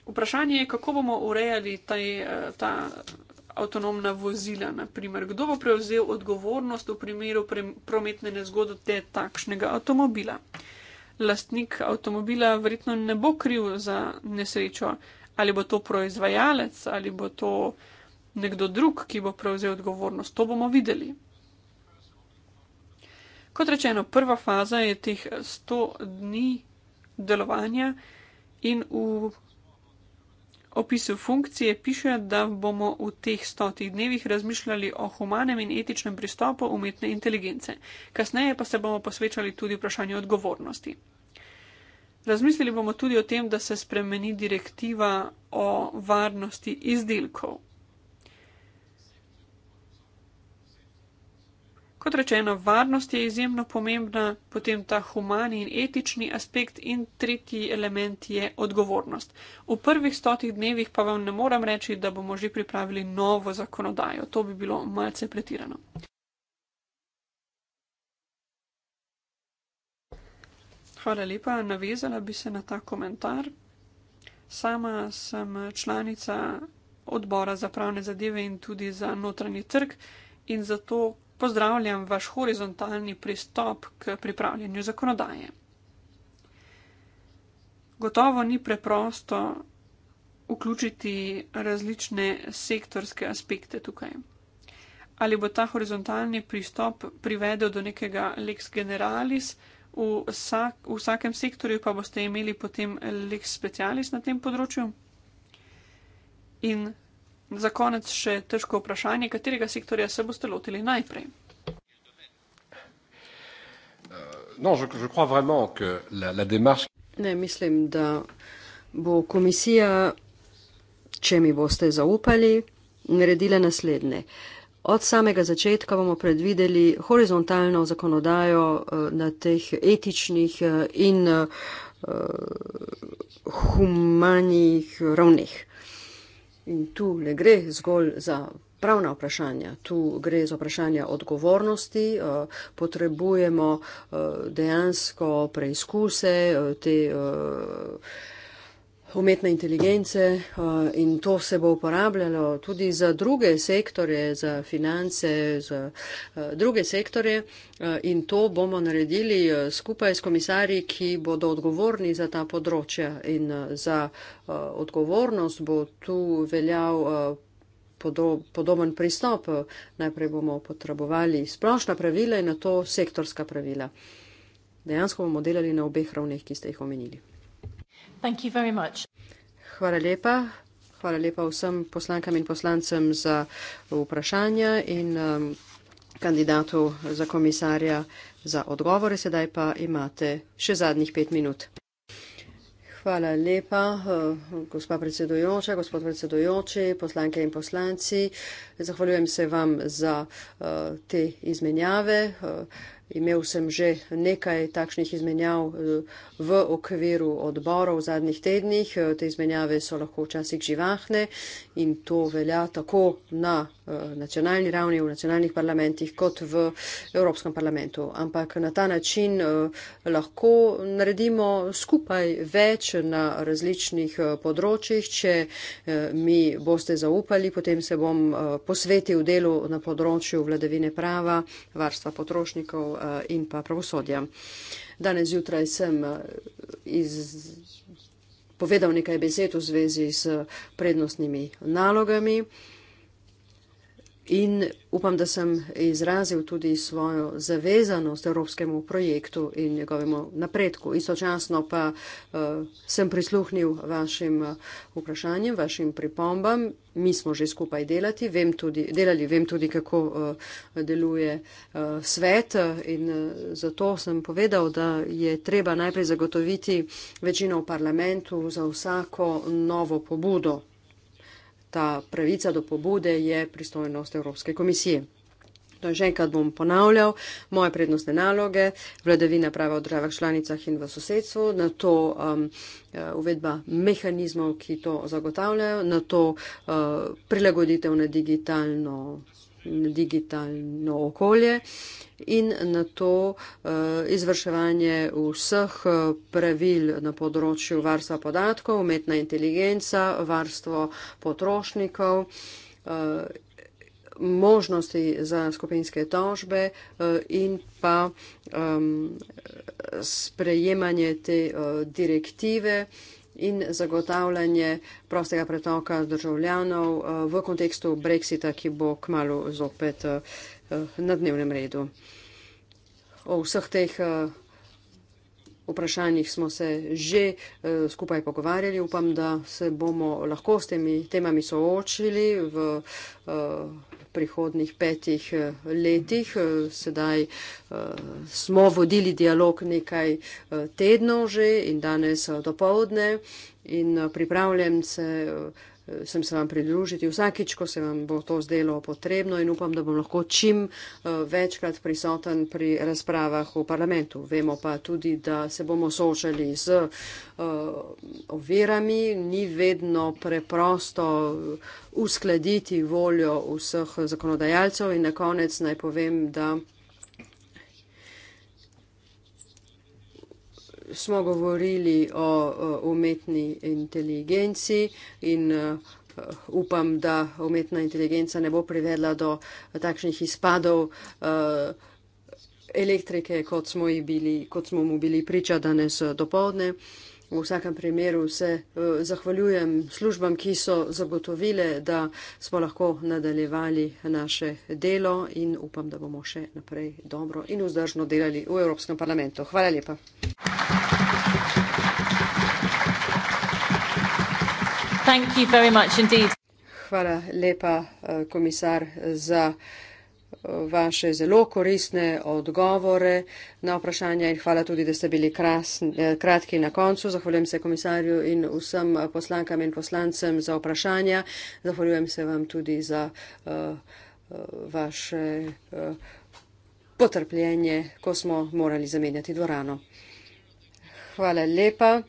vprašanje je, kako bomo urejali taj, eh, ta avtonomna vozila. Naprimer. Kdo bo prevzel odgovornost v primeru pre prometne nezgode takšnega avtomobila? Lastnik avtomobila verjetno ne bo kriv za nesrečo, ali bo to proizvajalec, ali bo to nekdo drug, ki bo prevzel odgovornost, to bomo videli. Kot rečeno, prva faza je teh 100 dni delovanja in v opisu funkcije piše, da bomo v teh 100 dnevih razmišljali o humanem in etičnem pristopu umetne inteligence. Kasneje pa se bomo posvečali tudi vprašanju odgovornosti. Razmislili bomo tudi o tem, da se spremeni direktiva o varnosti izdelkov. Kot rečeno, varnost je izjemno pomembna, potem ta humani in etični aspekt in tretji element je odgovornost. V prvih stotih dnevih pa vam ne moram reči, da bomo že pripravili novo zakonodajo. To bi bilo malce pretirano. Hvala lepa, navezala bi se na ta komentar. Sama sem članica odbora za pravne zadeve in tudi za notranji trg in zato, pozdravljam vaš horizontalni pristop k pripravljanju zakonodaje. Gotovo ni preprosto vključiti različne sektorske aspekte tukaj. Ali bo ta horizontalni pristop privedel do nekega lex generalis, v, vsak, v vsakem sektorju pa boste imeli potem lex specialis na tem področju? In Za konec še težko vprašanje, katerega sektorja se boste lotili najprej. No, je, je vraiment, la, la démarche... ne, mislim, da bo komisija, če mi boste zaupali, naredila naslednje. Od samega začetka bomo predvideli horizontalno zakonodajo eh, na teh etičnih eh, in eh, humanih ravneh. In tu ne gre zgolj za pravna vprašanja, tu gre za vprašanja odgovornosti, eh, potrebujemo eh, dejansko preizkuse eh, te umetne inteligence eh, in to se bo uporabljalo tudi za druge sektore, za finance, za eh, druge sektore eh, in to bomo naredili skupaj s komisarji, ki bodo odgovorni za ta področja in za odgovornost bo tu veljal podoben pristop. Najprej bomo potrebovali splošna pravila in na to sektorska pravila. Dejansko bomo delali na obeh ravneh, ki ste jih omenili. Hvala lepa. Hvala lepa vsem poslankam in poslancem za vprašanja in um, kandidatu za komisarja za odgovore. Sedaj pa imate še zadnjih pet minut. Hvala lepa, uh, gospa predsedujoča, gospod predsedujoči, poslanke in poslanci. Zahvaljujem se vam za uh, te izmenjave. Uh, Imel sem že nekaj takšnih izmenjav eh, v okviru odborov v zadnjih tednih. Eh, te izmenjave so lahko včasih živahne in to velja tako na eh, nacionalni ravni, v nacionalnih parlamentih, kot v Evropskem parlamentu. Ampak na ta način lahko naredimo skupaj več na različnih področjih. Če mi boste zaupali, potem se bom posvetil delu na področju vladavine prava, varstva potrošnikov Eh, in pa pravosodja. Danes zjutraj sem eh, iz. Povedal nekaj besed v zvezi s prednostnimi nalogami in upam, da sem izrazil tudi svojo zavezanost evropskemu projektu in njegovemu napredku. Istočasno pa uh, sem prisluhnil vašim eh, vprašanjem, vašim pripombam. Mi smo že skupaj delati, vem tudi, delali, vem tudi, kako uh, deluje uh, svet in uh, zato sem povedal, da je treba najprej zagotoviti večino v parlamentu za vsako novo pobudo ta pravica do pobude je pristojnost Evropske komisije. To je že enkrat bom ponavljal, moje prednostne naloge, vladavina prava v državah članicah in v sosedstvu, na to um, uh, uvedba mehanizmov, ki to zagotavljajo, na to uh, prilagoditev na digitalno digitalno okolje in na to eh, izvrševanje vseh eh, pravil na področju varstva podatkov, umetna inteligenca, varstvo potrošnikov, eh, možnosti za skupinske tožbe in pa ehm, sprejemanje te direktive in zagotavljanje prostega pretoka državljanov eh, v kontekstu brexita, ki bo kmalo zopet eh, na dnevnem redu. O vseh teh eh, vprašanjih smo se že skupaj pogovarjali. Upam, da se bomo lahko s temi temami soočili v prihodnih petih eh, letih. Eh, sedaj eh, smo vodili dialog nekaj tednov že in danes dopoledne in pripravljam se sem se vam pridružiti vsakič, ko se vam bo to zdelo potrebno in upam, da bom lahko čim eh, večkrat prisoten pri razpravah v parlamentu. Vemo pa tudi, da se bomo soočali z eh, ovirami. Ni vedno preprosto uskladiti voljo vseh zakonodajalcev in na konec naj povem, da. smo govorili o, o umetni inteligenci in uh, upam, da umetna inteligenca ne bo privedla do takšnih izpadov uh, elektrike, kot smo, bili, kot smo mu bili priča danes eh, dopovdne. Uh, V vsakem primeru se eh, zahvaljujem službam, ki so zagotovile, da smo lahko nadaljevali naše delo in upam, da bomo še naprej dobro in vzdržno delali v Evropskem parlamentu. Hvala lepa. Hvala lepa, eh, komisar, za vaše zelo koristne odgovore na vprašanja in hvala tudi, da ste bili krasn, eh, kratki na koncu. Zahvaljujem se komisarju in vsem eh, poslankam in poslancem za vprašanja. Zahvaljujem se vam tudi za uh, vaše uh, potrpljenje, ko smo morali zamenjati dvorano. Hvala lepa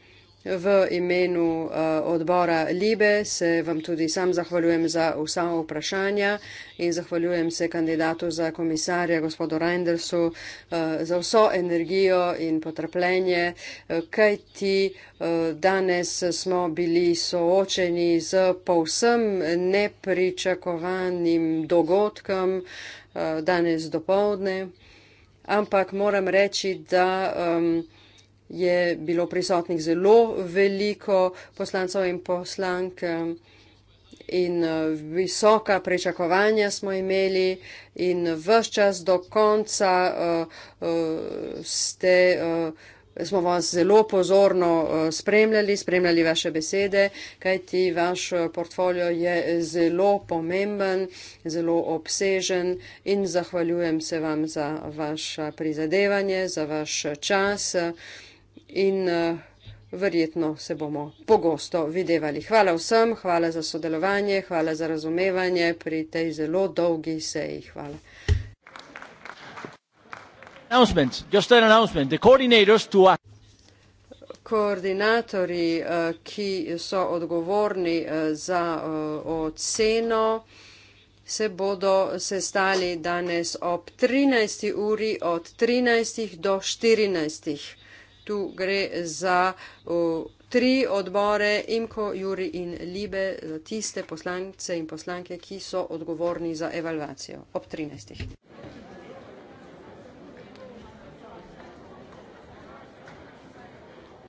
v imenu eh, odbora Libe se vam tudi sam zahvaljujem za vsa vprašanja in zahvaljujem se kandidatu za komisarja, gospodu Reindersu, eh, za vso energijo in potrpljenje, eh, kaj ti danes smo bili soočeni z povsem nepričakovanim dogodkom danes do povdne. Ampak moram reči, da um, je bilo prisotnih zelo veliko poslancev in poslank um, in uh, visoka prečakovanja smo imeli in vse čas do konca uh, uh, ste, smo vas zelo pozorno spremljali, spremljali vaše besede, kajti vaš portfolio je zelo pomemben, zelo obsežen in zahvaljujem se vam za vaše prizadevanje, za vaš čas in eh, verjetno se bomo pogosto videvali. Hvala vsem, hvala za sodelovanje, hvala za razumevanje pri tej zelo dolgi seji. Hvala. Announcements, just an announcement. The coordinators to us. Koordinatori, eh, ki so odgovorni eh, za oceno, se bodo sestali danes ob 13. uri od 13. do 14 tu gre za tri odbore, Imko, Juri in Libe, za tiste poslance in poslanke, ki so odgovorni za evalvacijo ob 13.